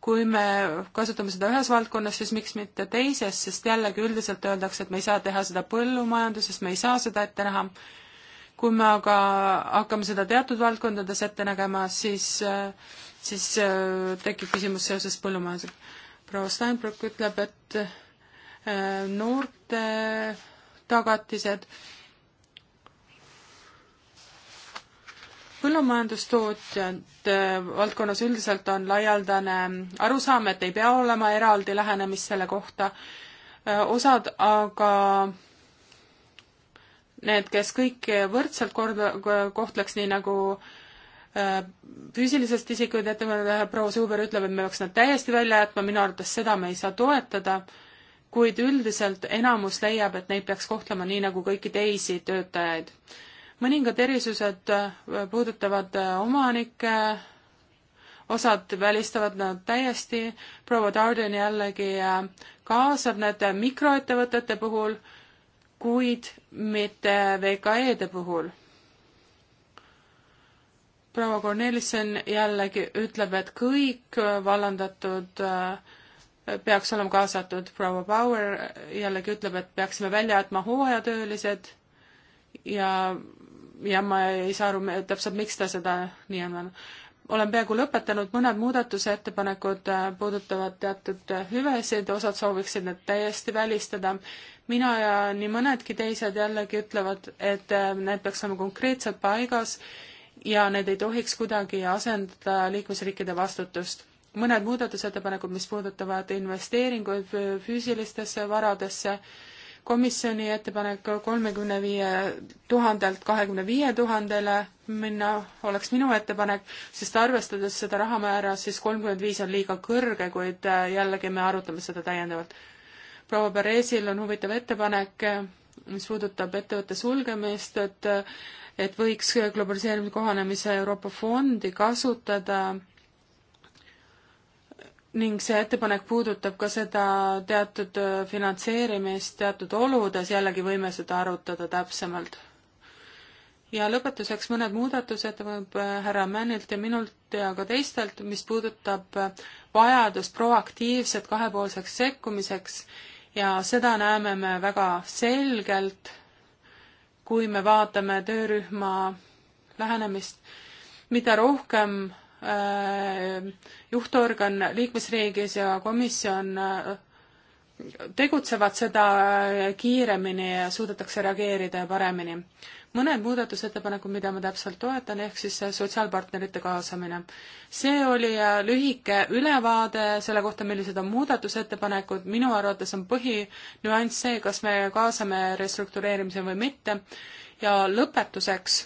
kui me kasutame seda ühes valdkonnas, siis miks mitte teises, sest jällegi üldiselt öeldakse, et me ei saa teha seda põllumajanduses, me ei saa seda ette näha. kui me aga hakkame seda teatud valdkondades ette nägema, siis, äh, siis äh, tekib küsimus seoses põllumajandusega. proua Steinbrück ütleb, et äh, noorte tagatised äh, põllumajandustootjad äh, valdkonnas üldiselt on laialdane arusaam, et ei pea olema eraldi lähenemist selle kohta, äh, osad aga need, kes kõiki võrdselt korda, kohtleks, nii nagu äh, füüsilisest isikuid ettevõte, proua Suuber ütleb, et me peaks nad täiesti välja jätma, minu arvates seda me ei saa toetada, kuid üldiselt enamus leiab, et neid peaks kohtlema nii nagu kõiki teisi töötajaid mõningad erisused äh, puudutavad äh, omanikke, osad välistavad nad täiesti, proua Darden jällegi äh, kaasab need mikroettevõtete puhul, kuid mitte VKE-de puhul. proua Cornelissen jällegi ütleb, et kõik vallandatud peaks olema kaasatud, proua Bauer jällegi ütleb, et peaksime välja jätma hooajatöölised ja ja ma ei saa aru täpselt, miks ta seda nii on. olen peaaegu lõpetanud, mõned muudatusettepanekud äh, puudutavad teatud äh, hüvesid, osad sooviksid need täiesti välistada. mina ja nii mõnedki teised jällegi ütlevad, et äh, need peaks olema konkreetselt paigas ja need ei tohiks kuidagi asendada liikmesriikide vastutust. mõned muudatusettepanekud, mis puudutavad investeeringuid füüsilistesse varadesse, komisjoni ettepanek kolmekümne viie tuhandelt kahekümne viie tuhandele minna oleks minu ettepanek, sest arvestades seda rahamäära, siis kolmkümmend viis on liiga kõrge, kuid äh, jällegi me arutame seda täiendavalt. proua Perezil on huvitav ettepanek, äh, mis puudutab ettevõtte sulgemist, et äh, et võiks globaliseerimise kohanemise Euroopa fondi kasutada ning see ettepanek puudutab ka seda teatud äh, finantseerimist teatud oludes, jällegi võime seda arutada täpsemalt. ja lõpetuseks mõned muudatused äh, härra Männilt ja minult ja ka teistelt, mis puudutab äh, vajadust proaktiivset kahepoolseks sekkumiseks ja seda näeme me väga selgelt, kui me vaatame töörühma lähenemist, mida rohkem Äh, juhtorgan liikmesriigis ja komisjon äh, tegutsevad, seda äh, kiiremini suudetakse reageerida ja paremini. mõned muudatusettepanekud, mida ma täpselt toetan, ehk siis sotsiaalpartnerite kaasamine. see oli lühike ülevaade selle kohta, millised on muudatusettepanekud, minu arvates on põhinüanss see, kas me kaasame restruktureerimise või mitte ja lõpetuseks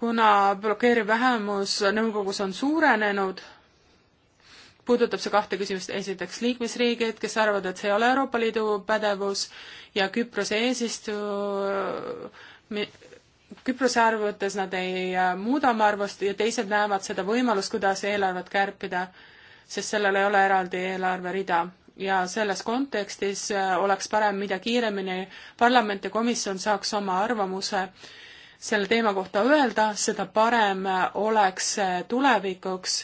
kuna blokeeriv vähemus nõukogus on suurenenud, puudutab see kahte küsimust, esiteks liikmesriigid, kes arvavad, et see ei ole Euroopa Liidu pädevus ja Küprose eesistuja Küprose arvates nad ei äh, muuda oma arvust ja teised näevad seda võimalust, kuidas eelarvet kärpida, sest sellel ei ole eraldi eelarverida. ja selles kontekstis äh, oleks parem, mida kiiremini parlament ja komisjon saaks oma arvamuse äh, selle teema kohta öelda, seda parem oleks tulevikuks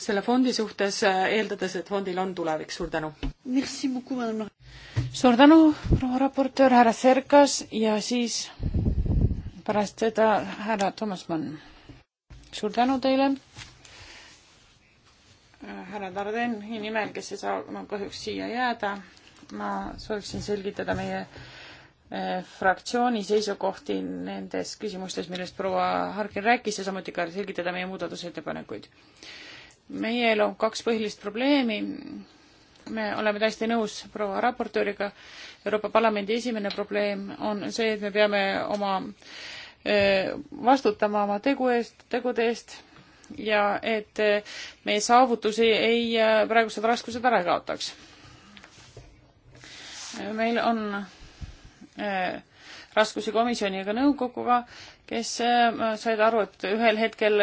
selle fondi suhtes, eeldades, et fondil on tulevik. suur tänu! suur tänu, proua raportöör, härra Serkas ja siis pärast seda härra Toomas Mann. suur tänu teile! härra Dardeni nimel, kes ei saa no, kahjuks siia jääda, ma sooviksin selgitada meie äh, Äh, fraktsiooni seisukohti nendes küsimustes, millest proua Harkin rääkis ja samuti ka selgitada meie muudatusettepanekuid. meil on kaks põhilist probleemi. me oleme täiesti nõus proua raportööriga. Euroopa Parlamendi esimene probleem on see, et me peame oma äh, vastutama oma tegu eest, tegude eest ja et äh, meie saavutusi ei praegused raskused ära kaotaks. meil on Äh, raskusi komisjoniga, nõukoguga, kes äh, said aru, et ühel hetkel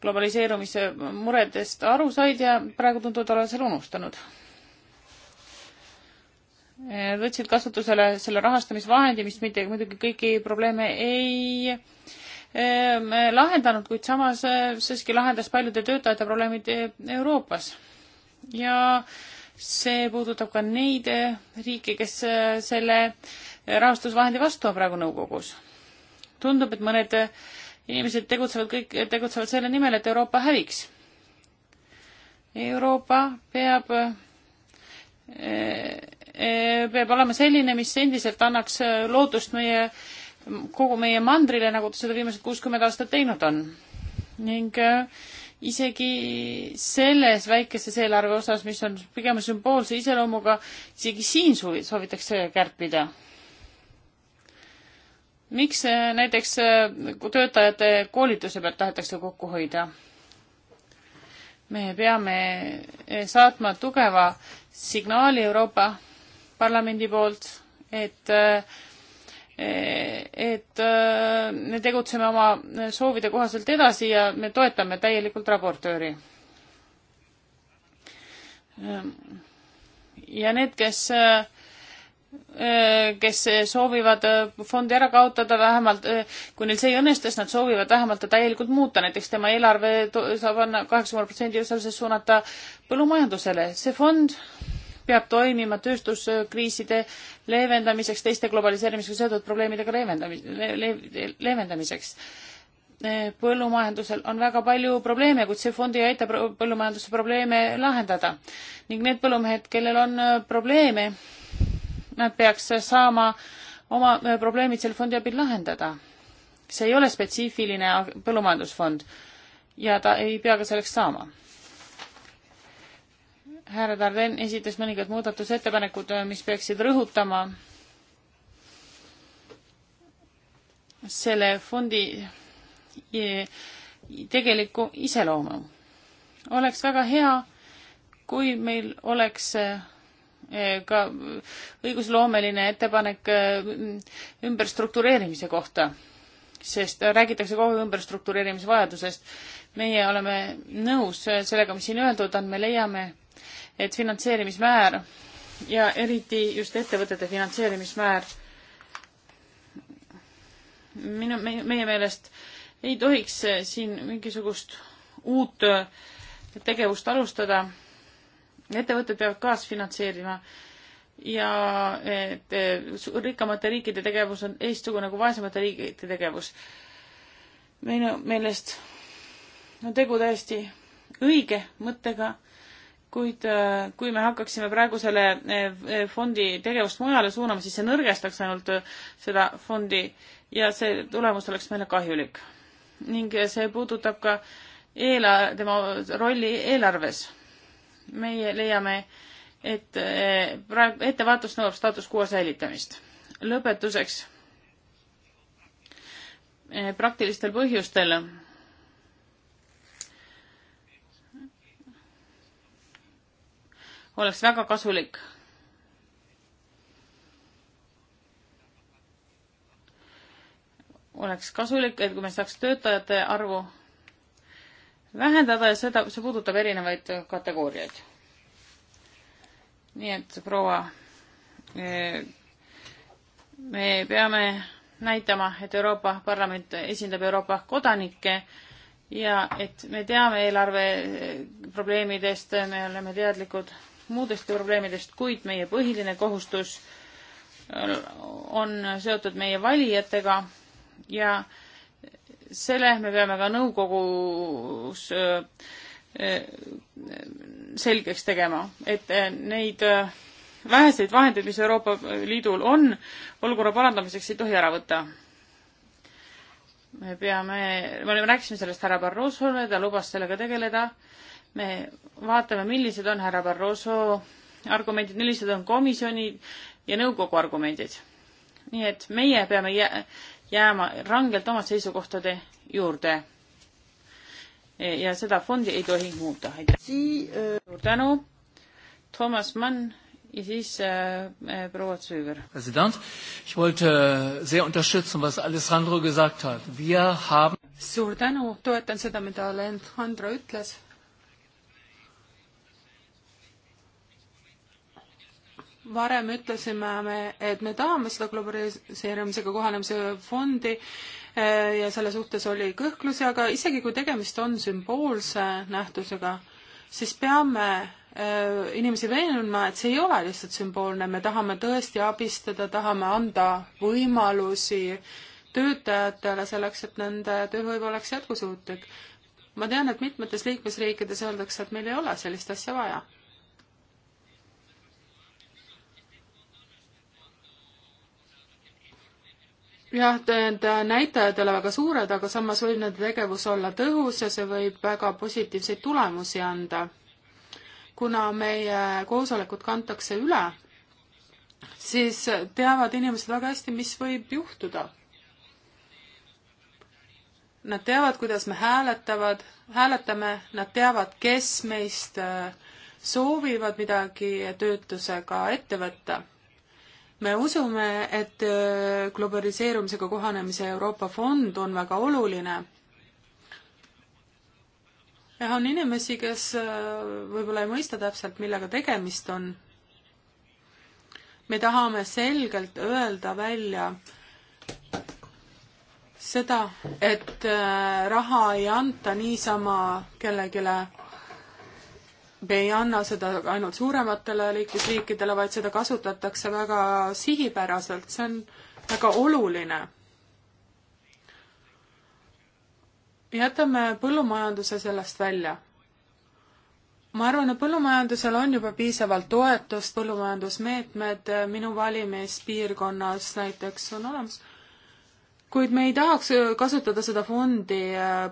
globaliseerumise muredest aru said ja praegu tunduvad olevat selle unustanud. Äh, võtsid kasutusele selle rahastamisvahendi, mis mitte muidugi kõiki probleeme ei lahendanud, kuid samas siiski lahendas paljude töötajate probleemid Euroopas. ja see puudutab ka neid riike, kes selle äh, rahastusvahendi vastu on praegu nõukogus. tundub, et mõned inimesed tegutsevad kõik, tegutsevad selle nimel, et Euroopa häviks. Euroopa peab, eh, eh, peab olema selline, mis endiselt annaks lootust meie, kogu meie mandrile, nagu ta seda viimased kuuskümmend aastat teinud on. ning eh, isegi selles väikeses eelarve osas, mis on pigem sümboolse iseloomuga, isegi siin soovitakse kärpida miks eh, näiteks eh, töötajate koolituse pealt tahetakse kokku hoida? me peame eh, saatma tugeva signaali Euroopa Parlamendi poolt, et et me tegutseme oma soovide kohaselt edasi ja me toetame täielikult raportööri. ja need, kes äh, Äh, kes äh, soovivad äh, fondi ära kaotada vähemalt, kui neil see ei õnnestu, siis nad soovivad vähemalt ta täielikult muuta, näiteks tema eelarve saab anna kaheksakümmend protsendi osaliselt suunata põllumajandusele. see fond peab toimima tööstuskriiside leevendamiseks, teiste globaliseerimisega seotud probleemidega leevendamis-, le, le, leevendamiseks. põllumajandusel on väga palju probleeme, kuid see fond ei aita põllumajanduse probleeme lahendada. ning need põllumehed, kellel on probleeme, nad peaks saama oma äh, probleemid selle fondi abil lahendada. see ei ole spetsiifiline põllumajandusfond ja ta ei pea ka selleks saama. härra Tarden esitas mõningad muudatusettepanekud, äh, mis peaksid rõhutama selle fondi e, tegelikku iseloomu. oleks väga hea, kui meil oleks äh, Eh, ka õigusloomeline ettepanek eh, ümberstruktureerimise kohta, sest räägitakse kogu aeg ümberstruktureerimise vajadusest. meie oleme nõus eh, sellega, mis siin öeldud on, me leiame, et finantseerimismäär ja eriti just ettevõtete finantseerimismäär minu, meie, meie meelest ei tohiks siin mingisugust uut tegevust alustada ettevõtted peavad kaasfinantseerima ja et eh, rikkamate riikide tegevus on teistsugune kui vaesemate riikide tegevus. minu meelest on tegu täiesti õige mõttega, kuid eh, kui me hakkaksime praegu selle eh, fondi tegevust mujale suunama, siis see nõrgestaks ainult seda fondi ja see tulemus oleks meile kahjulik. ning see puudutab ka eela-, tema rolli eelarves meie leiame, et eh, praegu ettevaatus nõuab staatus quo säilitamist. lõpetuseks eh, praktilistel põhjustel. oleks väga kasulik oleks kasulik, et kui me saaks töötajate arvu vähendada ja seda, see puudutab erinevaid kategooriaid. nii et proua, me peame näitama, et Euroopa Parlament esindab Euroopa kodanikke ja et me teame eelarve probleemidest, me oleme teadlikud muudest probleemidest, kuid meie põhiline kohustus on seotud meie valijatega ja äh, selle me peame ka nõukogus selgeks tegema, et neid väheseid vahendeid, mis Euroopa Liidul on, olukorra parandamiseks ei tohi ära võtta. me peame, me oleme, rääkisime sellest härra Barrosole, ta lubas sellega tegeleda. me vaatame, millised on härra Barroso argumendid, millised on komisjoni ja nõukogu argumendid. nii et meie peame jä-, jääma rangelt oma seisukohtade juurde. ja seda fondi ei tohi muuta. aitäh. Äh, suur tänu, Toomas Mann ja siis äh, äh proua Zöger. president, ich wollte äh, sehr unterstützen, was Alessandro gesagt hat. Wir haben suur tänu, toetan seda, mida Alejandro ütles varem ütlesime me, et me tahame seda globaliseerumisega kohanemise fondi eh, ja selle suhtes oli kõhklusi, aga isegi kui tegemist on sümboolse nähtusega, siis peame eh, inimesi veenma, et see ei ole lihtsalt sümboolne, me tahame tõesti abistada, tahame anda võimalusi töötajatele selleks, et nende tööhõive oleks jätkusuutlik. ma tean, et mitmetes liikmesriikides öeldakse, et meil ei ole sellist asja vaja jah, nende näitajad ei ole väga suured, aga samas võib nende tegevus olla tõhus ja see võib väga positiivseid tulemusi anda. kuna meie koosolekud kantakse üle, siis teavad inimesed väga hästi, mis võib juhtuda. Nad teavad, kuidas me hääletavad, hääletame, nad teavad, kes meist äh, soovivad midagi töötusega ette võtta me usume, et äh, globaliseerumisega kohanemise Euroopa fond on väga oluline. on inimesi, kes äh, võib-olla ei mõista täpselt, millega tegemist on. me tahame selgelt öelda välja seda, et äh, raha ei anta niisama kellelegi me ei anna seda ainult suurematele liiklusriikidele, vaid seda kasutatakse väga sihipäraselt, see on väga oluline. jätame põllumajanduse sellest välja. ma arvan, et põllumajandusel on juba piisavalt toetust, põllumajandusmeetmed minu valimispiirkonnas näiteks on olemas kuid me ei tahaks kasutada seda fondi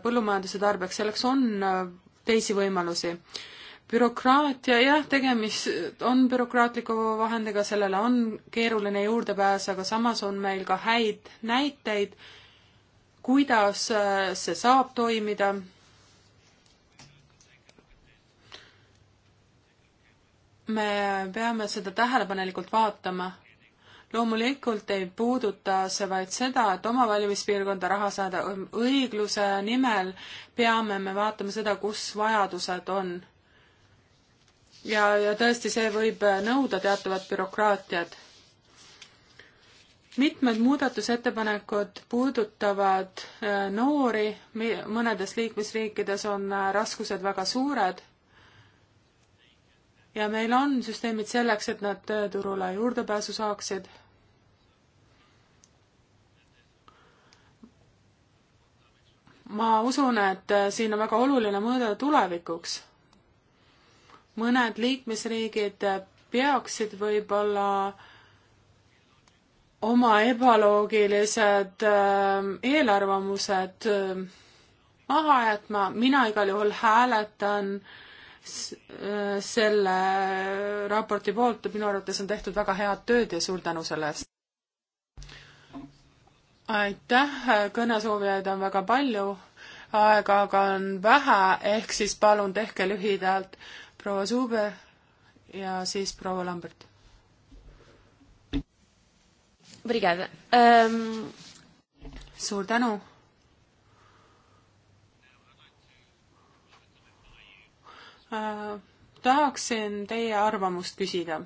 põllumajanduse tarbeks, selleks on teisi võimalusi bürokraatia, jah, tegemist on bürokraatliku vahendiga, sellele on keeruline juurde pääs, aga samas on meil ka häid näiteid, kuidas äh, see saab toimida. me peame seda tähelepanelikult vaatama. loomulikult ei puuduta see vaid seda, et oma valimispiirkonda raha saada, õigluse nimel peame me vaatama seda, kus vajadused on ja, ja tõesti, see võib nõuda teatavat bürokraatiat. mitmed muudatusettepanekud puudutavad äh, noori, mõnedes liikmesriikides on äh, raskused väga suured ja meil on süsteemid selleks, et nad tööturule äh, juurdepääsu saaksid. ma usun, et siin on väga oluline mõõde tulevikuks mõned liikmesriigid peaksid võib-olla oma ebaloogilised ähm, eelarvamused ähm, maha jätma, mina igal juhul hääletan äh, selle raporti poolt, minu arvates on tehtud väga head tööd ja suur tänu selle eest. aitäh, kõnesoovijaid on väga palju, aega aga on vähe, ehk siis palun tehke lühidalt proua Suube ja siis proua Lambert. Um... suur tänu. Äh, tahaksin teie arvamust küsida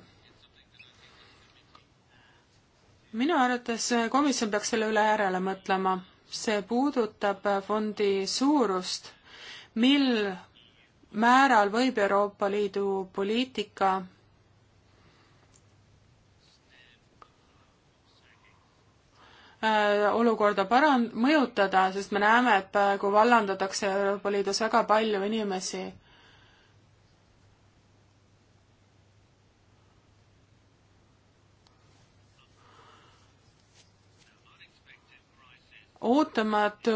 minu arvates komisjon peaks selle üle järele mõtlema. see puudutab fondi suurust, mil määral võib Euroopa Liidu poliitika äh, olukorda paran-, mõjutada, sest me näeme, et praegu vallandatakse Euroopa Liidus väga palju inimesi. ootamatu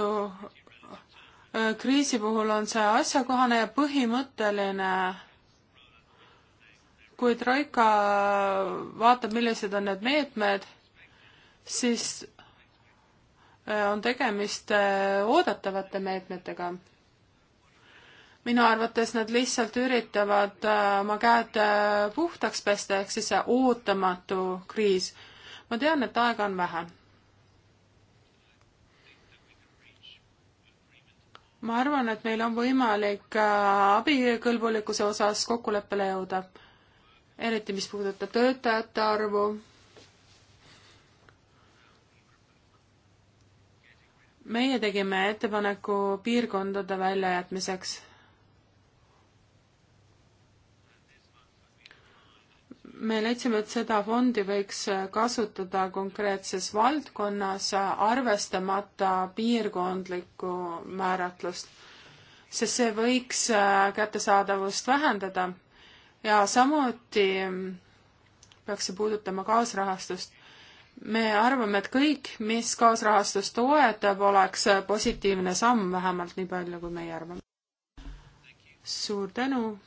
Äh, kriisi puhul on see asjakohane ja põhimõtteline. kui Troika vaatab, millised on need meetmed, siis äh, on tegemist äh, oodatavate meetmetega. minu arvates nad lihtsalt üritavad oma käed puhtaks pesta, ehk siis see ootamatu kriis. ma tean, et aega on vähe ma arvan, et meil on võimalik äh, abikõlbulikkuse osas kokkuleppele jõuda, eriti mis puudutab töötajate arvu. meie tegime ettepaneku piirkondade väljajätmiseks me leidsime, et seda fondi võiks kasutada konkreetses valdkonnas, arvestamata piirkondlikku määratlust, sest see võiks äh, kättesaadavust vähendada ja samuti peaks see puudutama kaasrahastust. me arvame, et kõik, mis kaasrahastust toetab, oleks positiivne samm, vähemalt nii palju, kui meie arvame. suur tänu,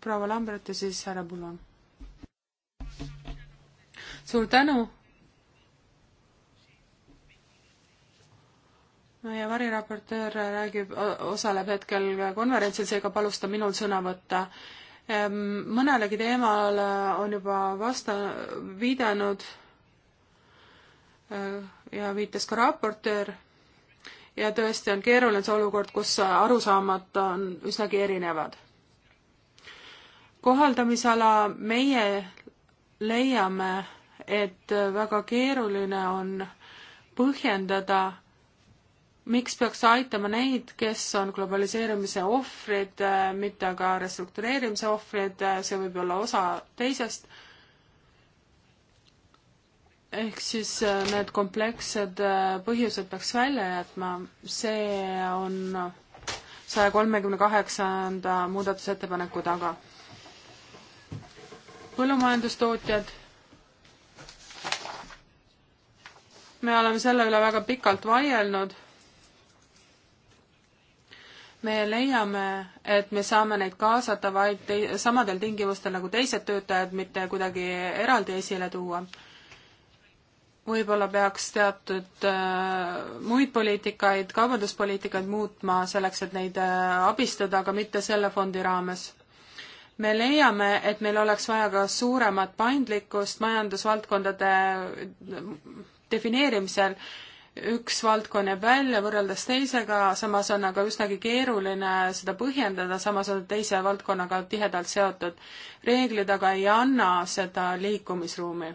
proua Lambret ja siis härra Pulan suur tänu. meie variraportöör räägib, osaleb hetkel konverentsil, seega palus ta minul sõna võtta. Ehm, mõnelegi teemale on juba vasta-, viidanud eh, ja viitas ka raportöör ja tõesti on keeruline see olukord, kus arusaamad on üsnagi erinevad. kohaldamisala meie leiame, et väga keeruline on põhjendada, miks peaks aitama neid, kes on globaliseerumise ohvrid, mitte aga restruktureerimise ohvrid, see võib olla osa teisest. ehk siis äh, need komplekssed äh, põhjused peaks välja jätma, see on saja kolmekümne kaheksanda muudatusettepaneku taga. põllumajandustootjad me oleme selle üle väga pikalt vaielnud. me leiame, et me saame neid kaasata vaid te-, samadel tingimustel nagu teised töötajad, mitte kuidagi eraldi esile tuua. võib-olla peaks teatud äh, muid poliitikaid, kaubanduspoliitikaid muutma selleks, et neid äh, abistada, aga mitte selle fondi raames me leiame, et meil oleks vaja ka suuremat paindlikkust majandusvaldkondade defineerimisel üks valdkond jääb välja võrreldes teisega, samas on aga üsnagi keeruline seda põhjendada, samas on teise valdkonnaga tihedalt seotud. reeglid aga ei anna seda liikumisruumi.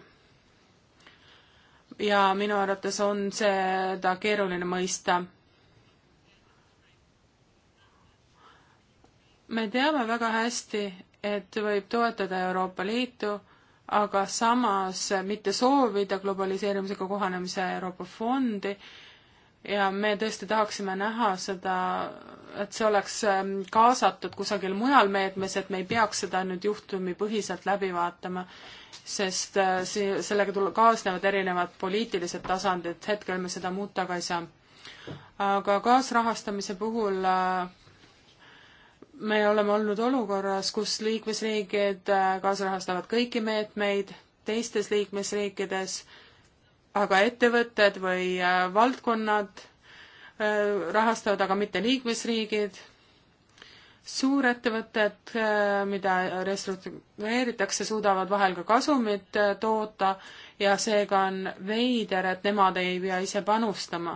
ja minu arvates on seda keeruline mõista. me teame väga hästi, et võib toetada Euroopa Liitu aga samas mitte soovida globaliseerimisega kohanemise Euroopa fondi ja me tõesti tahaksime näha seda, et see oleks ähm, kaasatud kusagil mujal meetmes, et me ei peaks seda nüüd juhtumipõhiselt läbi vaatama, sest äh, see, sellega tul-, kaasnevad erinevad poliitilised tasandid, hetkel me seda muuta ka ei saa. aga kaasrahastamise puhul äh, me oleme olnud olukorras, kus liikmesriigid äh, kaasrahastavad kõiki meetmeid, teistes liikmesriikides aga ettevõtted või äh, valdkonnad äh, rahastavad aga mitte liikmesriigid suurettevõtted, mida restruktureeritakse, suudavad vahel ka kasumit toota ja seega on veider, et nemad ei pea ise panustama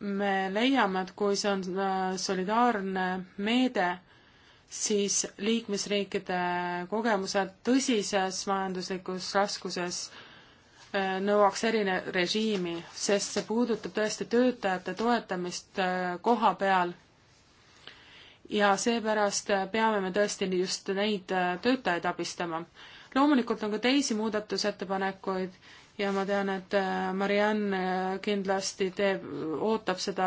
me leiame, et kui see on äh, solidaarne meede, siis liikmesriikide kogemused tõsises majanduslikus raskuses äh, nõuaks erine režiimi, sest see puudutab tõesti töötajate toetamist äh, koha peal. ja seepärast peame me tõesti just neid töötajaid abistama. loomulikult on ka teisi muudatusettepanekuid ja ma tean, et äh, Marianne äh, kindlasti teeb, ootab seda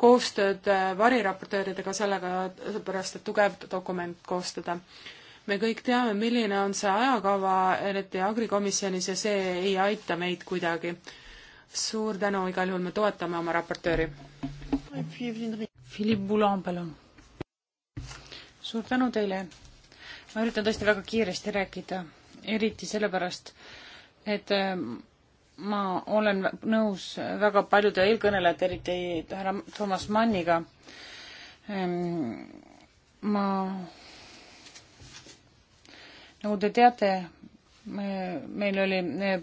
koostööd äh, variraportööridega sellega, sellepärast et tugev dokument koostada. me kõik teame, milline on see ajakava, eriti agrikomisjonis, ja see ei aita meid kuidagi. suur tänu, igal juhul me toetame oma raportööri. Philippe Boulan, palun. suur tänu teile. ma üritan tõesti väga kiiresti rääkida, eriti sellepärast, et äh, ma olen nõus väga paljude eelkõnelejate, eriti härra Toomas Manniga. Ähm, ma, nagu te teate, meil oli äh,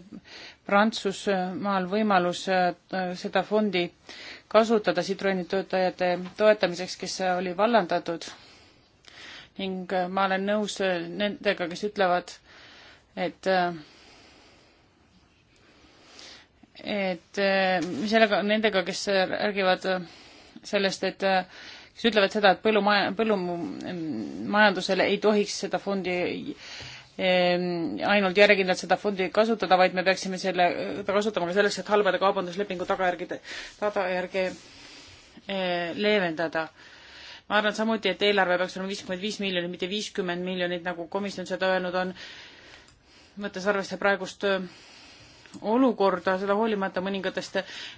Prantsusmaal võimalus äh, seda fondi kasutada Citroeni töötajate toetamiseks, kes oli vallandatud. ning ma olen nõus nendega, kes ütlevad, et äh, et äh, sellega, nendega, kes räägivad äh, sellest, et äh, kes ütlevad seda, et põllumaja, põllumajandusele ei tohiks seda fondi ähm, ainult järjekindlalt seda fondi kasutada, vaid me peaksime selle kasutama ka selleks, et halbade kaubanduslepingu tagajärgede, tagajärge leevendada. ma arvan samuti, et eelarve peaks olema viiskümmend viis miljonit, mitte viiskümmend miljonit, nagu komisjon seda öelnud on, võttes arvesse praegust olukorda, seda hoolimata mõningatest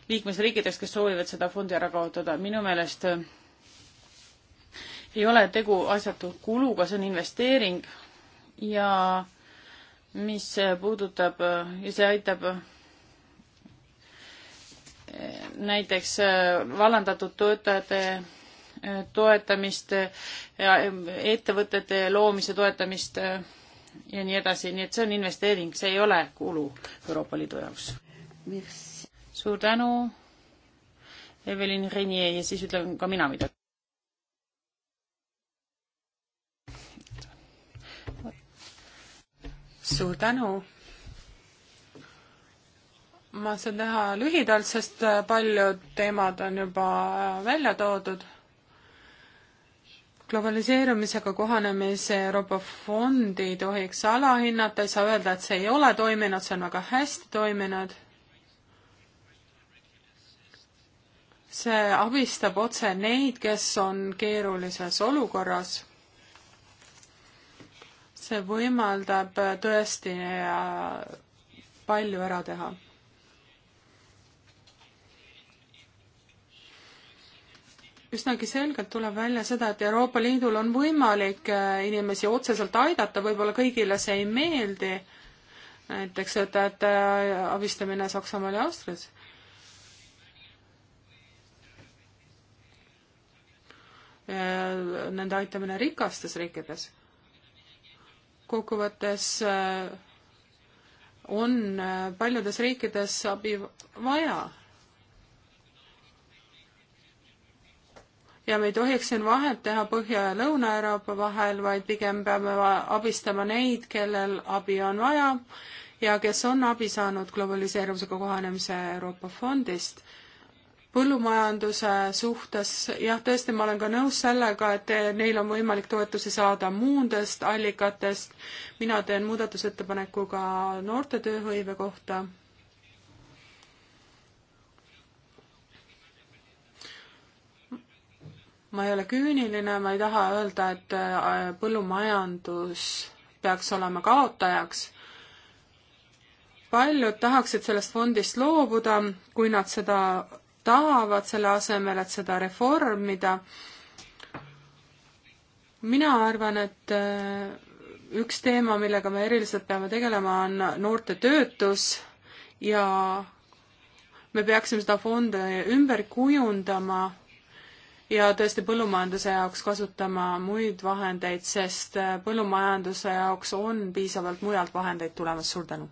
liikmesriikidest, kes soovivad seda fondi ära kaotada. minu meelest äh, ei ole tegu asjatu kuluga, see on investeering ja mis puudutab ja see aitab äh, näiteks äh, vallandatud töötajate toetamist ja ettevõtete loomise toetamist ja nii edasi, nii et see on investeering, see ei ole kulu Euroopa Liidu jaoks. suur tänu, Evelyn Renier ja siis ütlen ka mina midagi. suur tänu. ma saan teha lühidalt, sest paljud teemad on juba välja toodud globaliseerumisega kohanemise Euroopa fond ei tohiks alahinnata, ei saa öelda, et see ei ole toiminud, see on väga hästi toiminud. see abistab otse neid, kes on keerulises olukorras. see võimaldab tõesti palju ära teha üsnagi selgelt tuleb välja seda, et Euroopa Liidul on võimalik äh, inimesi otseselt aidata, võib-olla kõigile see ei meeldi, näiteks õdede äh, abistamine Saksamaal ja Austrias. Äh, nende aitamine rikastes riikides. kokkuvõttes on paljudes riikides abi vaja ja me ei tohiks siin vahet teha Põhja- ja Lõuna-Euroopa vahel, vaid pigem peame abistama neid, kellel abi on vaja ja kes on abi saanud globaliseerumisega kohanemise Euroopa fondist. põllumajanduse suhtes, jah, tõesti, ma olen ka nõus sellega, et neil on võimalik toetusi saada muudest allikatest. mina teen muudatusettepaneku ka noorte tööhõive kohta ma ei ole küüniline, ma ei taha öelda, et äh, põllumajandus peaks olema kaotajaks. paljud tahaksid sellest fondist loobuda, kui nad seda tahavad, selle asemel, et seda reformida. mina arvan, et äh, üks teema, millega me eriliselt peame tegelema, on noorte töötus ja me peaksime seda fondi ümber kujundama ja tõesti põllumajanduse jaoks kasutama muid vahendeid, sest äh, põllumajanduse jaoks on piisavalt mujalt vahendeid tulemas, suur tänu!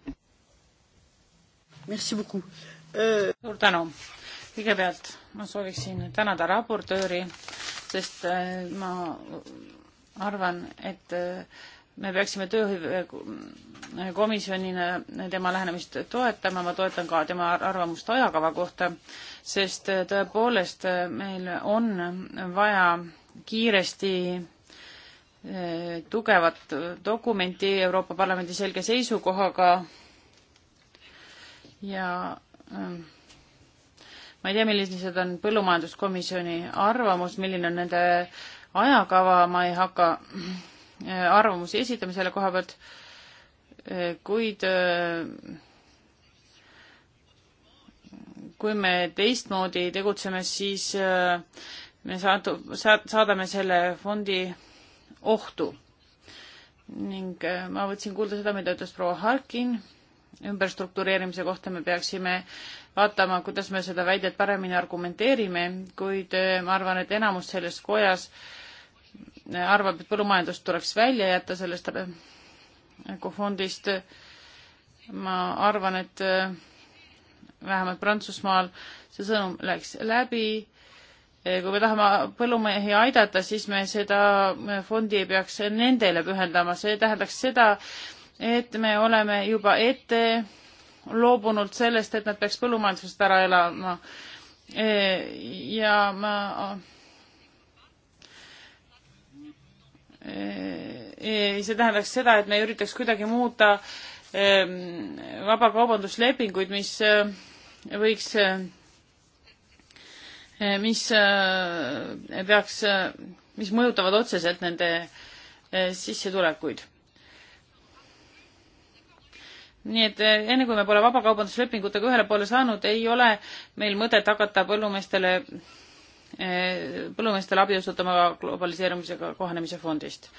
Äh, suur tänu! kõigepealt ma sooviksin tänada raportööri, sest äh, ma arvan, et me peaksime tööhõivekomisjonina tema lähenemist toetama, ma toetan ka tema arvamust ajakava kohta, sest tõepoolest meil on vaja kiiresti eh, tugevat dokumenti Euroopa Parlamendi selge seisukohaga ja ähm, ma ei tea, millised on põllumajanduskomisjoni arvamus, milline on nende ajakava, ma ei hakka Äh, arvamusi esitame selle koha pealt, äh, kuid äh, kui me teistmoodi tegutseme, siis me saatu-, saadame selle fondi ohtu. ning ma võtsin kuulda seda, mida ütles proua Harkin ümberstruktureerimise kohta, me peaksime vaatama, kuidas me seda väidet paremini argumenteerime, kuid ma arvan, et enamus selles kojas äh, arvab, et põllumajandus tuleks välja jätta sellest ökofondist. Äh, ma arvan, et äh, vähemalt Prantsusmaal see sõnum läks läbi. Äh, kui me tahame põllumehi aidata, siis me seda fondi ei peaks nendele pühendama, see tähendaks seda, et me oleme juba ette loobunult sellest, et nad peaks põllumajandusest ära elama. ja ma see tähendaks seda, et me üritaks kuidagi muuta ehm, vabakaubanduslepinguid, mis eh, võiks, eh, mis eh, peaks, mis mõjutavad otseselt nende sissetulekuid. nii et enne kui me pole vabakaubanduslepingutega ühele poole saanud, ei ole meil mõtet hakata põllumeestele põllumeestele abi osutama globaliseerumisega kohanemise fondist.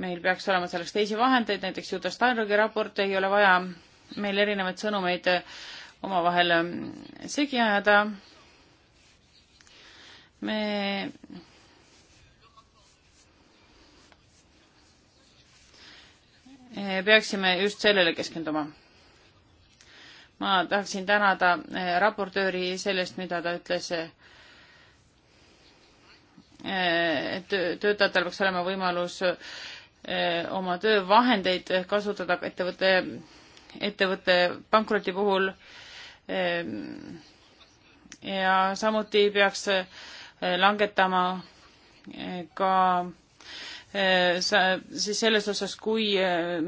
meil peaks olema selleks teisi vahendeid, näiteks Juta Steinbergi raport ei ole vaja meil erinevaid sõnumeid omavahel segi ajada. me peaksime just sellele keskenduma. ma tahaksin tänada raportööri sellest, mida ta ütles töötajatel peaks olema võimalus oma töövahendeid kasutada ettevõtte, ettevõtte pankroti puhul. Ehm, ja samuti peaks langetama ka sa, siis selles osas, kui,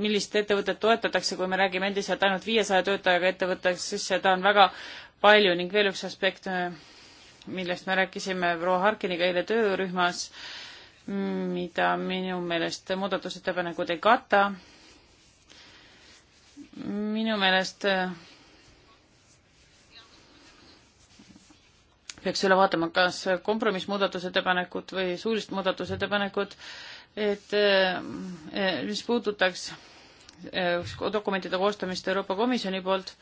millist ettevõtet toetatakse, kui me räägime endiselt ainult viiesaja töötajaga ettevõttest, siis seda on väga palju ning veel üks aspekt, millest me rääkisime proua Harkiniga eile töörühmas, mida minu meelest muudatusettepanekud ei kata. minu meelest äh, peaks üle vaatama, kas kompromissmuudatusettepanekud või suulised muudatusettepanekud, et äh, mis puudutaks äh, dokumentide koostamist Euroopa Komisjoni poolt,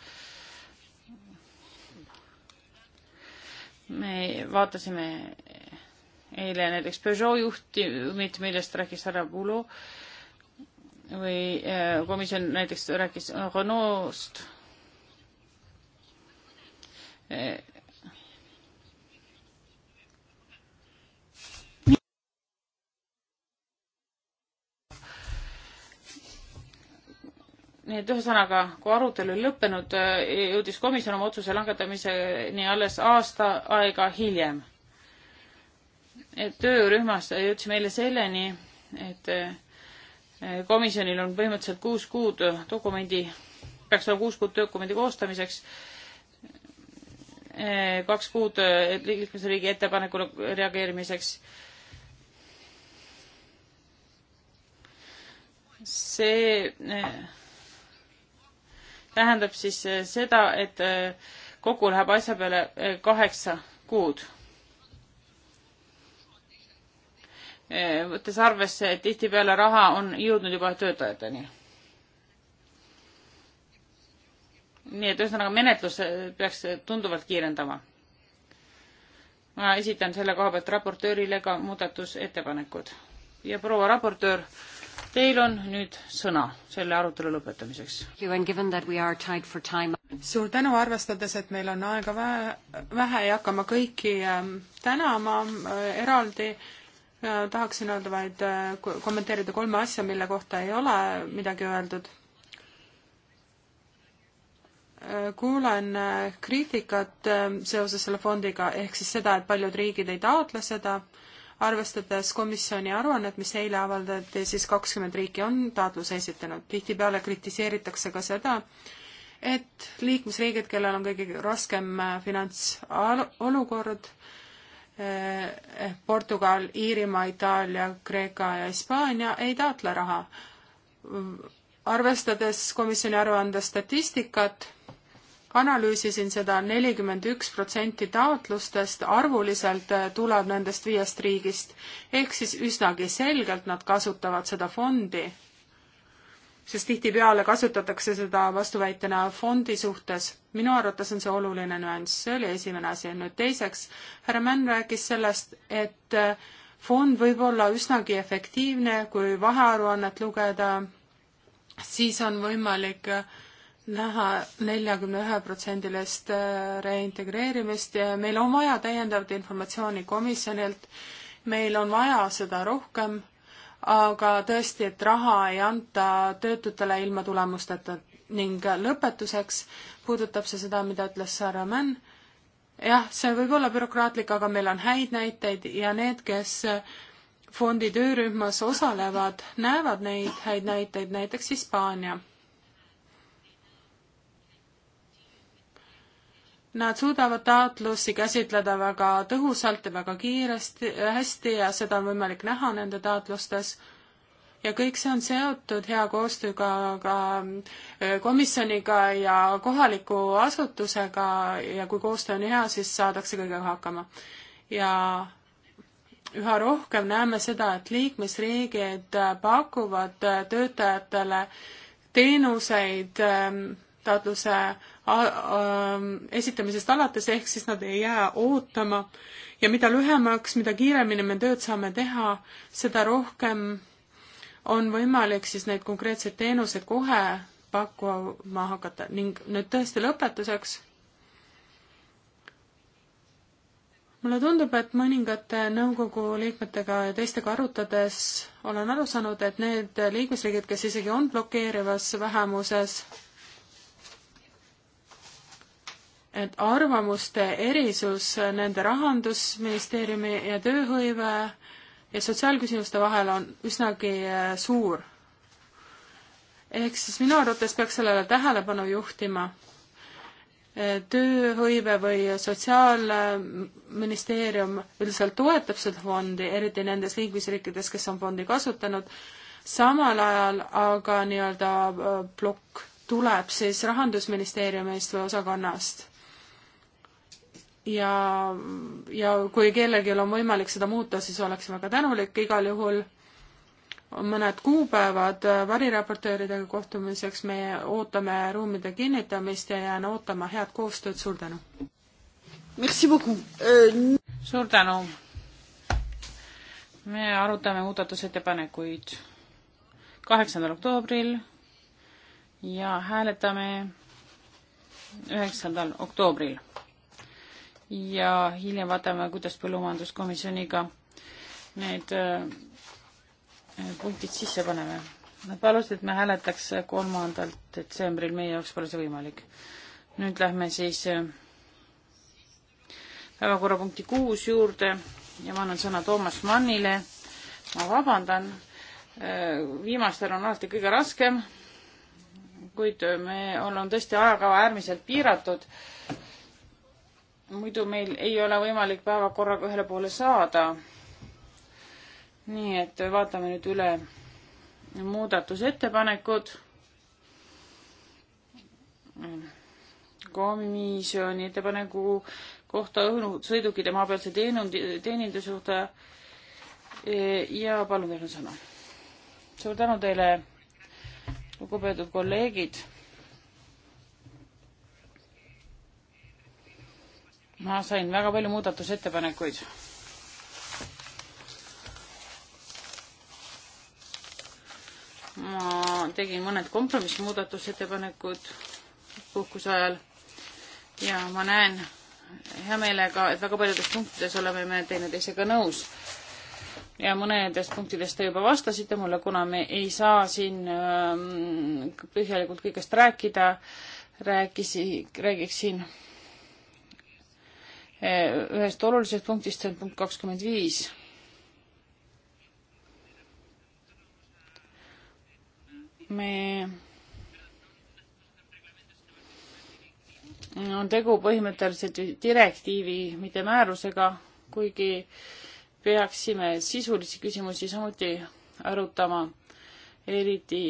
me vaatasime eile näiteks Peugeot juhtumit, millest rääkis härra Pulo või äh, komisjon näiteks rääkis Renault'st äh, nii et ühesõnaga, kui arutelu oli lõppenud, jõudis komisjon oma otsuse langetamiseni alles aasta aega hiljem. et töörühmas jõudsime eile selleni, et eh, komisjonil on põhimõtteliselt kuus kuud dokumendi, peaks olema kuus kuud dokumendi koostamiseks, eh, kaks kuud eh, liikmesriigi ettepanekule reageerimiseks see tähendab siis äh, seda, et äh, kokku läheb asja peale äh, kaheksa kuud. võttes arvesse, et tihtipeale raha on jõudnud juba töötajateni. nii et ühesõnaga menetlus peaks tunduvalt kiirendama. ma esitan selle koha pealt raportöörile ka muudatusettepanekud ja proua raportöör Teil on nüüd sõna selle arutelu lõpetamiseks. suur tänu, arvestades, et meil on aega vähe, vähe ja hakkama kõiki ähm, tänama äh, eraldi Ja äh, tahaksin öelda vaid äh, kommenteerida kolme asja, mille kohta ei ole midagi öeldud. kuulen kriitikat seoses selle fondiga, ehk siis seda, et paljud riigid ei taotle seda arvestades komisjoni aruannet, mis eile avaldati, siis kakskümmend riiki on taotluse esitanud. tihtipeale kritiseeritakse ka seda, et liikmesriigid, kellel on kõige raskem äh, finantsolukord, äh, Portugal, Iirimaa, Itaalia, Kreeka ja Hispaania ei taotle raha. arvestades komisjoni aruande statistikat analüüsisin seda, nelikümmend üks protsenti taotlustest arvuliselt äh, tuleb nendest viiest riigist. ehk siis üsnagi selgelt nad kasutavad seda fondi. sest tihtipeale kasutatakse seda vastuväitena fondi suhtes. minu arvates on see oluline nüanss, see oli esimene asi. nüüd teiseks, härra Männ rääkis sellest, et äh, fond võib olla üsnagi efektiivne, kui vahearuannet lugeda, siis on võimalik äh, näha neljakümne ühe protsendilist äh, reintegreerimist ja meil on vaja täiendavat informatsiooni komisjonilt, meil on vaja seda rohkem, aga tõesti, et raha ei anta töötutele ilma tulemusteta ning lõpetuseks puudutab see seda, mida ütles Sarah Mann, jah, see võib olla bürokraatlik, aga meil on häid näiteid ja need, kes fondi töörühmas osalevad, näevad neid häid näiteid, näiteks Hispaania Nad suudavad taotlusi käsitleda väga tõhusalt ja väga kiiresti, hästi ja seda on võimalik näha nende taotlustes. ja kõik see on seotud hea koostööga ka eh, komisjoniga ja kohaliku asutusega ja kui koostöö on hea, siis saadakse kõigega hakkama. ja üha rohkem näeme seda, et liikmesriigid pakuvad töötajatele teenuseid eh, taotluse esitamisest alates, ehk siis nad ei jää ootama. ja mida lühemaks, mida kiiremini me tööd saame teha, seda rohkem on võimalik siis neid konkreetseid teenuseid kohe pakkuma hakata ning nüüd tõesti lõpetuseks. mulle tundub, et mõningate nõukogu liikmetega ja teistega arutades olen aru saanud, et need liikmesriigid, kes isegi on blokeerivas vähemuses, et arvamuste erisus nende Rahandusministeeriumi ja tööhõive ja sotsiaalküsimuste vahel on üsnagi äh, suur. ehk siis minu arvates peaks sellele tähelepanu juhtima. Äh, tööhõive või Sotsiaalministeerium üldiselt toetab seda fondi, eriti nendes liikmesriikides, kes on fondi kasutanud, samal ajal aga nii-öelda äh, plokk tuleb siis Rahandusministeeriumist või osakonnast ja, ja kui kellelgi on võimalik seda muuta, siis oleks väga tänulik, igal juhul on mõned kuupäevad variraportööridega kohtumiseks, me ootame ruumide kinnitamist ja jään ootama head koostööd, suur tänu! Euh, suur tänu! me arutame muudatusettepanekuid kaheksandal oktoobril ja hääletame üheksandal oktoobril ja hiljem vaatame, kuidas põllumajanduskomisjoniga need äh, punktid sisse paneme. Nad palusid, et me hääletaks kolmandal detsembril, meie jaoks pole see võimalik. nüüd lähme siis äh, päevakorrapunkti kuus juurde ja ma annan sõna Toomas Mannile. ma vabandan, äh, viimastel on alati kõige raskem, kuid me oleme tõesti ajakava äärmiselt piiratud muidu meil ei ole võimalik päevakorraga ühele poole saada. nii et vaatame nüüd üle muudatusettepanekud. komisjoni ettepaneku kohta õhusõidukite maapealse teeninduse kohta. E, ja palun teil on sõna. suur tänu teile, lugupeetud kolleegid ma sain väga palju muudatusettepanekuid. ma tegin mõned kompromissmuudatusettepanekud puhkuse ajal ja ma näen hea meelega, et väga paljudes punktides oleme me teineteisega nõus. ja mõnedest punktidest te juba vastasite mulle, kuna me ei saa siin ähm, põhjalikult kõigest rääkida, rääkisi, räägiksin Eh, ühest olulisest punktist, see on punkt kakskümmend viis. me on tegu põhimõtteliselt direktiivi, mitte määrusega, kuigi peaksime sisulisi küsimusi samuti arutama, eriti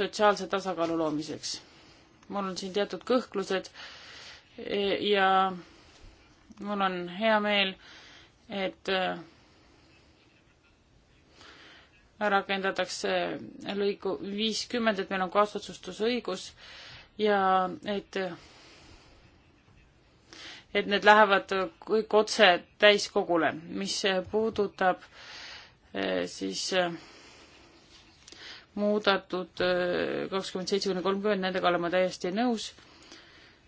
sotsiaalse tasakaalu loomiseks. mul on siin teatud kõhklused eh, ja mul on hea meel, et äh, rakendatakse äh, lõigu viiskümmend, et meil on kaasotsustusõigus ja et, et need lähevad kõik otse täiskogule, mis äh, puudutab siis muudatud kakskümmend seitse kuni kolmkümmend, nendega olen ma täiesti nõus,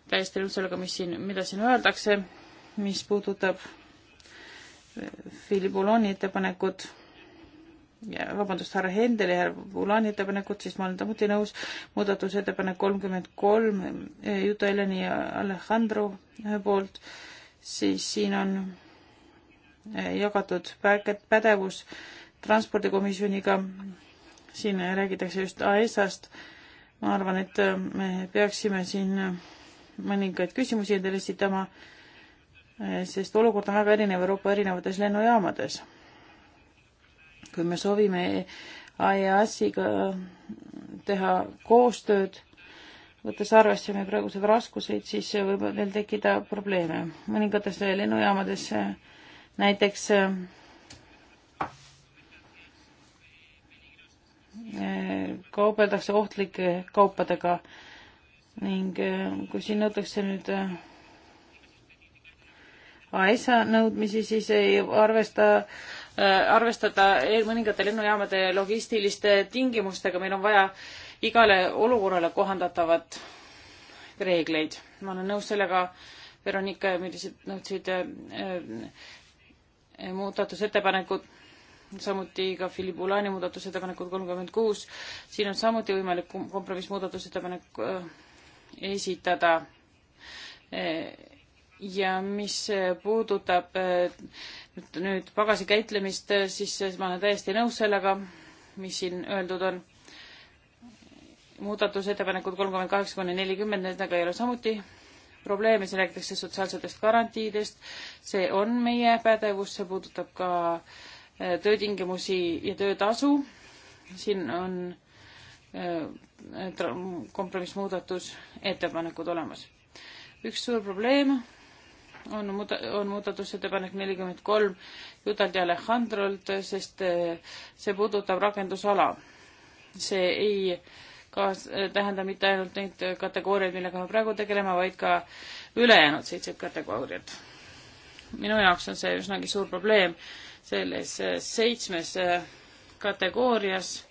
täiesti nõus sellega, mis siin, mida siin öeldakse mis puudutab eh, Philip Uloni ettepanekut, vabandust, härra Hendeli ja Ulani ettepanekut, siis ma olen samuti nõus. muudatusettepanek kolmkümmend kolm eh, Juta Eleni ja Alejandro poolt, siis siin on eh, jagatud pädevus transpordikomisjoniga. siin räägitakse just AESA-st. ma arvan, et me peaksime siin mõningaid küsimusi endale esitama Eh, sest olukord on väga erinev Euroopa erinevates lennujaamades. kui me soovime IAS-iga teha koostööd, võttes arvesse meie praeguseid raskuseid, siis võib neil tekkida probleeme. mõningates lennujaamades eh, näiteks eh, kaubeldakse ohtlike kaupadega ning kui siin nõutakse nüüd AESA nõudmisi, siis ei arvesta äh, arvestada mõningate lennujaamade logistiliste tingimustega, meil on vaja igale olukorrale kohandatavat reegleid. ma olen nõus sellega, Veronika, millised nõudsid äh, äh, muudatusettepanekud, samuti ka Philip Ulani muudatusettepanekud kolmkümmend kuus, siin on samuti võimalik kompromissmuudatusettepanek äh, esitada äh, ja mis äh, puudutab nüüd, äh, nüüd pagasi käitlemist, äh, siis ma olen täiesti nõus sellega, mis siin öeldud on. muudatusettepanekud kolmkümmend kaheksa kuni nelikümmend, nendega ei ole samuti probleeme, siin räägitakse sotsiaalsetest garantiidest, see on meie pädevus, see puudutab ka töötingimusi ja töötasu. siin on kompromissmuudatus ettepanekud olemas. üks suur probleem on muuda-, on muudatusettepanek nelikümmend kolm Judalt ja Alejandrolt, sest eh, see puudutab rakendusala. see ei kaas-, eh, tähenda mitte ainult neid kategooriaid, millega me praegu tegeleme, vaid ka ülejäänud seitset kategooriat. minu jaoks on see üsnagi suur probleem, selles eh, seitsmes kategoorias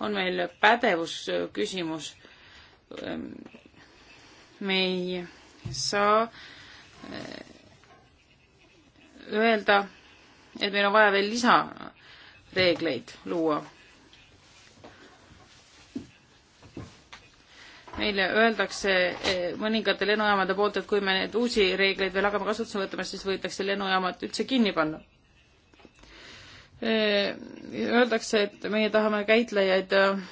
on meil pädevusküsimus. Ehm, me ei saa äh, öelda, et meil on vaja veel lisareegleid luua. meile öeldakse eh, mõningate lennujaamade poolt, et kui me neid uusi reegleid veel hakkame kasutusele võtma, siis võidakse lennujaamad üldse kinni panna. Eh, öeldakse, et meie tahame käitlejaid, eh,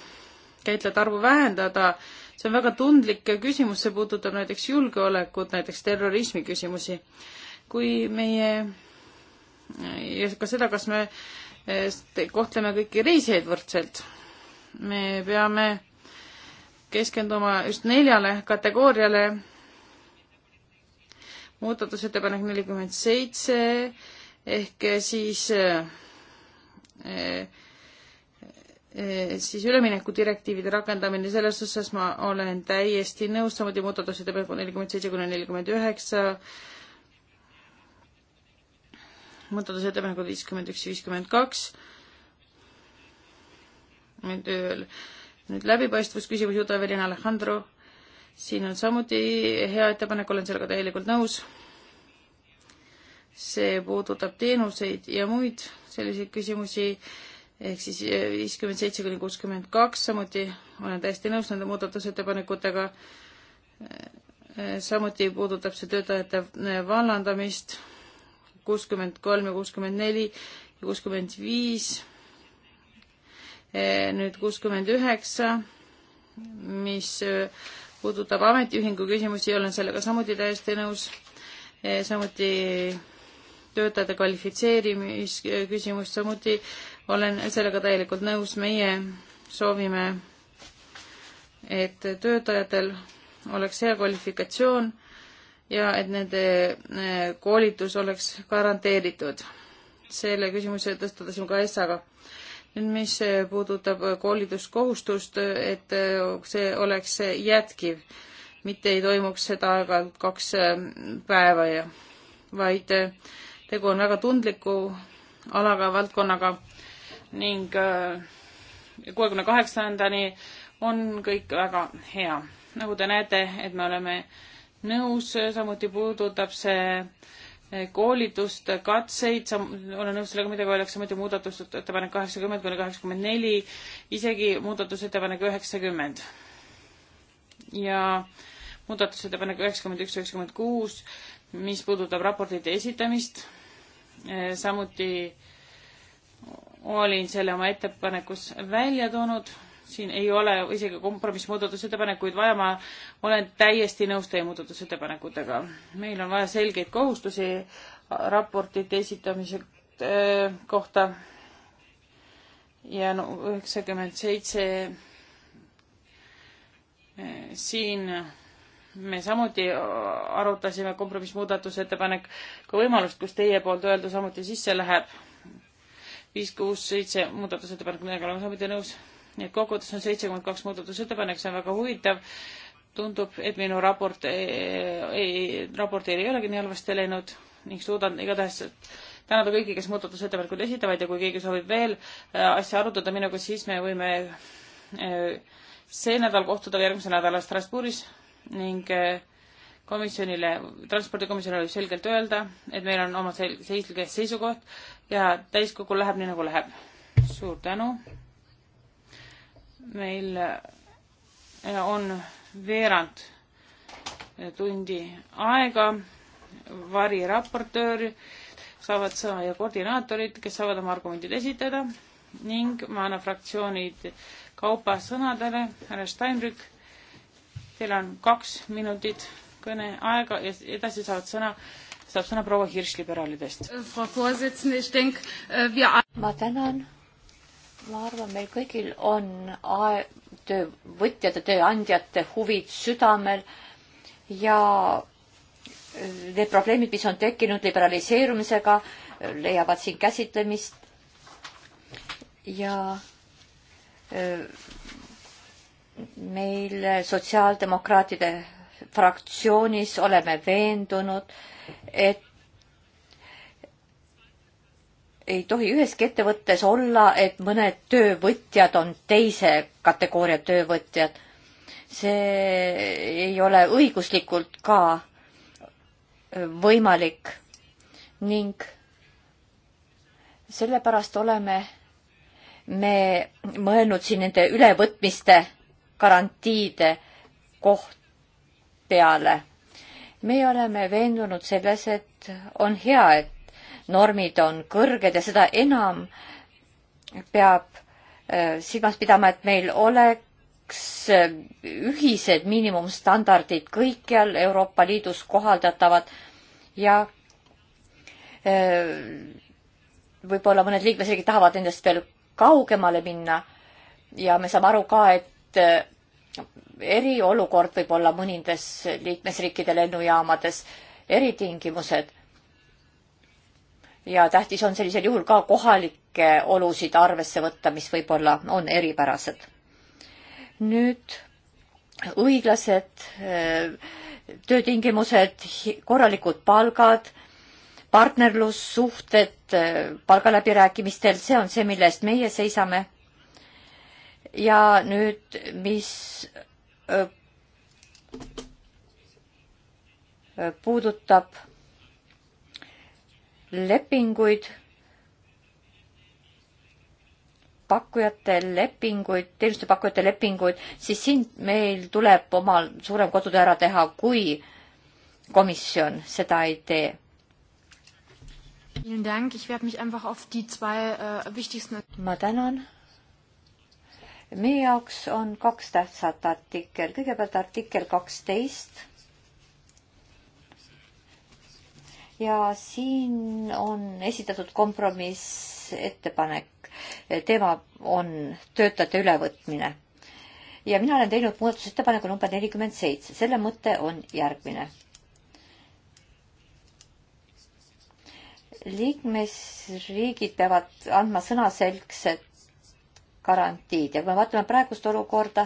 käitlejate arvu vähendada see on väga tundlik küsimus, see puudutab näiteks julgeolekut, näiteks terrorismi küsimusi. kui meie ja ka seda, kas me eh, kohtleme kõiki reisijaid võrdselt, me peame keskenduma just neljale kategooriale. muudatusettepanek nelikümmend seitse ehk siis eh, Eh, siis üleminekudirektiivide rakendamine, selles osas ma olen täiesti nõus, samuti muudatusettepaneku nelikümmend seitse kuni nelikümmend üheksa, muudatusettepanekud viiskümmend üks ja viiskümmend kaks, nüüd ööl. nüüd läbipaistvusküsimus, Juta Evelina Alejandro, siin on samuti hea ettepanek, olen sellega täielikult nõus. see puudutab teenuseid ja muid selliseid küsimusi ehk siis eh, viiskümmend seitse kuni kuuskümmend kaks, samuti olen täiesti nõus nende muudatusettepanekutega. Eh, eh, samuti puudutab see töötajate vallandamist kuuskümmend kolm ja kuuskümmend neli ja kuuskümmend viis. nüüd kuuskümmend üheksa, mis puudutab ametiühingu küsimusi, olen sellega samuti täiesti nõus. samuti töötajate kvalifitseerimisküsimust, samuti äh, olen sellega täielikult nõus, meie soovime, et töötajatel oleks hea kvalifikatsioon ja et nende eh, koolitus oleks garanteeritud. selle küsimuse tõstatasime ka ESA-ga. nüüd, mis puudutab koolituskohustust, et eh, see oleks jätkiv, mitte ei toimuks seda aeg-ajalt kaks eh, päeva ja vaid tegu on väga tundliku alaga, valdkonnaga ning äh, kuuekümne kaheksandani on kõik väga hea. nagu te näete, et me oleme nõus, samuti puudutab see äh, koolitust, katseid, olen nõus sellega, mida öeldakse, samuti muudatusettepanek kaheksakümmend kuni kaheksakümmend neli, isegi muudatusettepanek üheksakümmend. ja muudatusettepanek üheksakümmend üks, üheksakümmend kuus, mis puudutab raportite esitamist, äh, samuti olin selle oma ettepanekus välja toonud, siin ei ole isegi kompromissmuudatusettepanekuid vaja, ma olen täiesti nõus teie muudatusettepanekutega. meil on vaja selgeid kohustusi raportite esitamise äh, kohta ja no üheksakümmend seitse äh, siin me samuti arutasime kompromissmuudatusettepaneku võimalust, kus teie poolt öeldu samuti sisse läheb viis, kuus, seitse muudatusettepanek, millega oleme samuti nõus. nii et kokkuvõttes on seitsekümmend kaks muudatusettepanek, see on väga huvitav. tundub, et minu raport, e, e, e, raportil ei olegi nii halvasti läinud ning suudan igatahes tänada kõiki, kes muudatusettepanekud esitavad ja kui keegi soovib veel äh, asja arutada minuga, siis me võime äh, see nädal kohtuda järgmisel nädalal Strasbourgis ning äh, komisjonile, transpordikomisjonile võib selgelt öelda, et meil on oma selge seisukoht ja täiskogul läheb nii, nagu läheb. suur tänu. meil äh, on veerand äh, tundi aega, variraportöör saavad sõna ja koordinaatorid, kes saavad oma argumendid esitada ning ma annan fraktsioonid kaupa sõnadele, härra Steinrück, teil on kaks minutit kõneaega ja edasi saavad sõna saab sõna proua Hirš liberaalidest. Äh, äh, ma tänan. ma arvan, meil kõigil on töövõtjate, tööandjate huvid südamel ja äh, need probleemid, mis on tekkinud liberaliseerumisega, leiavad siin käsitlemist ja meil sotsiaaldemokraatide fraktsioonis oleme veendunud, et ei tohi üheski ettevõttes olla, et mõned töövõtjad on teise kategooria töövõtjad. see ei ole õiguslikult ka võimalik ning sellepärast oleme me mõelnud siin nende ülevõtmiste garantiide koht peale meie oleme veendunud selles, et on hea, et normid on kõrged ja seda enam peab äh, silmas pidama, et meil oleks äh, ühised miinimumstandardid kõikjal Euroopa Liidus kohaldatavad ja äh, võib-olla mõned liikmesriigid tahavad nendest veel kaugemale minna ja me saame aru ka, et eriolukord võib olla mõnindas liikmesriikide lennujaamades, eritingimused. ja tähtis on sellisel juhul ka kohalikke olusid arvesse võtta, mis võib-olla on eripärased. nüüd õiglased äh, töötingimused, korralikud palgad, partnerlussuhted äh, palgaläbirääkimistel, see on see, mille eest meie seisame ja nüüd, mis puudutab lepinguid, pakkujate lepinguid, teenuste pakkujate lepinguid, siis siin meil tuleb omal suurem kodutöö ära teha, kui komisjon seda ei tee. Äh, ma tänan meie jaoks on kaks tähtsat artikkel, kõigepealt artikkel kaksteist. ja siin on esitatud kompromissettepanek, teema on töötajate ülevõtmine. ja mina olen teinud muudatusettepaneku number nelikümmend seitse, selle mõte on järgmine liikmesriigid peavad andma sõnaselgset garantiid ja kui me vaatame praegust olukorda,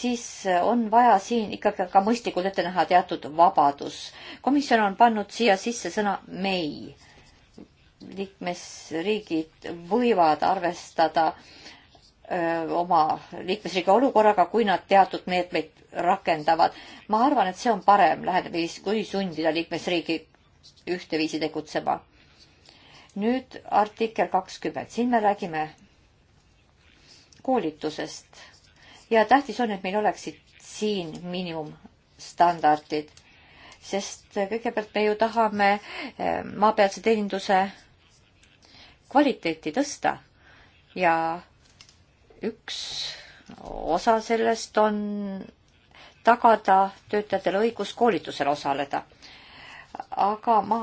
siis on vaja siin ikkagi ka mõistlikult ette näha teatud vabadus. komisjon on pannud siia sisse sõna may. liikmesriigid võivad arvestada öö, oma liikmesriigi olukorraga, kui nad teatud meetmeid rakendavad. ma arvan, et see on parem lähenemisviis, kui sundida liikmesriigi ühteviisi tegutsema. nüüd artikkel kakskümmend, siin me räägime koolitusest. ja tähtis on, et meil oleksid siin miinimumstandardid, sest kõigepealt me ju tahame eh, maapealse teeninduse kvaliteeti tõsta ja üks osa sellest on tagada töötajatele õigus koolitusel osaleda. aga ma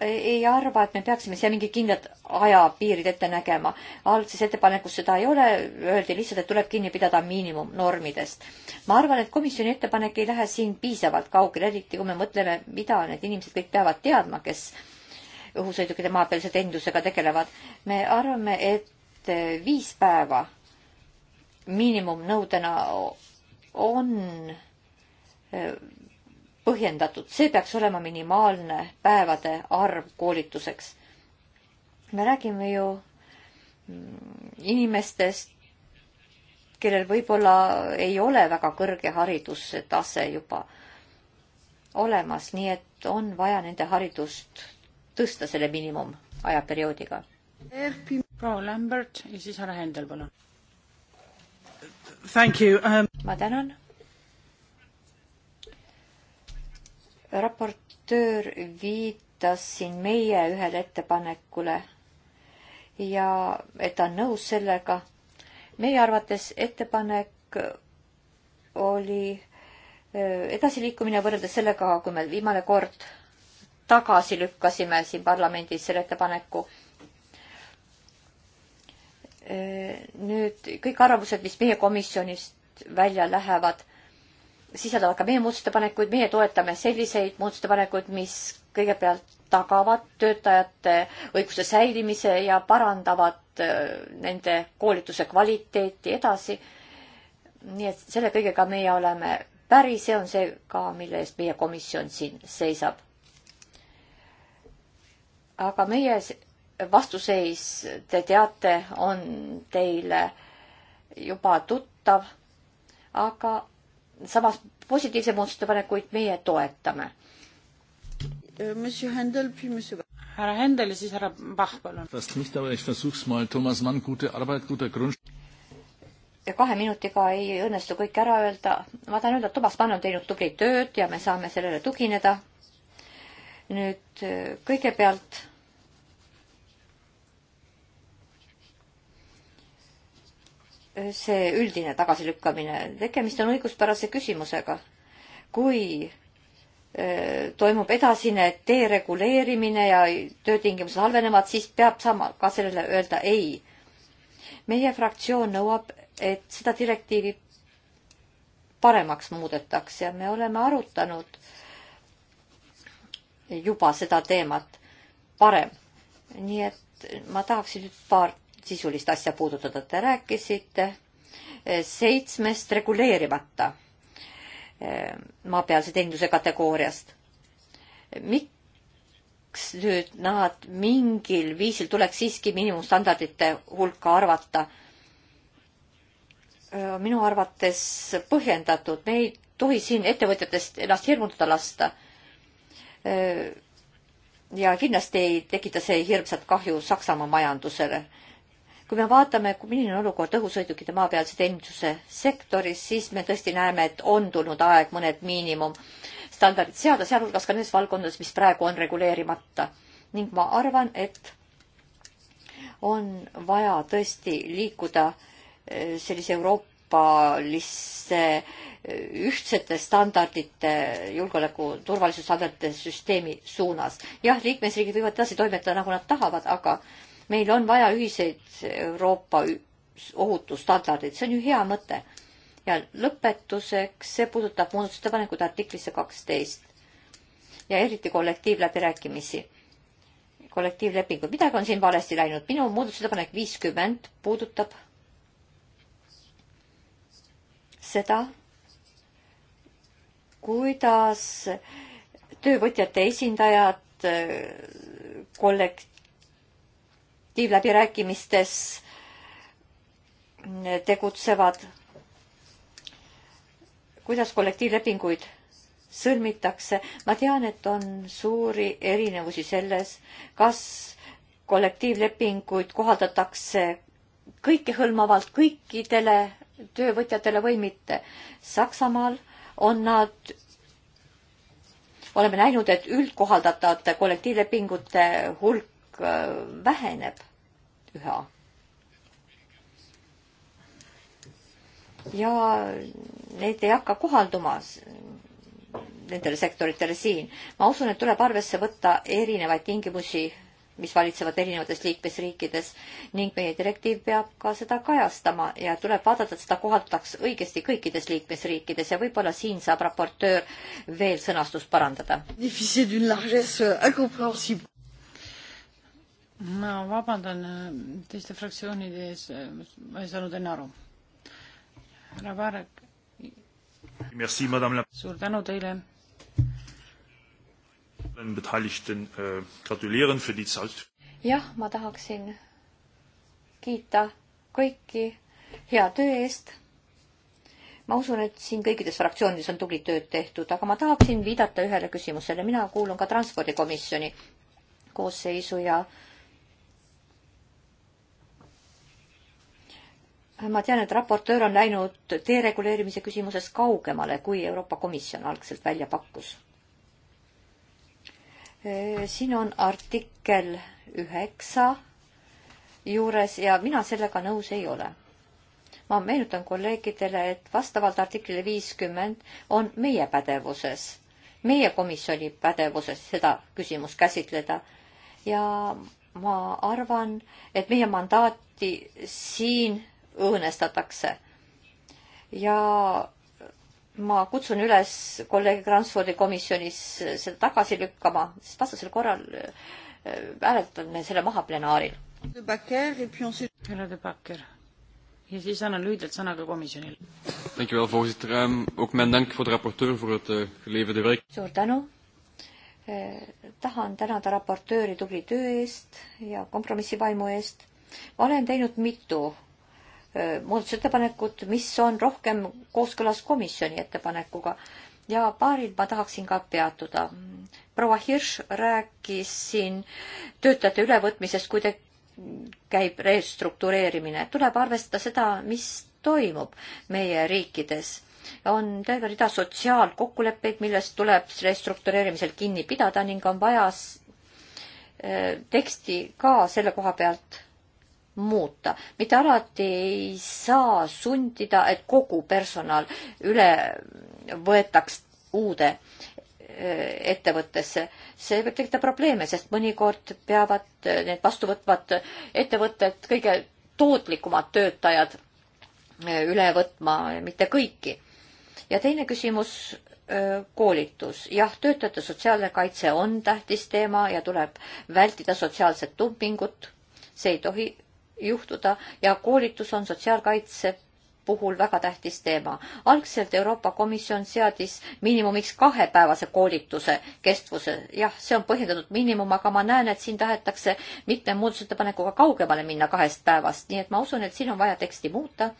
ei arva, et me peaksime siia mingid kindlad ajapiirid ette nägema. algses ettepanekus seda ei ole, öeldi lihtsalt, et tuleb kinni pidada miinimumnormidest. ma arvan, et komisjoni ettepanek ei lähe siin piisavalt kaugele, eriti kui me mõtleme, mida need inimesed kõik peavad teadma, kes õhusõidukite maapealse teenindusega tegelevad. me arvame, et viis päeva miinimumnõudena on põhjendatud, see peaks olema minimaalne päevade arv koolituseks. me räägime ju mm, inimestest, kellel võib-olla ei ole väga kõrge haridustase juba olemas, nii et on vaja nende haridust tõsta selle miinimumajaperioodiga. proua Lambert ja siis härra Hendel, palun. Um... ma tänan raportöör viitas siin meie ühele ettepanekule ja et ta on nõus sellega. meie arvates ettepanek oli edasiliikumine võrreldes sellega, kui me viimane kord tagasi lükkasime siin parlamendis selle ettepaneku. nüüd kõik arvamused, mis meie komisjonist välja lähevad sisaldavad ka meie muudatusettepanekuid, meie toetame selliseid muudatusettepanekuid, mis kõigepealt tagavad töötajate õiguste säilimise ja parandavad äh, nende koolituse kvaliteeti edasi. nii et selle kõigega meie oleme päri, see on see ka, mille eest meie komisjon siin seisab. aga meie vastuseis, te teate, on teile juba tuttav, aga samas positiivseid muudatusettepanekuid meie toetame. härra Händel ja siis härra Bach, palun. kahe minutiga ei õnnestu kõike ära öelda. ma tahan öelda, et Toomas Mann on teinud tublit tööd ja me saame sellele tugineda. nüüd kõigepealt see üldine tagasilükkamine, tegemist on õiguspärase küsimusega. kui äh, toimub edasine dereguleerimine ja töötingimused halvenevad, siis peab saama ka sellele öelda ei. meie fraktsioon nõuab, et seda direktiivi paremaks muudetaks ja me oleme arutanud juba seda teemat parem. nii et ma tahaksin nüüd paar sisulist asja puudutada. Te rääkisite eh, seitsmest reguleerimata eh, maapealse teeninduse kategooriast. miks nüüd nad mingil viisil tuleks siiski miinimumstandardite hulka arvata? Eh, minu arvates põhjendatud, me ei tohi siin ettevõtjatest ennast hirmutada lasta. ja kindlasti ei tekita see hirmsat kahju Saksamaa majandusele kui me vaatame, milline on olukord õhusõidukite maapealse teeninduse sektoris, siis me tõesti näeme, et on tulnud aeg mõned miinimumstandardid seada, sealhulgas ka nendes valdkondades, mis praegu on reguleerimata. ning ma arvan, et on vaja tõesti liikuda e, sellise euroopalisse e, ühtsete standardite, julgeoleku turvalisuse standardite süsteemi suunas. jah, liikmesriigid võivad edasi toimetada, nagu nad tahavad, aga meil on vaja ühiseid Euroopa ohutusstandardeid, see on ju hea mõte. ja lõpetuseks, see puudutab muudatusettepanekut artiklisse kaksteist ja eriti kollektiivläbirääkimisi, kollektiivlepingud. midagi on siin valesti läinud. minu muudatusettepanek viiskümmend puudutab seda, kuidas töövõtjate esindajad kollekt-, tiivläbirääkimistes tegutsevad, kuidas kollektiivlepinguid sõlmitakse. ma tean, et on suuri erinevusi selles, kas kollektiivlepinguid kohaldatakse kõikehõlmavalt kõikidele töövõtjatele või mitte. Saksamaal on nad, oleme näinud, et üldkohaldatavate kollektiivlepingute hulk Äh, väheneb üha. ja need ei hakka kohalduma nendele sektoritele siin. ma usun, et tuleb arvesse võtta erinevaid tingimusi, mis valitsevad erinevates liikmesriikides ning meie direktiiv peab ka seda kajastama ja tuleb vaadata, et seda kohaldataks õigesti kõikides liikmesriikides ja võib-olla siin saab raportöör veel sõnastust parandada ma vabandan äh, teiste fraktsioonide ees, äh, ma ei saanud enne aru. härra Varek. suur tänu teile. Äh, jah, ma tahaksin kiita kõiki hea töö eest. ma usun, et siin kõikides fraktsioonides on tublit tööd tehtud, aga ma tahaksin viidata ühele küsimusele. mina kuulun ka transpordikomisjoni koosseisu ja äh, ma tean, et raportöör on läinud dereguleerimise küsimuses kaugemale, kui Euroopa Komisjon algselt välja pakkus. siin on artikkel üheksa juures ja mina sellega nõus ei ole. ma meenutan kolleegidele, et vastavalt artiklile viiskümmend on meie pädevuses, meie komisjoni pädevuses seda küsimust käsitleda ja ma arvan, et meie mandaati siin õõnestatakse. ja ma kutsun üles kolleeg Transpordi komisjonis seda tagasi lükkama, sest vastasel korral äh, hääletame selle maha plenaaril. härra De Backer ja siis annan lühidalt sõna ka komisjonile. Dankjewel voorzitter um,, ook mijn dank voor de rapporteur voor het uh, geleverde werk. suur tänu eh,. tahan tänada raportööri tubli töö eest ja kompromissivaimu eest. ma olen teinud mitu Äh, muudatusettepanekut, mis on rohkem kooskõlas komisjoni ettepanekuga ja paaril ma tahaksin ka peatuda. proua Hirš rääkis siin töötajate ülevõtmisest, kui te käib restruktureerimine, tuleb arvestada seda, mis toimub meie riikides. on terve rida sotsiaalkokkuleppeid, millest tuleb restruktureerimisel kinni pidada ning on vaja äh, teksti ka selle koha pealt muuta. mitte alati ei saa sundida, et kogu personal üle võetaks uude äh, ettevõttesse. see võib tekitada probleeme, sest mõnikord peavad äh, need vastuvõtvad ettevõtted kõige tootlikumad töötajad äh, üle võtma, mitte kõiki. ja teine küsimus, koolitus. jah, töötajate sotsiaalne kaitse on tähtis teema ja tuleb vältida sotsiaalset dumpingut. see ei tohi juhtuda ja koolitus on sotsiaalkaitse puhul väga tähtis teema. algselt Euroopa Komisjon seadis miinimumiks kahepäevase koolituse kestvuse. jah, see on põhjendatud miinimum, aga ma näen, et siin tahetakse mitme muudatusettepanekuga kaugemale minna kahest päevast, nii et ma usun, et siin on vaja teksti muuta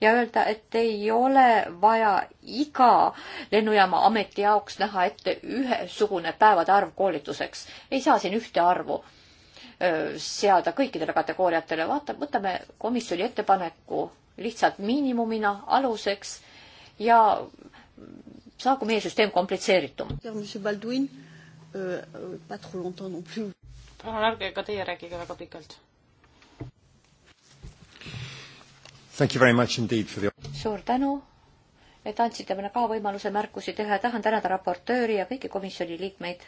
ja öelda, et ei ole vaja iga lennujaama ameti jaoks näha ette ühesugune päevade arv koolituseks. ei saa siin ühte arvu seada kõikidele kategooriatele, vaata, võtame komisjoni ettepaneku lihtsalt miinimumina aluseks ja saagu meie süsteem komplitseeritum. palun ärge ka teie rääkige väga pikalt. The... suur tänu, et andsite meile ka võimaluse märkusi teha ja tahan tänada raportööri ja kõiki komisjoni liikmeid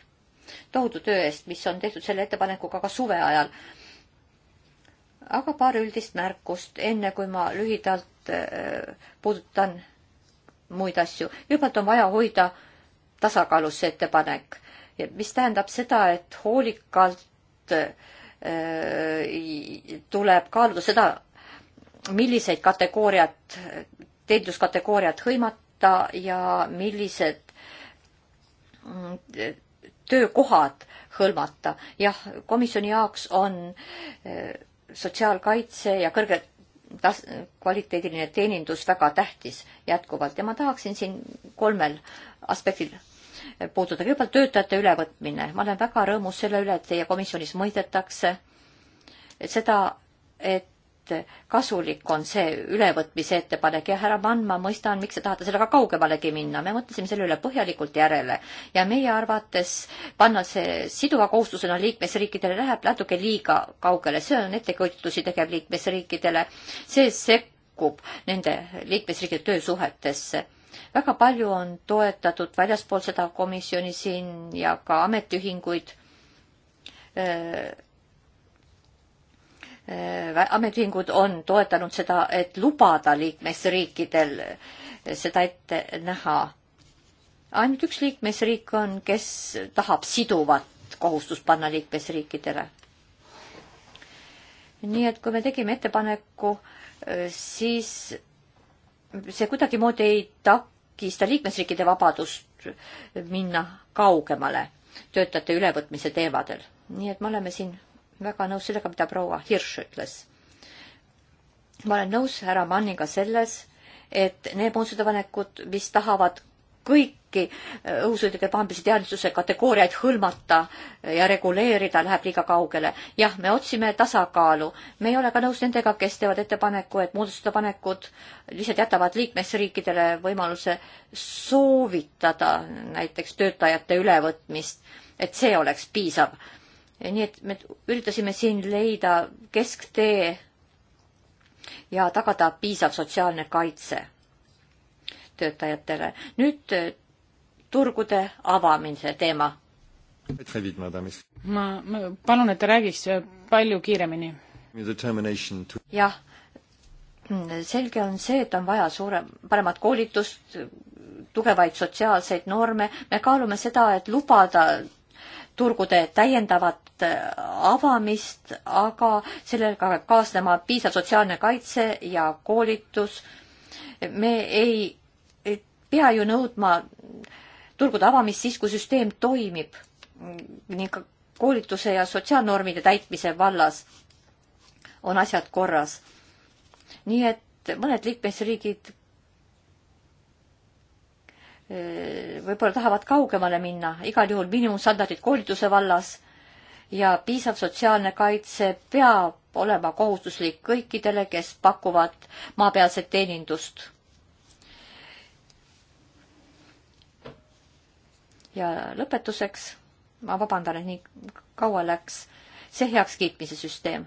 tohutu töö eest, mis on tehtud selle ettepanekuga ka suve ajal. aga paar üldist märkust, enne kui ma lühidalt äh, puudutan muid asju. kõigepealt on vaja hoida tasakaalus see ettepanek, mis tähendab seda, et hoolikalt äh, tuleb kaaluda seda, milliseid kategooriat, teeninduskategooriat hõimata ja millised mm, töökohad hõlmata. jah, komisjoni jaoks on äh, sotsiaalkaitse ja kõrge tas-, kvaliteediline teenindus väga tähtis jätkuvalt ja ma tahaksin siin kolmel aspektil puududa. kõigepealt töötajate ülevõtmine. ma olen väga rõõmus selle üle, et teie komisjonis mõistetakse seda, et et kasulik on see ülevõtmise ettepanek ja härra Mann, ma mõistan, miks te tahate sellega kaugemalegi minna, me mõtlesime selle üle põhjalikult järele ja meie arvates panna see siduva kohustusena liikmesriikidele läheb natuke liiga kaugele, see on ettekujutlusi tegev liikmesriikidele, see sekkub nende liikmesriikide töösuhetesse väga palju on toetatud väljaspool seda komisjoni siin ja ka ametiühinguid äh, Äh, ametiühingud on toetanud seda, et lubada liikmesriikidel seda ette näha. ainult üks liikmesriik on, kes tahab siduvat kohustust panna liikmesriikidele. nii et kui me tegime ettepaneku, äh, siis see kuidagimoodi ei takista liikmesriikide vabadust minna kaugemale töötajate ülevõtmise teemadel. nii et me oleme siin väga nõus sellega, mida proua Hirš ütles. ma olen nõus härra Manniga selles, et need muudatusettepanekud, mis tahavad kõiki äh, õhusõiduki pambise teadlikkuse kategooriaid hõlmata ja reguleerida läheb liiga kaugele. jah, me otsime tasakaalu. me ei ole ka nõus nendega, kes teevad ettepaneku, et muudatusettepanekud lihtsalt jätavad liikmesriikidele võimaluse soovitada näiteks töötajate ülevõtmist, et see oleks piisav nii et me üritasime siin leida kesktee ja tagada piisav sotsiaalne kaitse töötajatele. nüüd äh, turgude avamise teema. ma, ma palun, et te räägiks äh, palju kiiremini. jah, selge on see, et on vaja suurem, paremat koolitust, tugevaid sotsiaalseid norme, me kaalume seda, et lubada turgude täiendavat äh, avamist, aga sellega kaasnema piisav sotsiaalne kaitse ja koolitus. me ei pea ju nõudma turgude avamist siis, kui süsteem toimib ning koolituse ja sotsiaalnormide täitmise vallas on asjad korras. nii et mõned liikmesriigid võib-olla tahavad kaugemale minna, igal juhul miinimumstandardid koolituse vallas ja piisav sotsiaalne kaitse peab olema kohustuslik kõikidele, kes pakuvad maapealset teenindust. ja lõpetuseks, ma vabandan, et nii kaua läks, see heakskiitmise süsteem.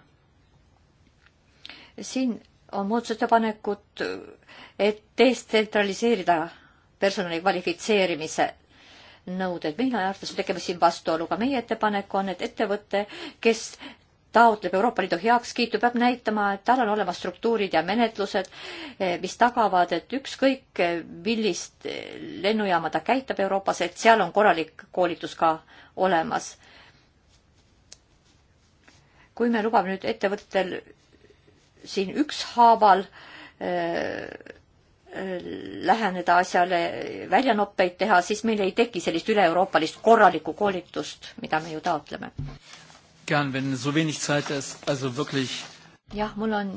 siin on muudatusettepanekud, et destsentraliseerida personali kvalifitseerimise nõuded. minu arvates me tegime siin vastuoluga. meie ettepanek on, et ettevõte, kes taotleb Euroopa Liidu heakskiitu, peab näitama, et tal on olemas struktuurid ja menetlused, eh, mis tagavad, et ükskõik eh, millist eh, lennujaama ta käitab Euroopas, et seal on korralik koolitus ka olemas. kui me lubame nüüd ettevõttel siin ükshaaval öö, läheneda asjale, väljanoppeid teha, siis meil ei teki sellist üle-euroopalist korralikku koolitust, mida me ju taotleme. jah, mul on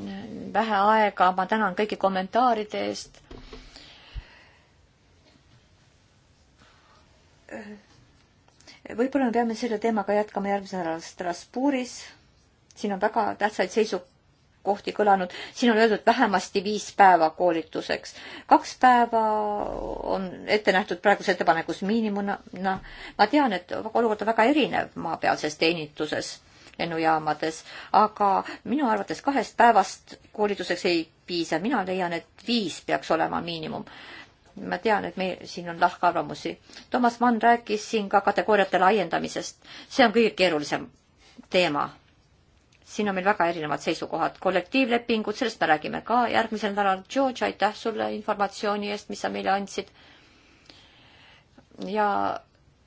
vähe aega, ma tänan kõigi kommentaaride eest. võib-olla me peame selle teemaga jätkama järgmisel nädalal Strasbourgis. siin on väga tähtsaid seisukohti kohti kõlanud. siin on öeldud vähemasti viis päeva koolituseks. kaks päeva on ette nähtud praeguses ettepanekus miinimumina. ma tean, et olukord on väga erinev maapealses teeninduses, lennujaamades, aga minu arvates kahest päevast koolituseks ei piisa. mina leian, et viis peaks olema miinimum ma tean, et meil siin on lahkarvamusi. Toomas Mann rääkis siin ka kategooriate laiendamisest. see on kõige keerulisem teema siin on meil väga erinevad seisukohad. kollektiivlepingud, sellest me räägime ka järgmisel nädalal. George, aitäh sulle informatsiooni eest, mis sa meile andsid. ja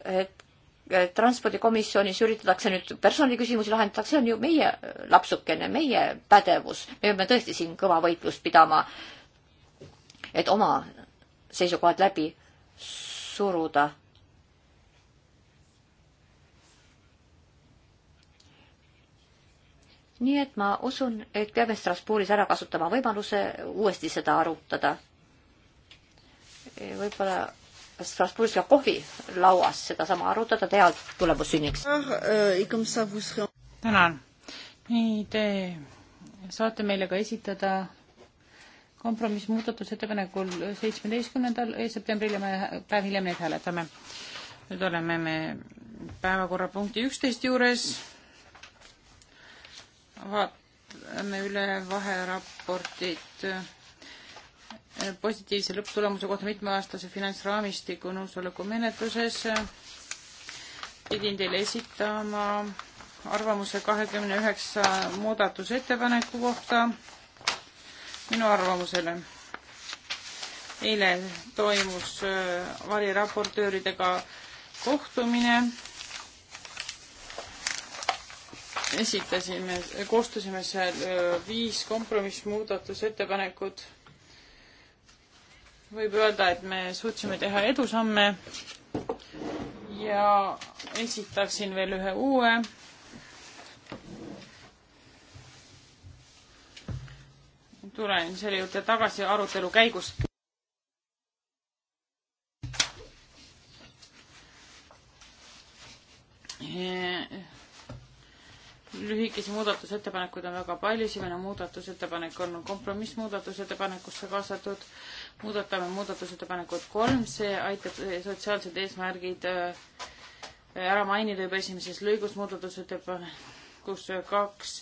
et, et transpordikomisjonis üritatakse nüüd personaliküsimusi lahendada, see on ju meie lapsukene, meie pädevus. me peame tõesti siin kõva võitlust pidama, et oma seisukohad läbi suruda nii et ma usun, et peame Strasbourgis ära kasutama võimaluse uuesti seda arutada. võib-olla Strasbourgis ka kohvilauas sedasama arutada, teha tulemus sünniks. tänan. nii, te saate meile ka esitada kompromiss muudatusettepanekul seitsmeteistkümnendal e septembril ja me päev hiljem neid hääletame. nüüd oleme me päevakorrapunkti üksteist juures vaatame üle vaheraportit positiivse lõpptulemuse kohta mitmeaastase finantsraamistiku nõusoleku menetluses. pidin teile esitama arvamuse kahekümne üheksa muudatusettepaneku kohta minu arvamusele. eile toimus äh, variraportööridega kohtumine esitasime, koostasime seal viis kompromissmuudatusettepanekut. võib öelda, et me suutsime teha edusamme ja esitaksin veel ühe uue. tulen selle juurde tagasi arutelu käigus. Yeah lühikesi muudatusettepanekuid on väga palju, esimene muudatusettepanek on kompromissmuudatusettepanekusse kaasatud, muudatame muudatusettepanekut kolm, see aitab sotsiaalsed eesmärgid äh, ära mainida juba esimeses lõigus muudatusettepanekus kaks.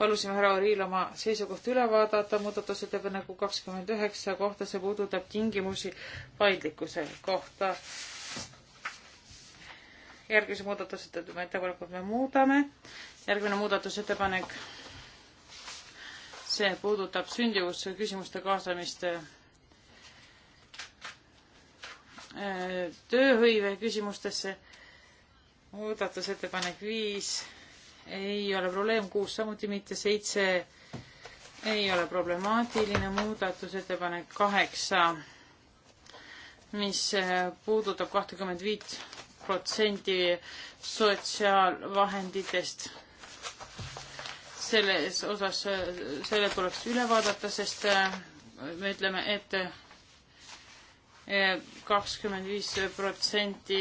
palusime härra Oriil oma seisukoht üle vaadata muudatusettepaneku kakskümmend üheksa kohta, see puudutab tingimusi paindlikkuse kohta järgmise muudatusettepanekut me muudame. järgmine muudatusettepanek, see puudutab sündivuse küsimuste kaasamist äh, tööhõive küsimustesse. muudatusettepanek viis ei ole probleem, kuus samuti mitte, seitse ei ole problemaatiline, muudatusettepanek kaheksa, mis äh, puudutab kahtekümmet viit protsendi sotsiaalvahenditest. selles osas, selle tuleks üle vaadata, sest äh, me ütleme, et äh, kakskümmend viis protsenti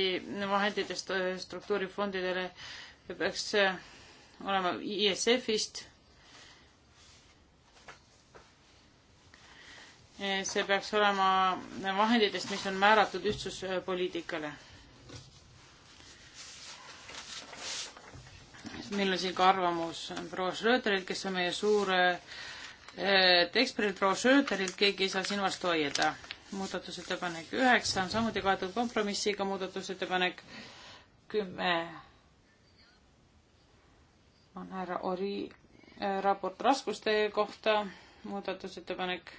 vahenditest äh, struktuurifondidele peaks olema ISF-ist. see peaks olema vahenditest, mis on määratud ühtsuspoliitikale meil on siin ka arvamus proua Schröderilt, kes on meie suur eh, eksperdilt proua Schröderilt, keegi ei saa siin vastu vaielda. muudatusettepanek üheksa on samuti kaetud kompromissiga, muudatusettepanek kümme on härra Ori eh, raport raskuste kohta, muudatusettepanek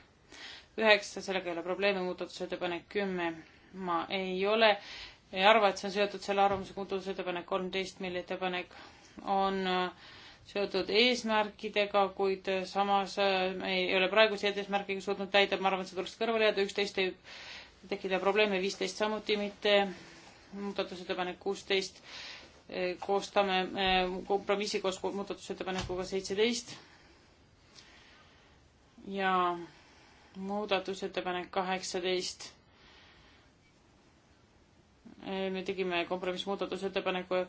üheksa, sellega ei ole probleemi, muudatusettepanek kümme ma ei ole, ei arva, et see on seotud selle arvamusega, muudatusettepanek kolmteist, mille ettepanek on äh, seotud eesmärkidega, kuid äh, samas äh, me ei ole praeguseid eesmärke suutnud täida, ma arvan, et see tuleks kõrvale jääda, üksteist ei tekita probleeme, viisteist samuti mitte, muudatusettepanek kuusteist, koostame kompromissi koos muudatusettepanekuga seitseteist ja muudatusettepanek kaheksateist me tegime kompromissmuudatusettepaneku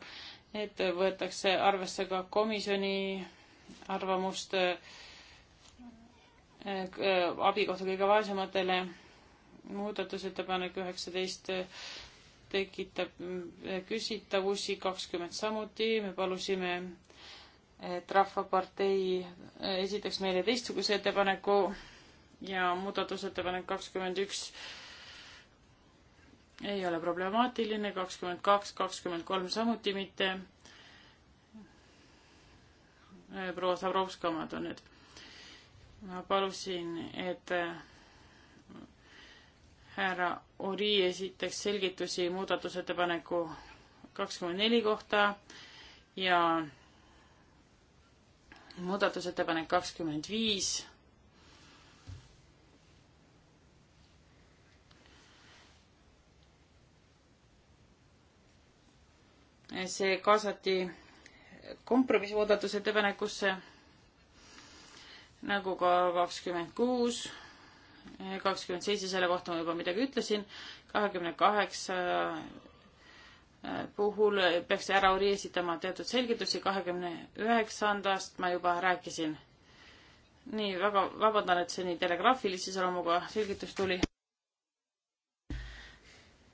et võetakse arvesse ka komisjoni arvamust eh, eh, abi kohta kõige vaesematele. muudatusettepanek üheksateist tekitab eh, küsitavusi, kakskümmend samuti, me palusime, et Rahvapartei esitaks meile teistsuguse ettepaneku ja muudatusettepanek kakskümmend üks ei ole problemaatiline, kakskümmend kaks, kakskümmend kolm samuti mitte. Äh, proua Savrovska omad on need. ma palusin, et äh, härra Ori esitaks selgitusi muudatusettepaneku kakskümmend neli kohta ja muudatusettepanek kakskümmend viis see kaasati kompromissmuudatusettepanekusse nagu ka kakskümmend kuus, kakskümmend seitse, selle kohta ma juba midagi ütlesin, kahekümne kaheksa äh, puhul peaks ära esitama teatud selgitusi, kahekümne üheksandast ma juba rääkisin. nii, väga vabandan, et see nii telegraafilise iseloomuga selgitus tuli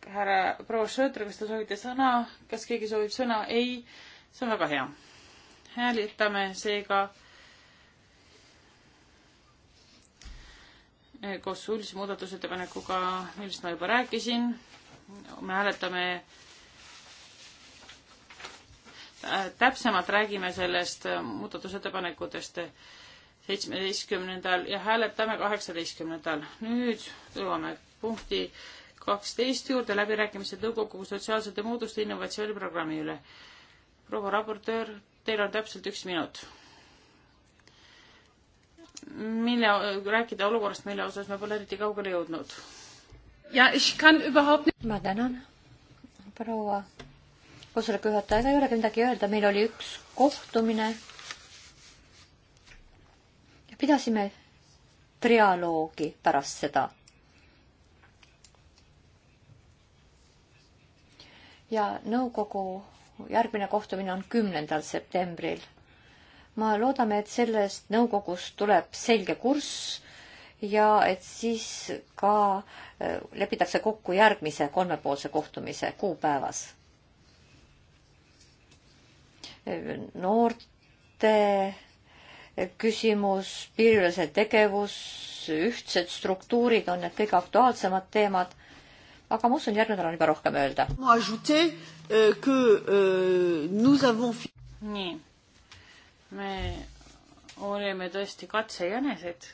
härra proua Schöter, kas te soovite sõna, kas keegi soovib sõna? ei, see on väga hea. hääletame seega koos suulise muudatusettepanekuga, millest ma juba rääkisin. me hääletame, äh, täpsemalt räägime sellest muudatusettepanekutest seitsmeteistkümnendal ja hääletame kaheksateistkümnendal. nüüd jõuame punkti kaksteist juurde läbirääkimised nõukogu sotsiaalsete muutuste innovatsiooniprogrammi üle. proua raportöör, teil on täpselt üks minut. mille, rääkida olukorrast, mille osas me pole eriti kaugele jõudnud. ja überhaupt... ma tänan, proua koosoleku juhataja, ega ei olegi midagi öelda, meil oli üks kohtumine. pidasime trialoogi pärast seda ja nõukogu järgmine kohtumine on kümnendal septembril. ma loodame, et sellest nõukogust tuleb selge kurss ja et siis ka äh, lepitakse kokku järgmise kolmepoolse kohtumise kuupäevas. noorte küsimus, piiriülese tegevus, ühtsed struktuurid on need kõige aktuaalsemad teemad aga ma usun, järgmine nädal on juba rohkem öelda. Euh, euh, nii, me olime tõesti katsejänesed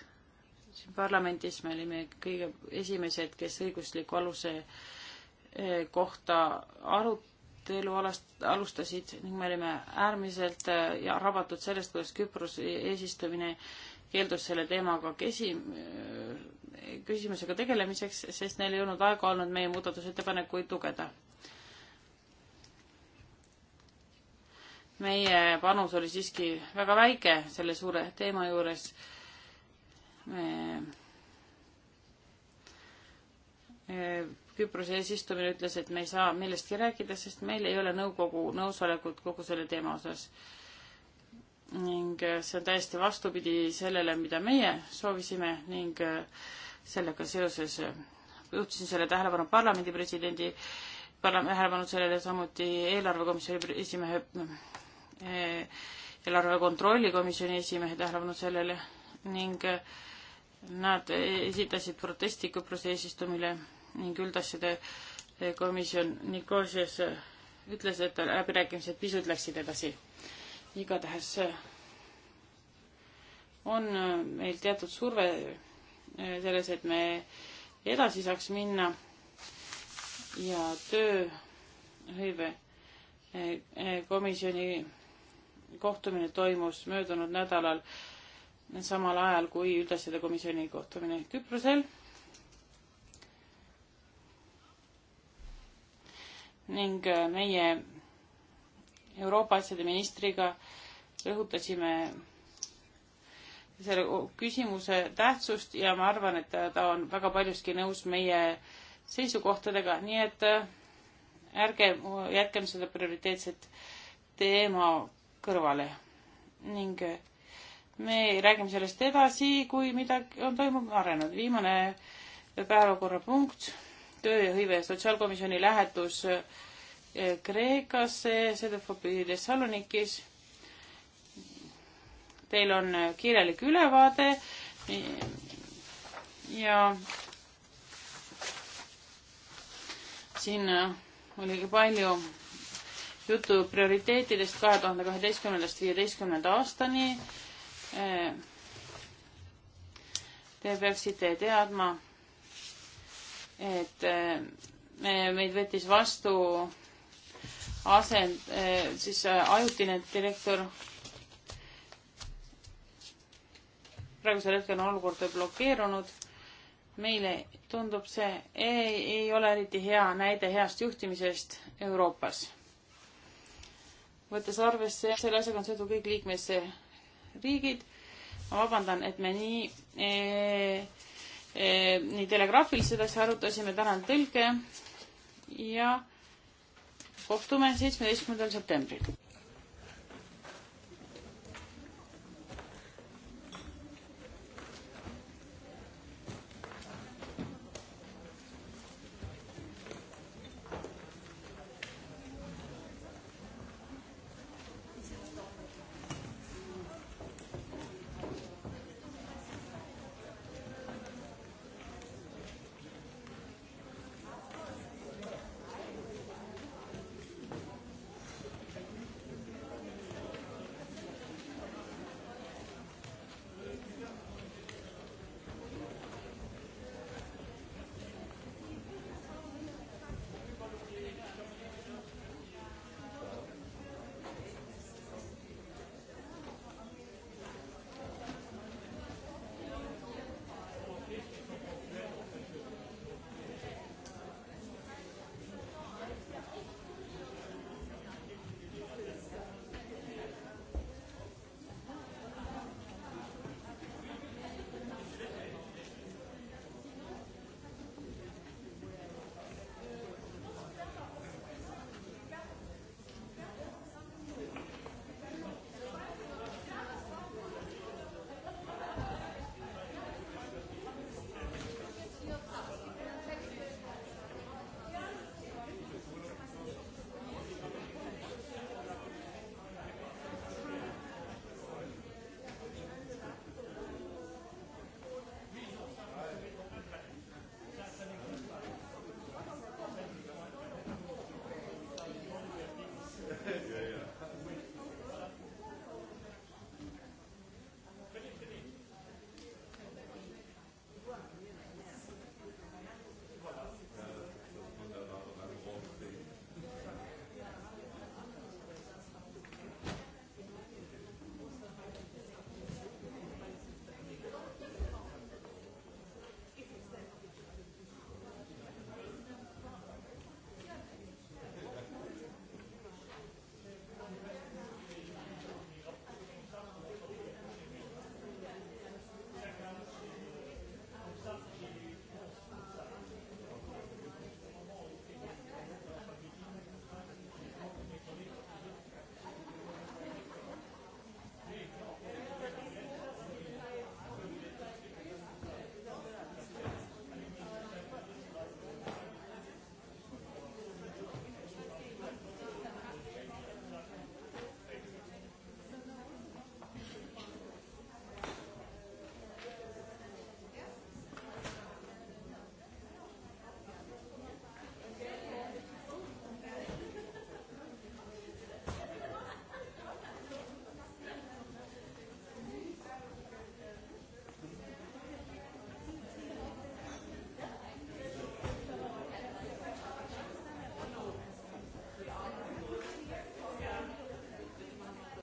siin parlamendis, me olime kõige esimesed, kes õigusliku aluse eh, kohta arutelu alast, alustasid ning me olime äärmiselt eh, ja rabatud sellest, kuidas Küprose eesistumine keeldus selle teemaga kesi-, küsimusega tegelemiseks, sest neil ei olnud aega olnud meie muudatusettepanekuid lugeda. meie panus oli siiski väga väike selle suure teema juures. E, Küprose eesistumine ütles, et me ei saa millestki rääkida, sest meil ei ole nõukogu nõusolekut kogu selle teema osas ning see on täiesti vastupidi sellele, mida meie soovisime ning e, sellega seoses äh, juhtisin selle tähelepanu parlamendi presidendi tähelepanu sellele samuti eelarvekomisjoni esimehe äh, eelarve kontrolli komisjoni esimehe tähelepanu sellele ning äh, nad esitasid protesti Küprose eesistumile ning üldasjade komisjon Nikosias ütles, et läbirääkimised pisut läksid edasi. igatahes on meil teatud surve Äh, selles, et me edasi saaks minna ja tööhõive äh, äh, komisjoni kohtumine toimus möödunud nädalal samal ajal kui üldasjade komisjoni kohtumine Küprosel. ning meie Euroopa asjade ministriga rõhutasime selle küsimuse tähtsust ja ma arvan, et ta on väga paljuski nõus meie seisukohtadega, nii et äh, ärge jätkem seda prioriteetset teema kõrvale. ning äh, me räägime sellest edasi, kui midagi on toimunud, arenenud. viimane päevakorrapunkt, tööhõive sotsiaalkomisjoni lähetus äh, Kreekasse, Sedefobi Thessalonikis Teil on äh, kirjalik ülevaade ja siin äh, oligi palju juttu prioriteetidest kahe tuhande kaheteistkümnendast viieteistkümnenda aastani. Äh, te peaksite teadma, et meid võttis vastu asend, siis ajutine direktor praegusel hetkel on olukord blokeerunud. meile tundub see ei, ei ole eriti hea näide heast juhtimisest Euroopas. võttes arvesse, selle asjaga on seotud kõik liikmesriigid. ma vabandan, et me nii e, e, nii telegraafiliselt asja arutasime, tänan tõlke ja kohtume seitsmeteistkümnendal septembril.